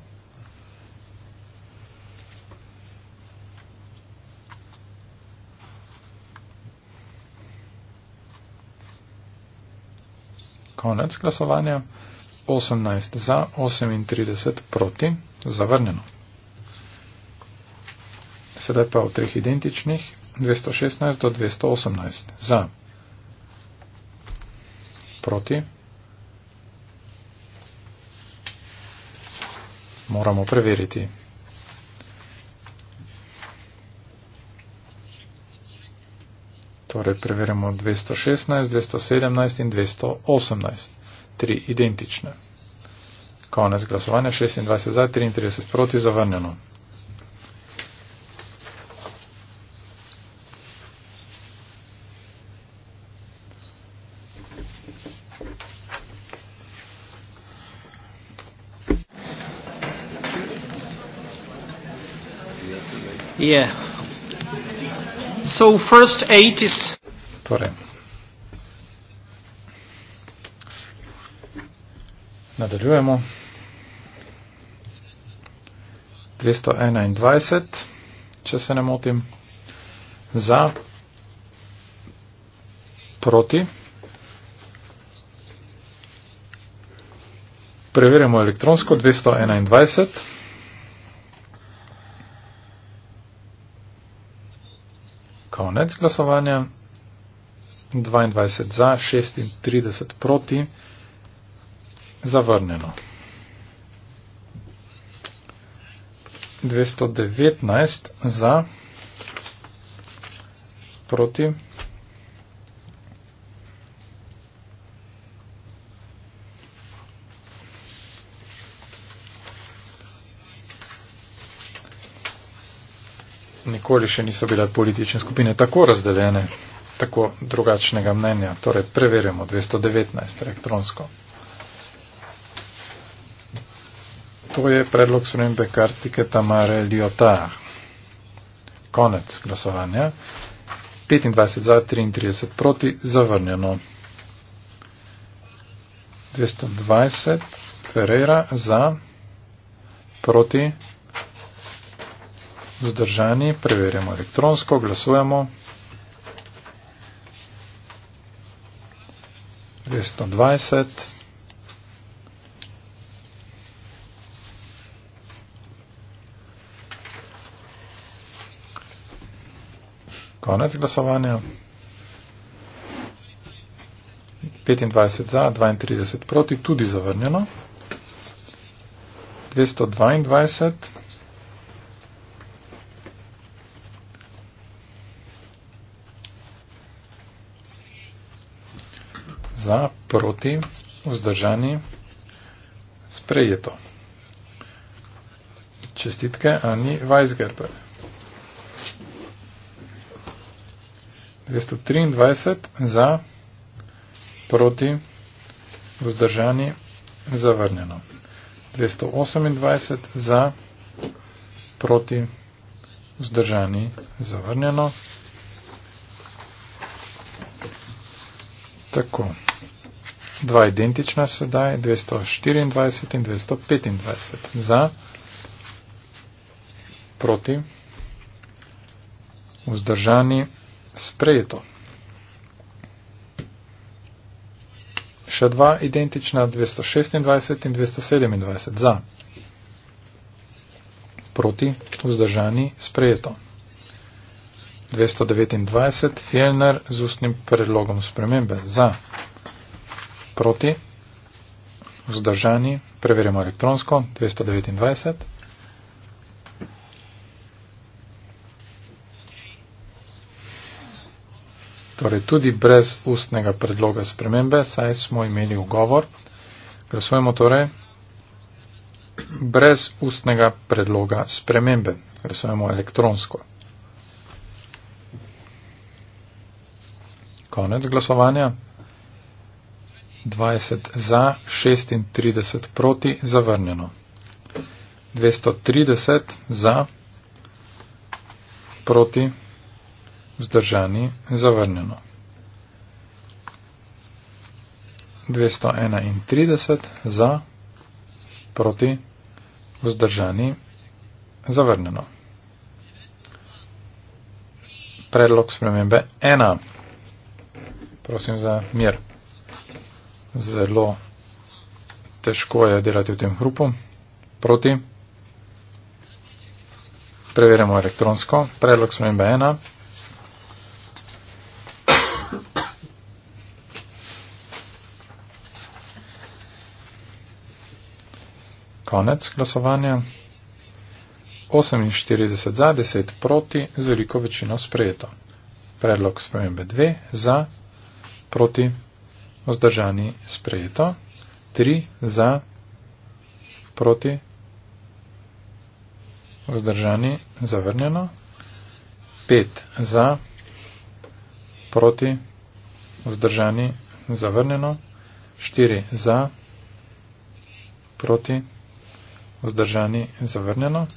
Konec glasovanja. 18 za, 38 proti, zavrnjeno. Sedaj pa v treh identičnih, 216 do 218 za, proti, moramo preveriti. Torej, preverimo 216, 217 in 218. Tri identične. Konec glasovanja 26 za, 33 proti, zavrnjeno. Yeah. Torej. Nadaljujemo. 221, če se ne motim, za, proti. Preverjamo elektronsko 221. konec glasovanja. 22 za, 36 proti, zavrnjeno. 219 za, proti, nikoli še niso bile politične skupine tako razdeljene, tako drugačnega mnenja. Torej, preverjamo 219 elektronsko. To je predlog spremembe kartike Tamare Liota. Konec glasovanja. 25 za, 33 proti, zavrnjeno. 220 Ferreira za, proti vzdržani, preverjamo elektronsko, glasujemo. 220. Konec glasovanja. 25 za, 32 proti, tudi zavrnjeno. 222. za, proti, vzdržani, sprejeto. Čestitke Ani Weisgerber. 223 za, proti, vzdržani, zavrnjeno. 228 za, proti, vzdržani, zavrnjeno. Tako dva identična sedaj, 224 in 225. Za, proti, vzdržani, sprejeto. Še dva identična, 226 in 227. Za, proti, vzdržani, sprejeto. 229. Fjellner z ustnim predlogom spremembe. Za proti, vzdržani, preverjamo elektronsko, 229. Torej tudi brez ustnega predloga spremembe, saj smo imeli ugovor. Glasujemo torej brez ustnega predloga spremembe. Glasujemo elektronsko. Konec glasovanja. 20 za, 36 proti, zavrnjeno. 230 za, proti, vzdržani, zavrnjeno. 231 za, proti, vzdržani, zavrnjeno. Predlog spremembe 1. Prosim za mir zelo težko je delati v tem hrupu. Proti. Preverjamo elektronsko. Predlog smem B1. Konec glasovanja. 48 za, 10 proti, z veliko večino sprejeto. Predlog spremembe 2 za, proti vzdržani sprejeto, 3 za, proti, vzdržani zavrnjeno, 5 za, proti, vzdržani zavrnjeno, 4 za, proti, vzdržani zavrnjeno,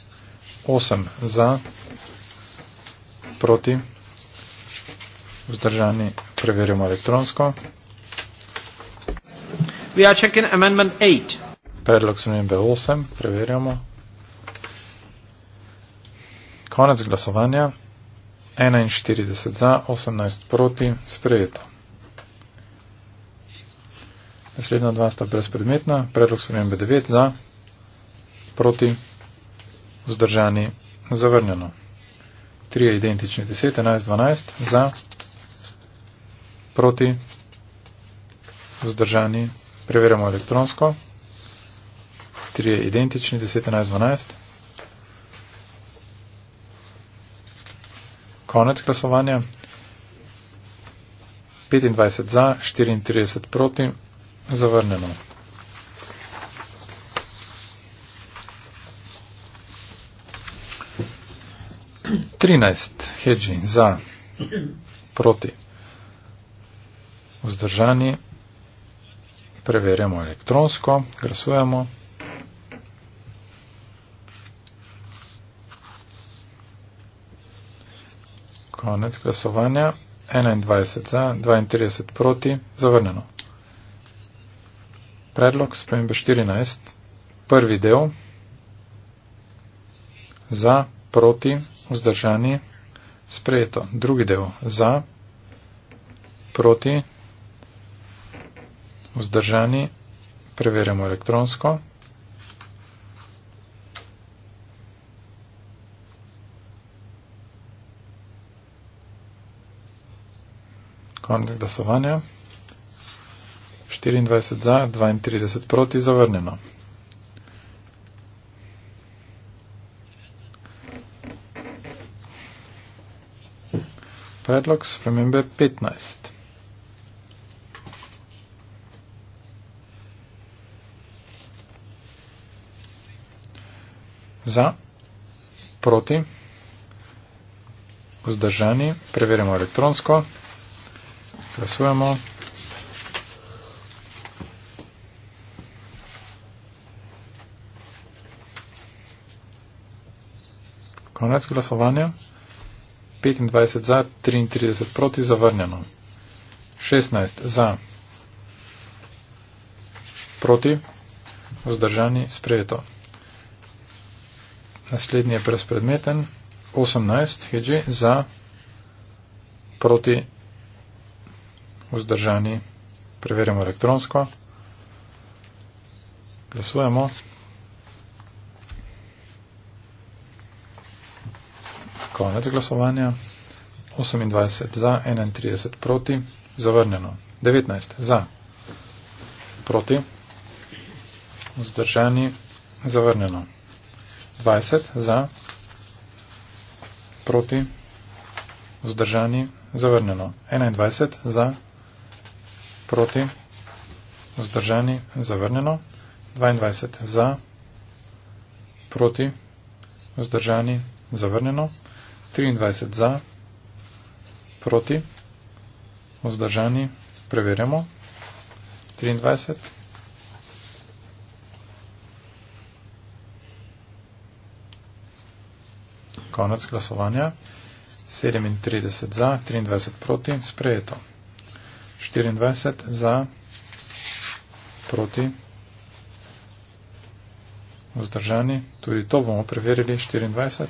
8 za, proti, vzdržani preverimo elektronsko, Predlog zmenbe 8, preverjamo. Konec glasovanja. 41 za, 18 proti, sprejeto. Naslednja dva sta brezpredmetna. Predlog spremembe 9 za, proti, vzdržani, zavrnjeno. 3 je identični 10, 11, 12 za, proti, vzdržani, Preverjamo elektronsko. 3 je identični, 10, 11, 12. Konec glasovanja. 25 za, 34 proti. Zavrnemo. Trinajst hedži za proti vzdržanje preverjamo elektronsko, glasujemo. Konec glasovanja, 21 za, 32 proti, zavrneno. Predlog spremembe 14, prvi del, za, proti, vzdržani, sprejeto. Drugi del, za, proti, vzdržani, preverjamo elektronsko. Konec glasovanja. 24 za, 32 proti, zavrnjeno. Predlog spremembe 15. za, proti, vzdržani, preverimo elektronsko, glasujemo. Konec glasovanja, 25 za, 33 proti, zavrnjeno, 16 za, proti, vzdržani, sprejeto. Naslednji je brezpredmeten. 18 hedži za proti vzdržani. Preverimo elektronsko. Glasujemo. Konec glasovanja. 28 za, 31 proti. Zavrnjeno. 19 za, proti. Vzdržani. Zavrnjeno. 20 za proti vzdržani zavrnjeno. 21 za proti vzdržani zavrnjeno. 22 za proti vzdržani zavrnjeno. 23 za proti vzdržani preverjamo. 23 za konec glasovanja. 37 za, 23 proti, sprejeto. 24 za, proti, vzdržani. Tudi to bomo preverili. 24.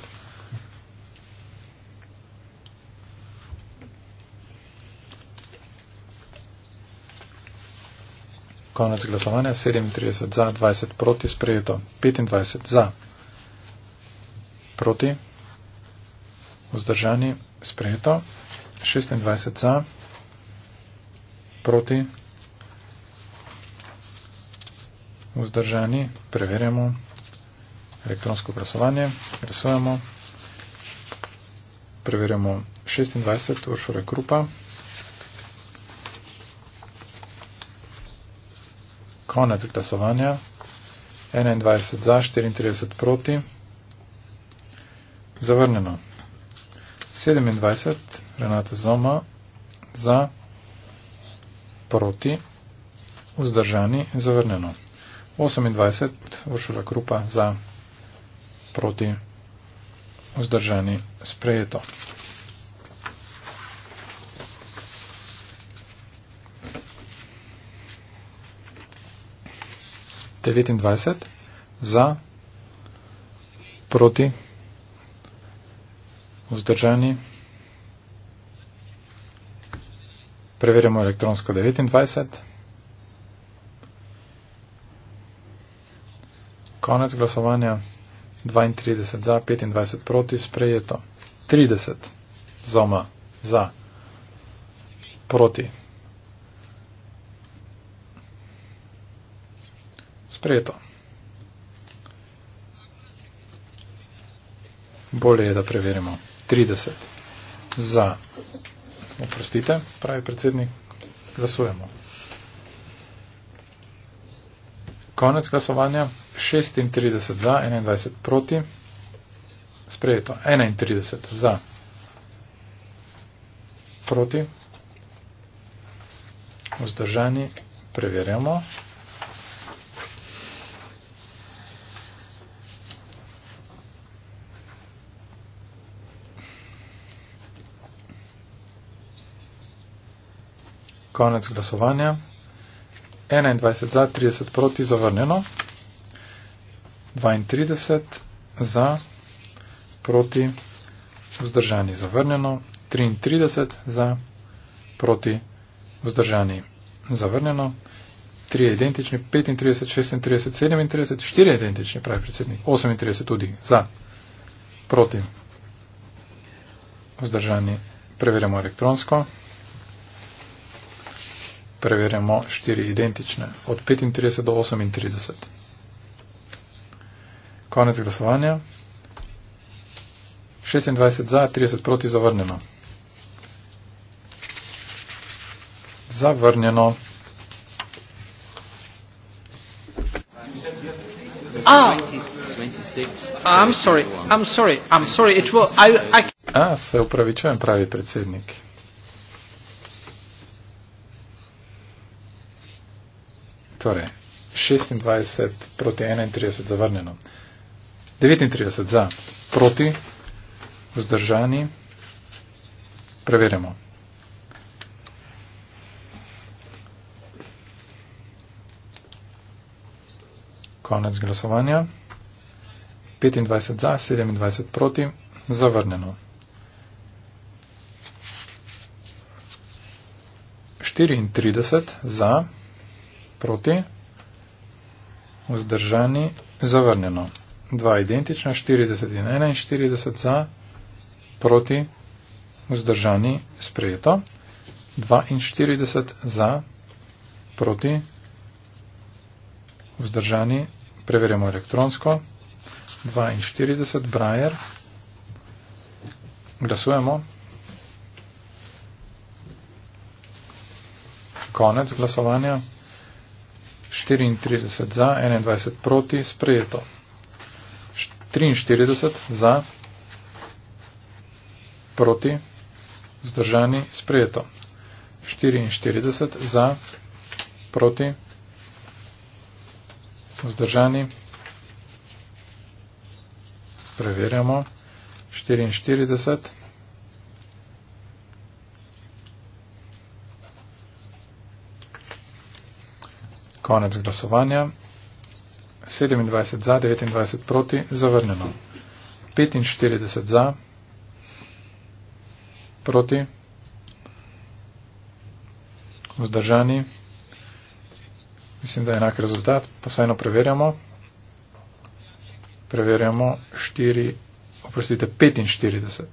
Konec glasovanja. 37 za, 20 proti, sprejeto. 25 za, proti vzdržani, sprejeto, 26 za, proti, vzdržani, preverjamo, elektronsko glasovanje, glasujemo, preverjamo 26, Uršure Krupa, konec glasovanja, 21 za, 34 proti, zavrneno. 27, Renata Zoma, za, proti, vzdržani, zavrneno. 28, Uršula Krupa, za, proti, vzdržani, sprejeto. Devetindvajset za proti vzdržani. Preverjamo elektronsko 29. Konec glasovanja 32 za, 25 proti, sprejeto. 30 zoma za, proti. Sprejeto. Bolje je, da preverimo. 30. Za, oprostite, pravi predsednik, glasujemo. Konec glasovanja, 36 za, 21 proti, sprejeto, 31 za, proti, vzdržani, preverjamo. Konec glasovanja. 21 za, 30 proti, zavrnjeno. 32 za, proti, vzdržani, zavrnjeno. 33 za, proti, vzdržani, zavrnjeno. 3 identični, 35, 36, 37, 4 identični, pravi predsednik, 38 tudi za, proti, vzdržani, preverjamo elektronsko preverjamo štiri identične, od 35 do 38. Konec glasovanja. 26 za, 30 proti zavrnjeno. Zavrnjeno. Ah, 26. Ah, I'm sorry, I'm sorry, I'm sorry, it will, I, I... A, se upravičujem, pravi predsednik. Torej, 26 proti 31 zavrnjeno. 39 za, proti, vzdržani, preverjamo. Konec glasovanja. 25 za, 27 proti, zavrnjeno. 34 za, proti, vzdržani, zavrnjeno. Dva identična, 40 in 41 za, proti, vzdržani, sprejeto. 42 za, proti, vzdržani, preverjamo elektronsko. 42, Brajer, glasujemo. Konec glasovanja. 34 za, 21 proti, sprejeto. 43 za, proti, zdržani, sprejeto. 44 za, proti, zdržani, preverjamo. 44 za, proti, zdržani. Konec glasovanja. 27 za, 29 proti, zavrnjeno. 45 za, proti, vzdržani. Mislim, da je enak rezultat. Posajno preverjamo. Preverjamo 4, oprostite, 45.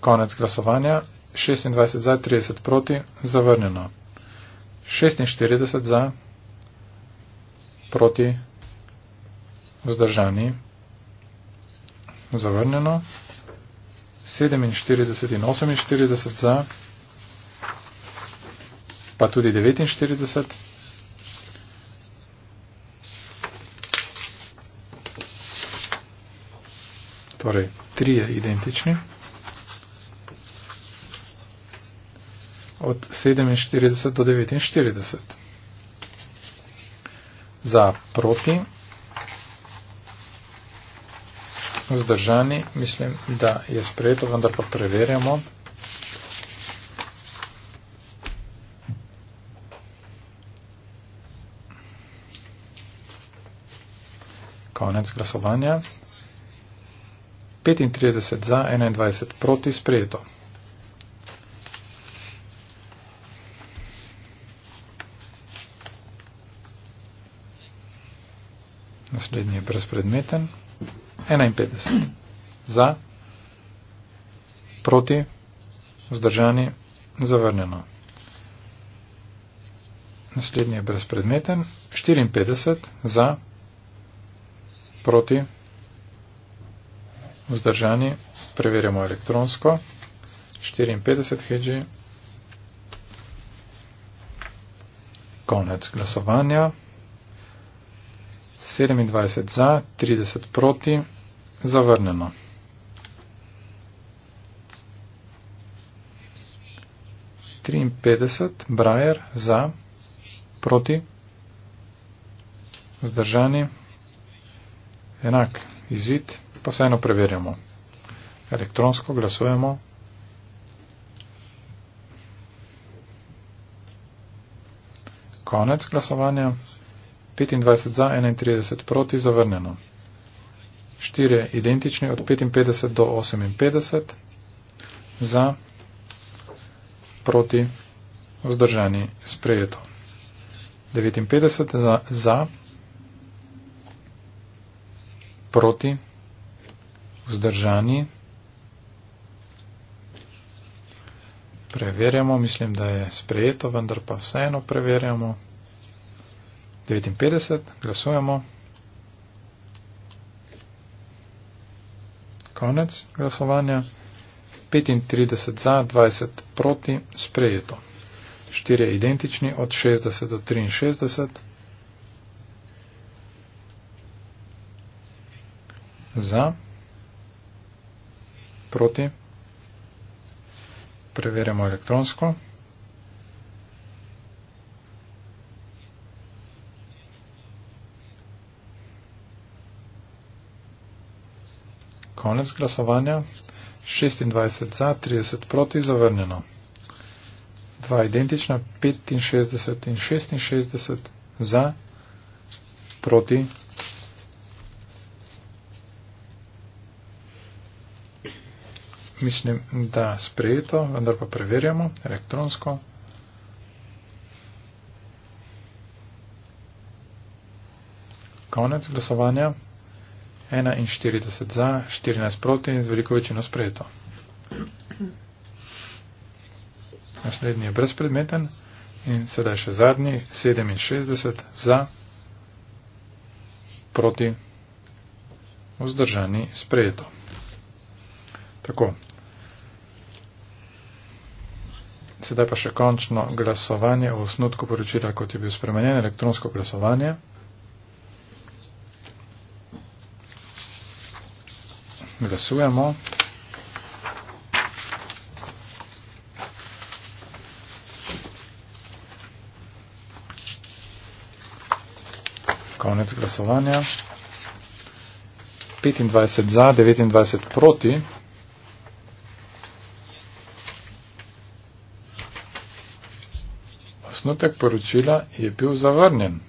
Konec glasovanja. 26 za, 30 proti, zavrnjeno. 46 za, proti, vzdržani, zavrnjeno, 47 in 48 za, pa tudi 49. Torej, trije identični. od 47 do 49. Za proti vzdržani mislim, da je sprejeto, vendar pa preverjamo. Konec glasovanja. 35 za, 21 proti sprejeto. Prednji je brezpredmeten. 51. Za. Proti. Vzdržani. Zavrnjeno. Naslednji je brezpredmeten. 54. Za. Proti. Vzdržani. Preverjamo elektronsko. 54. Heđi. Konec glasovanja. 27 za, 30 proti, zavrnjeno. Triinpetdeset, Brajer, za, proti, vzdržani, enak izid, pa vseeno preverjamo. Elektronsko glasujemo. Konec glasovanja. 25 za, 31 proti, zavrnjeno. 4 identični od 55 do 58 za, proti, vzdržani, sprejeto. 59 za, za proti, vzdržani, Preverjamo, mislim, da je sprejeto, vendar pa vseeno preverjamo. 59, glasujemo. Konec glasovanja. 35 za, 20 proti, sprejeto. 4 identični od 60 do 63. Za, proti, preverjamo elektronsko. Konec glasovanja. 26 za, 30 proti, zavrnjeno. Dva identična, 65 in 66 za, proti. Mislim, da sprejeto, vendar pa preverjamo elektronsko. Konec glasovanja. 41 za, 14 proti in z veliko večino sprejeto. Naslednji je brezpredmeten in sedaj še zadnji, 67 za, proti, vzdržani, sprejeto. Tako. Sedaj pa še končno glasovanje o osnutku poročila, kot je bil spremenjen elektronsko glasovanje. Glasujemo. Konec glasovanja. 25 za, 29 proti. Osnutek poročila je bil zavrnjen.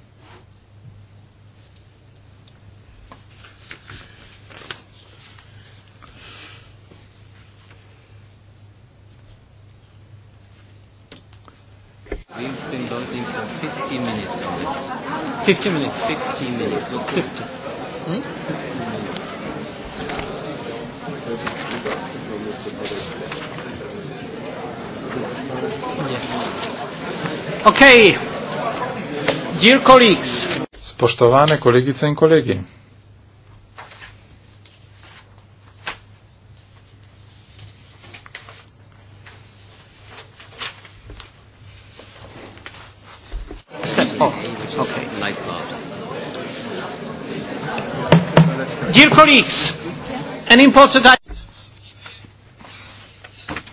15 minutes. 15 minutes. hmm? Okay. Dear colleagues. Spoštovane kolegice in kolegi.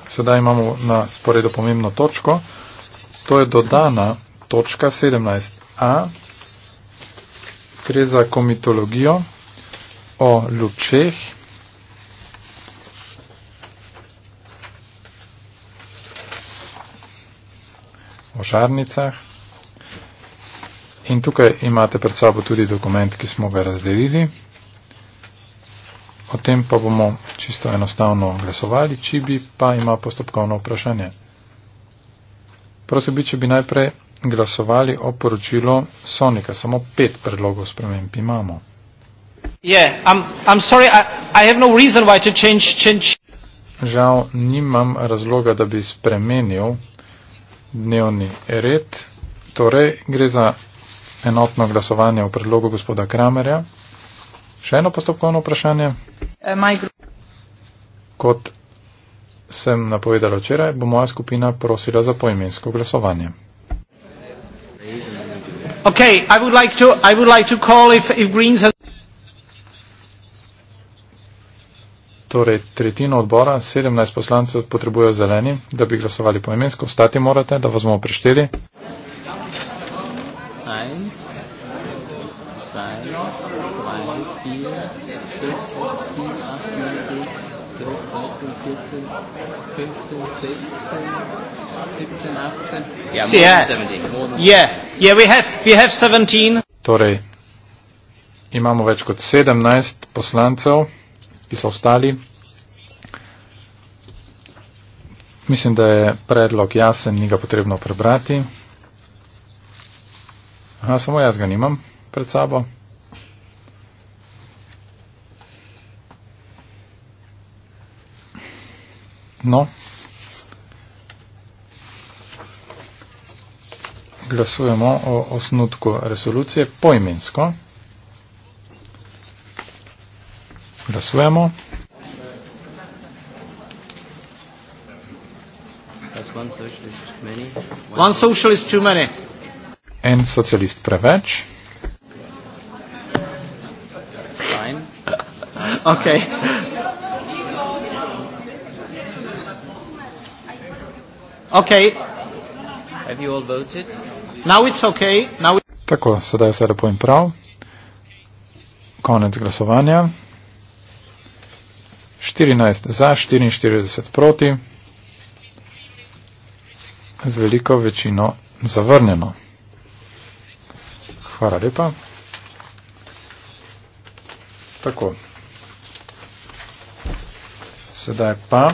Sedaj imamo na sporedu pomembno točko. To je dodana točka 17a. Gre za komitologijo o lučeh. o žarnicah. In tukaj imate pred sabo tudi dokument, ki smo ga razdelili. O tem pa bomo čisto enostavno glasovali, če bi pa ima postopkovno vprašanje. Prosim bi, če bi najprej glasovali o poročilu Sonika. Samo pet predlogov sprememb imamo. No Žal nimam razloga, da bi spremenil dnevni red. Torej, gre za enotno glasovanje o predlogu gospoda Kramerja. Še eno postopkovno vprašanje. Eh, Kot sem napovedala včeraj, bo moja skupina prosila za poimensko glasovanje. Okay, I would like to, I would like to call if, if Greens has... Torej, tretjino odbora, 17 poslancev potrebujejo zeleni, da bi glasovali po imensko. Vstati morate, da vas bomo prišteli. Eins, zwei, 14, 7, 8, 9, 10, 12, 13, 14, 15, 16, 17, 18. Yeah, more See, yeah. than 17. More than yeah, yeah, we have, we have 17. Torej, imamo več kot 17 poslancev, ki so ostali. Mislim, da je predlog jasen, ni ga potrebno prebrati. Aha, samo jaz ga nimam pred sabo. No, glasujemo o osnutku resolucije poimensko. Glasujemo. One socialist too many. En socialist preveč. Fine. Okay. Okay. Have you all voted? Now it's okay. Now it Tako, sedaj se lepo in prav. Konec glasovanja. 14 za, 44 proti. Z veliko večino zavrnjeno. Hvala lepa. Tako. Sedaj pa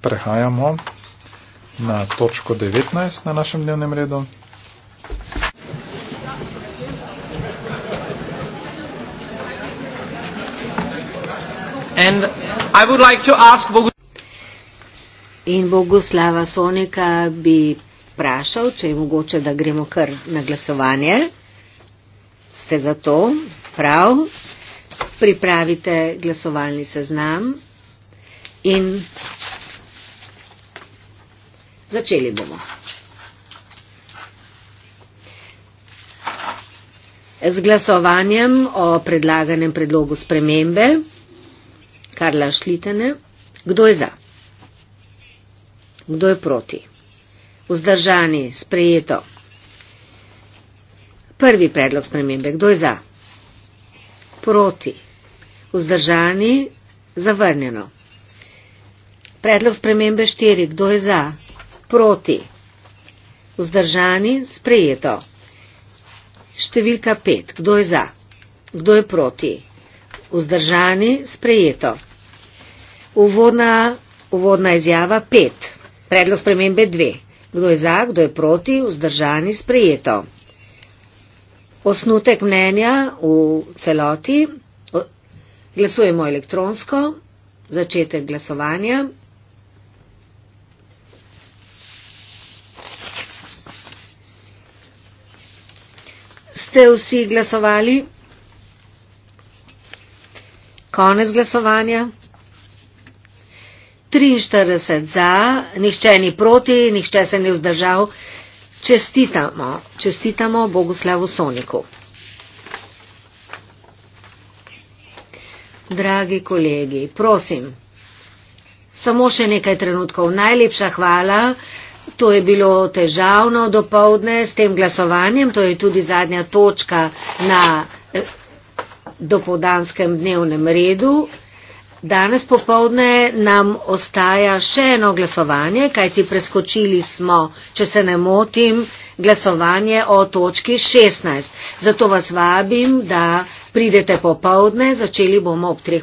prehajamo na točko 19 na našem dnevnem redu. And I would like to ask Bogus In Bogoslava Sonika bi prašal, če je mogoče, da gremo kar na glasovanje. Ste za to? Prav. Pripravite glasovalni seznam in Začeli bomo. Z glasovanjem o predlaganem predlogu spremembe Karla Šlitene. Kdo je za? Kdo je proti? Vzdržani, sprejeto. Prvi predlog spremembe. Kdo je za? Proti. Vzdržani, zavrnjeno. Predlog spremembe 4. Kdo je za? proti. Vzdržani, sprejeto. Številka 5. Kdo je za? Kdo je proti? Vzdržani, sprejeto. Uvodna, uvodna izjava 5. Predlog spremembe 2. Kdo je za, kdo je proti, vzdržani, sprejeto. Osnutek mnenja v celoti. Glasujemo elektronsko. Začetek glasovanja. ste vsi glasovali? Konec glasovanja. 43 za, nihče ni proti, nihče se ni vzdržal. Čestitamo, čestitamo Bogoslavu Soniku. Dragi kolegi, prosim, samo še nekaj trenutkov. Najlepša hvala. To je bilo težavno do povdne s tem glasovanjem, to je tudi zadnja točka na eh, dopovdanskem dnevnem redu. Danes popovdne nam ostaja še eno glasovanje, kajti preskočili smo, če se ne motim, glasovanje o točki 16. Zato vas vabim, da pridete popovdne, začeli bomo ob treh.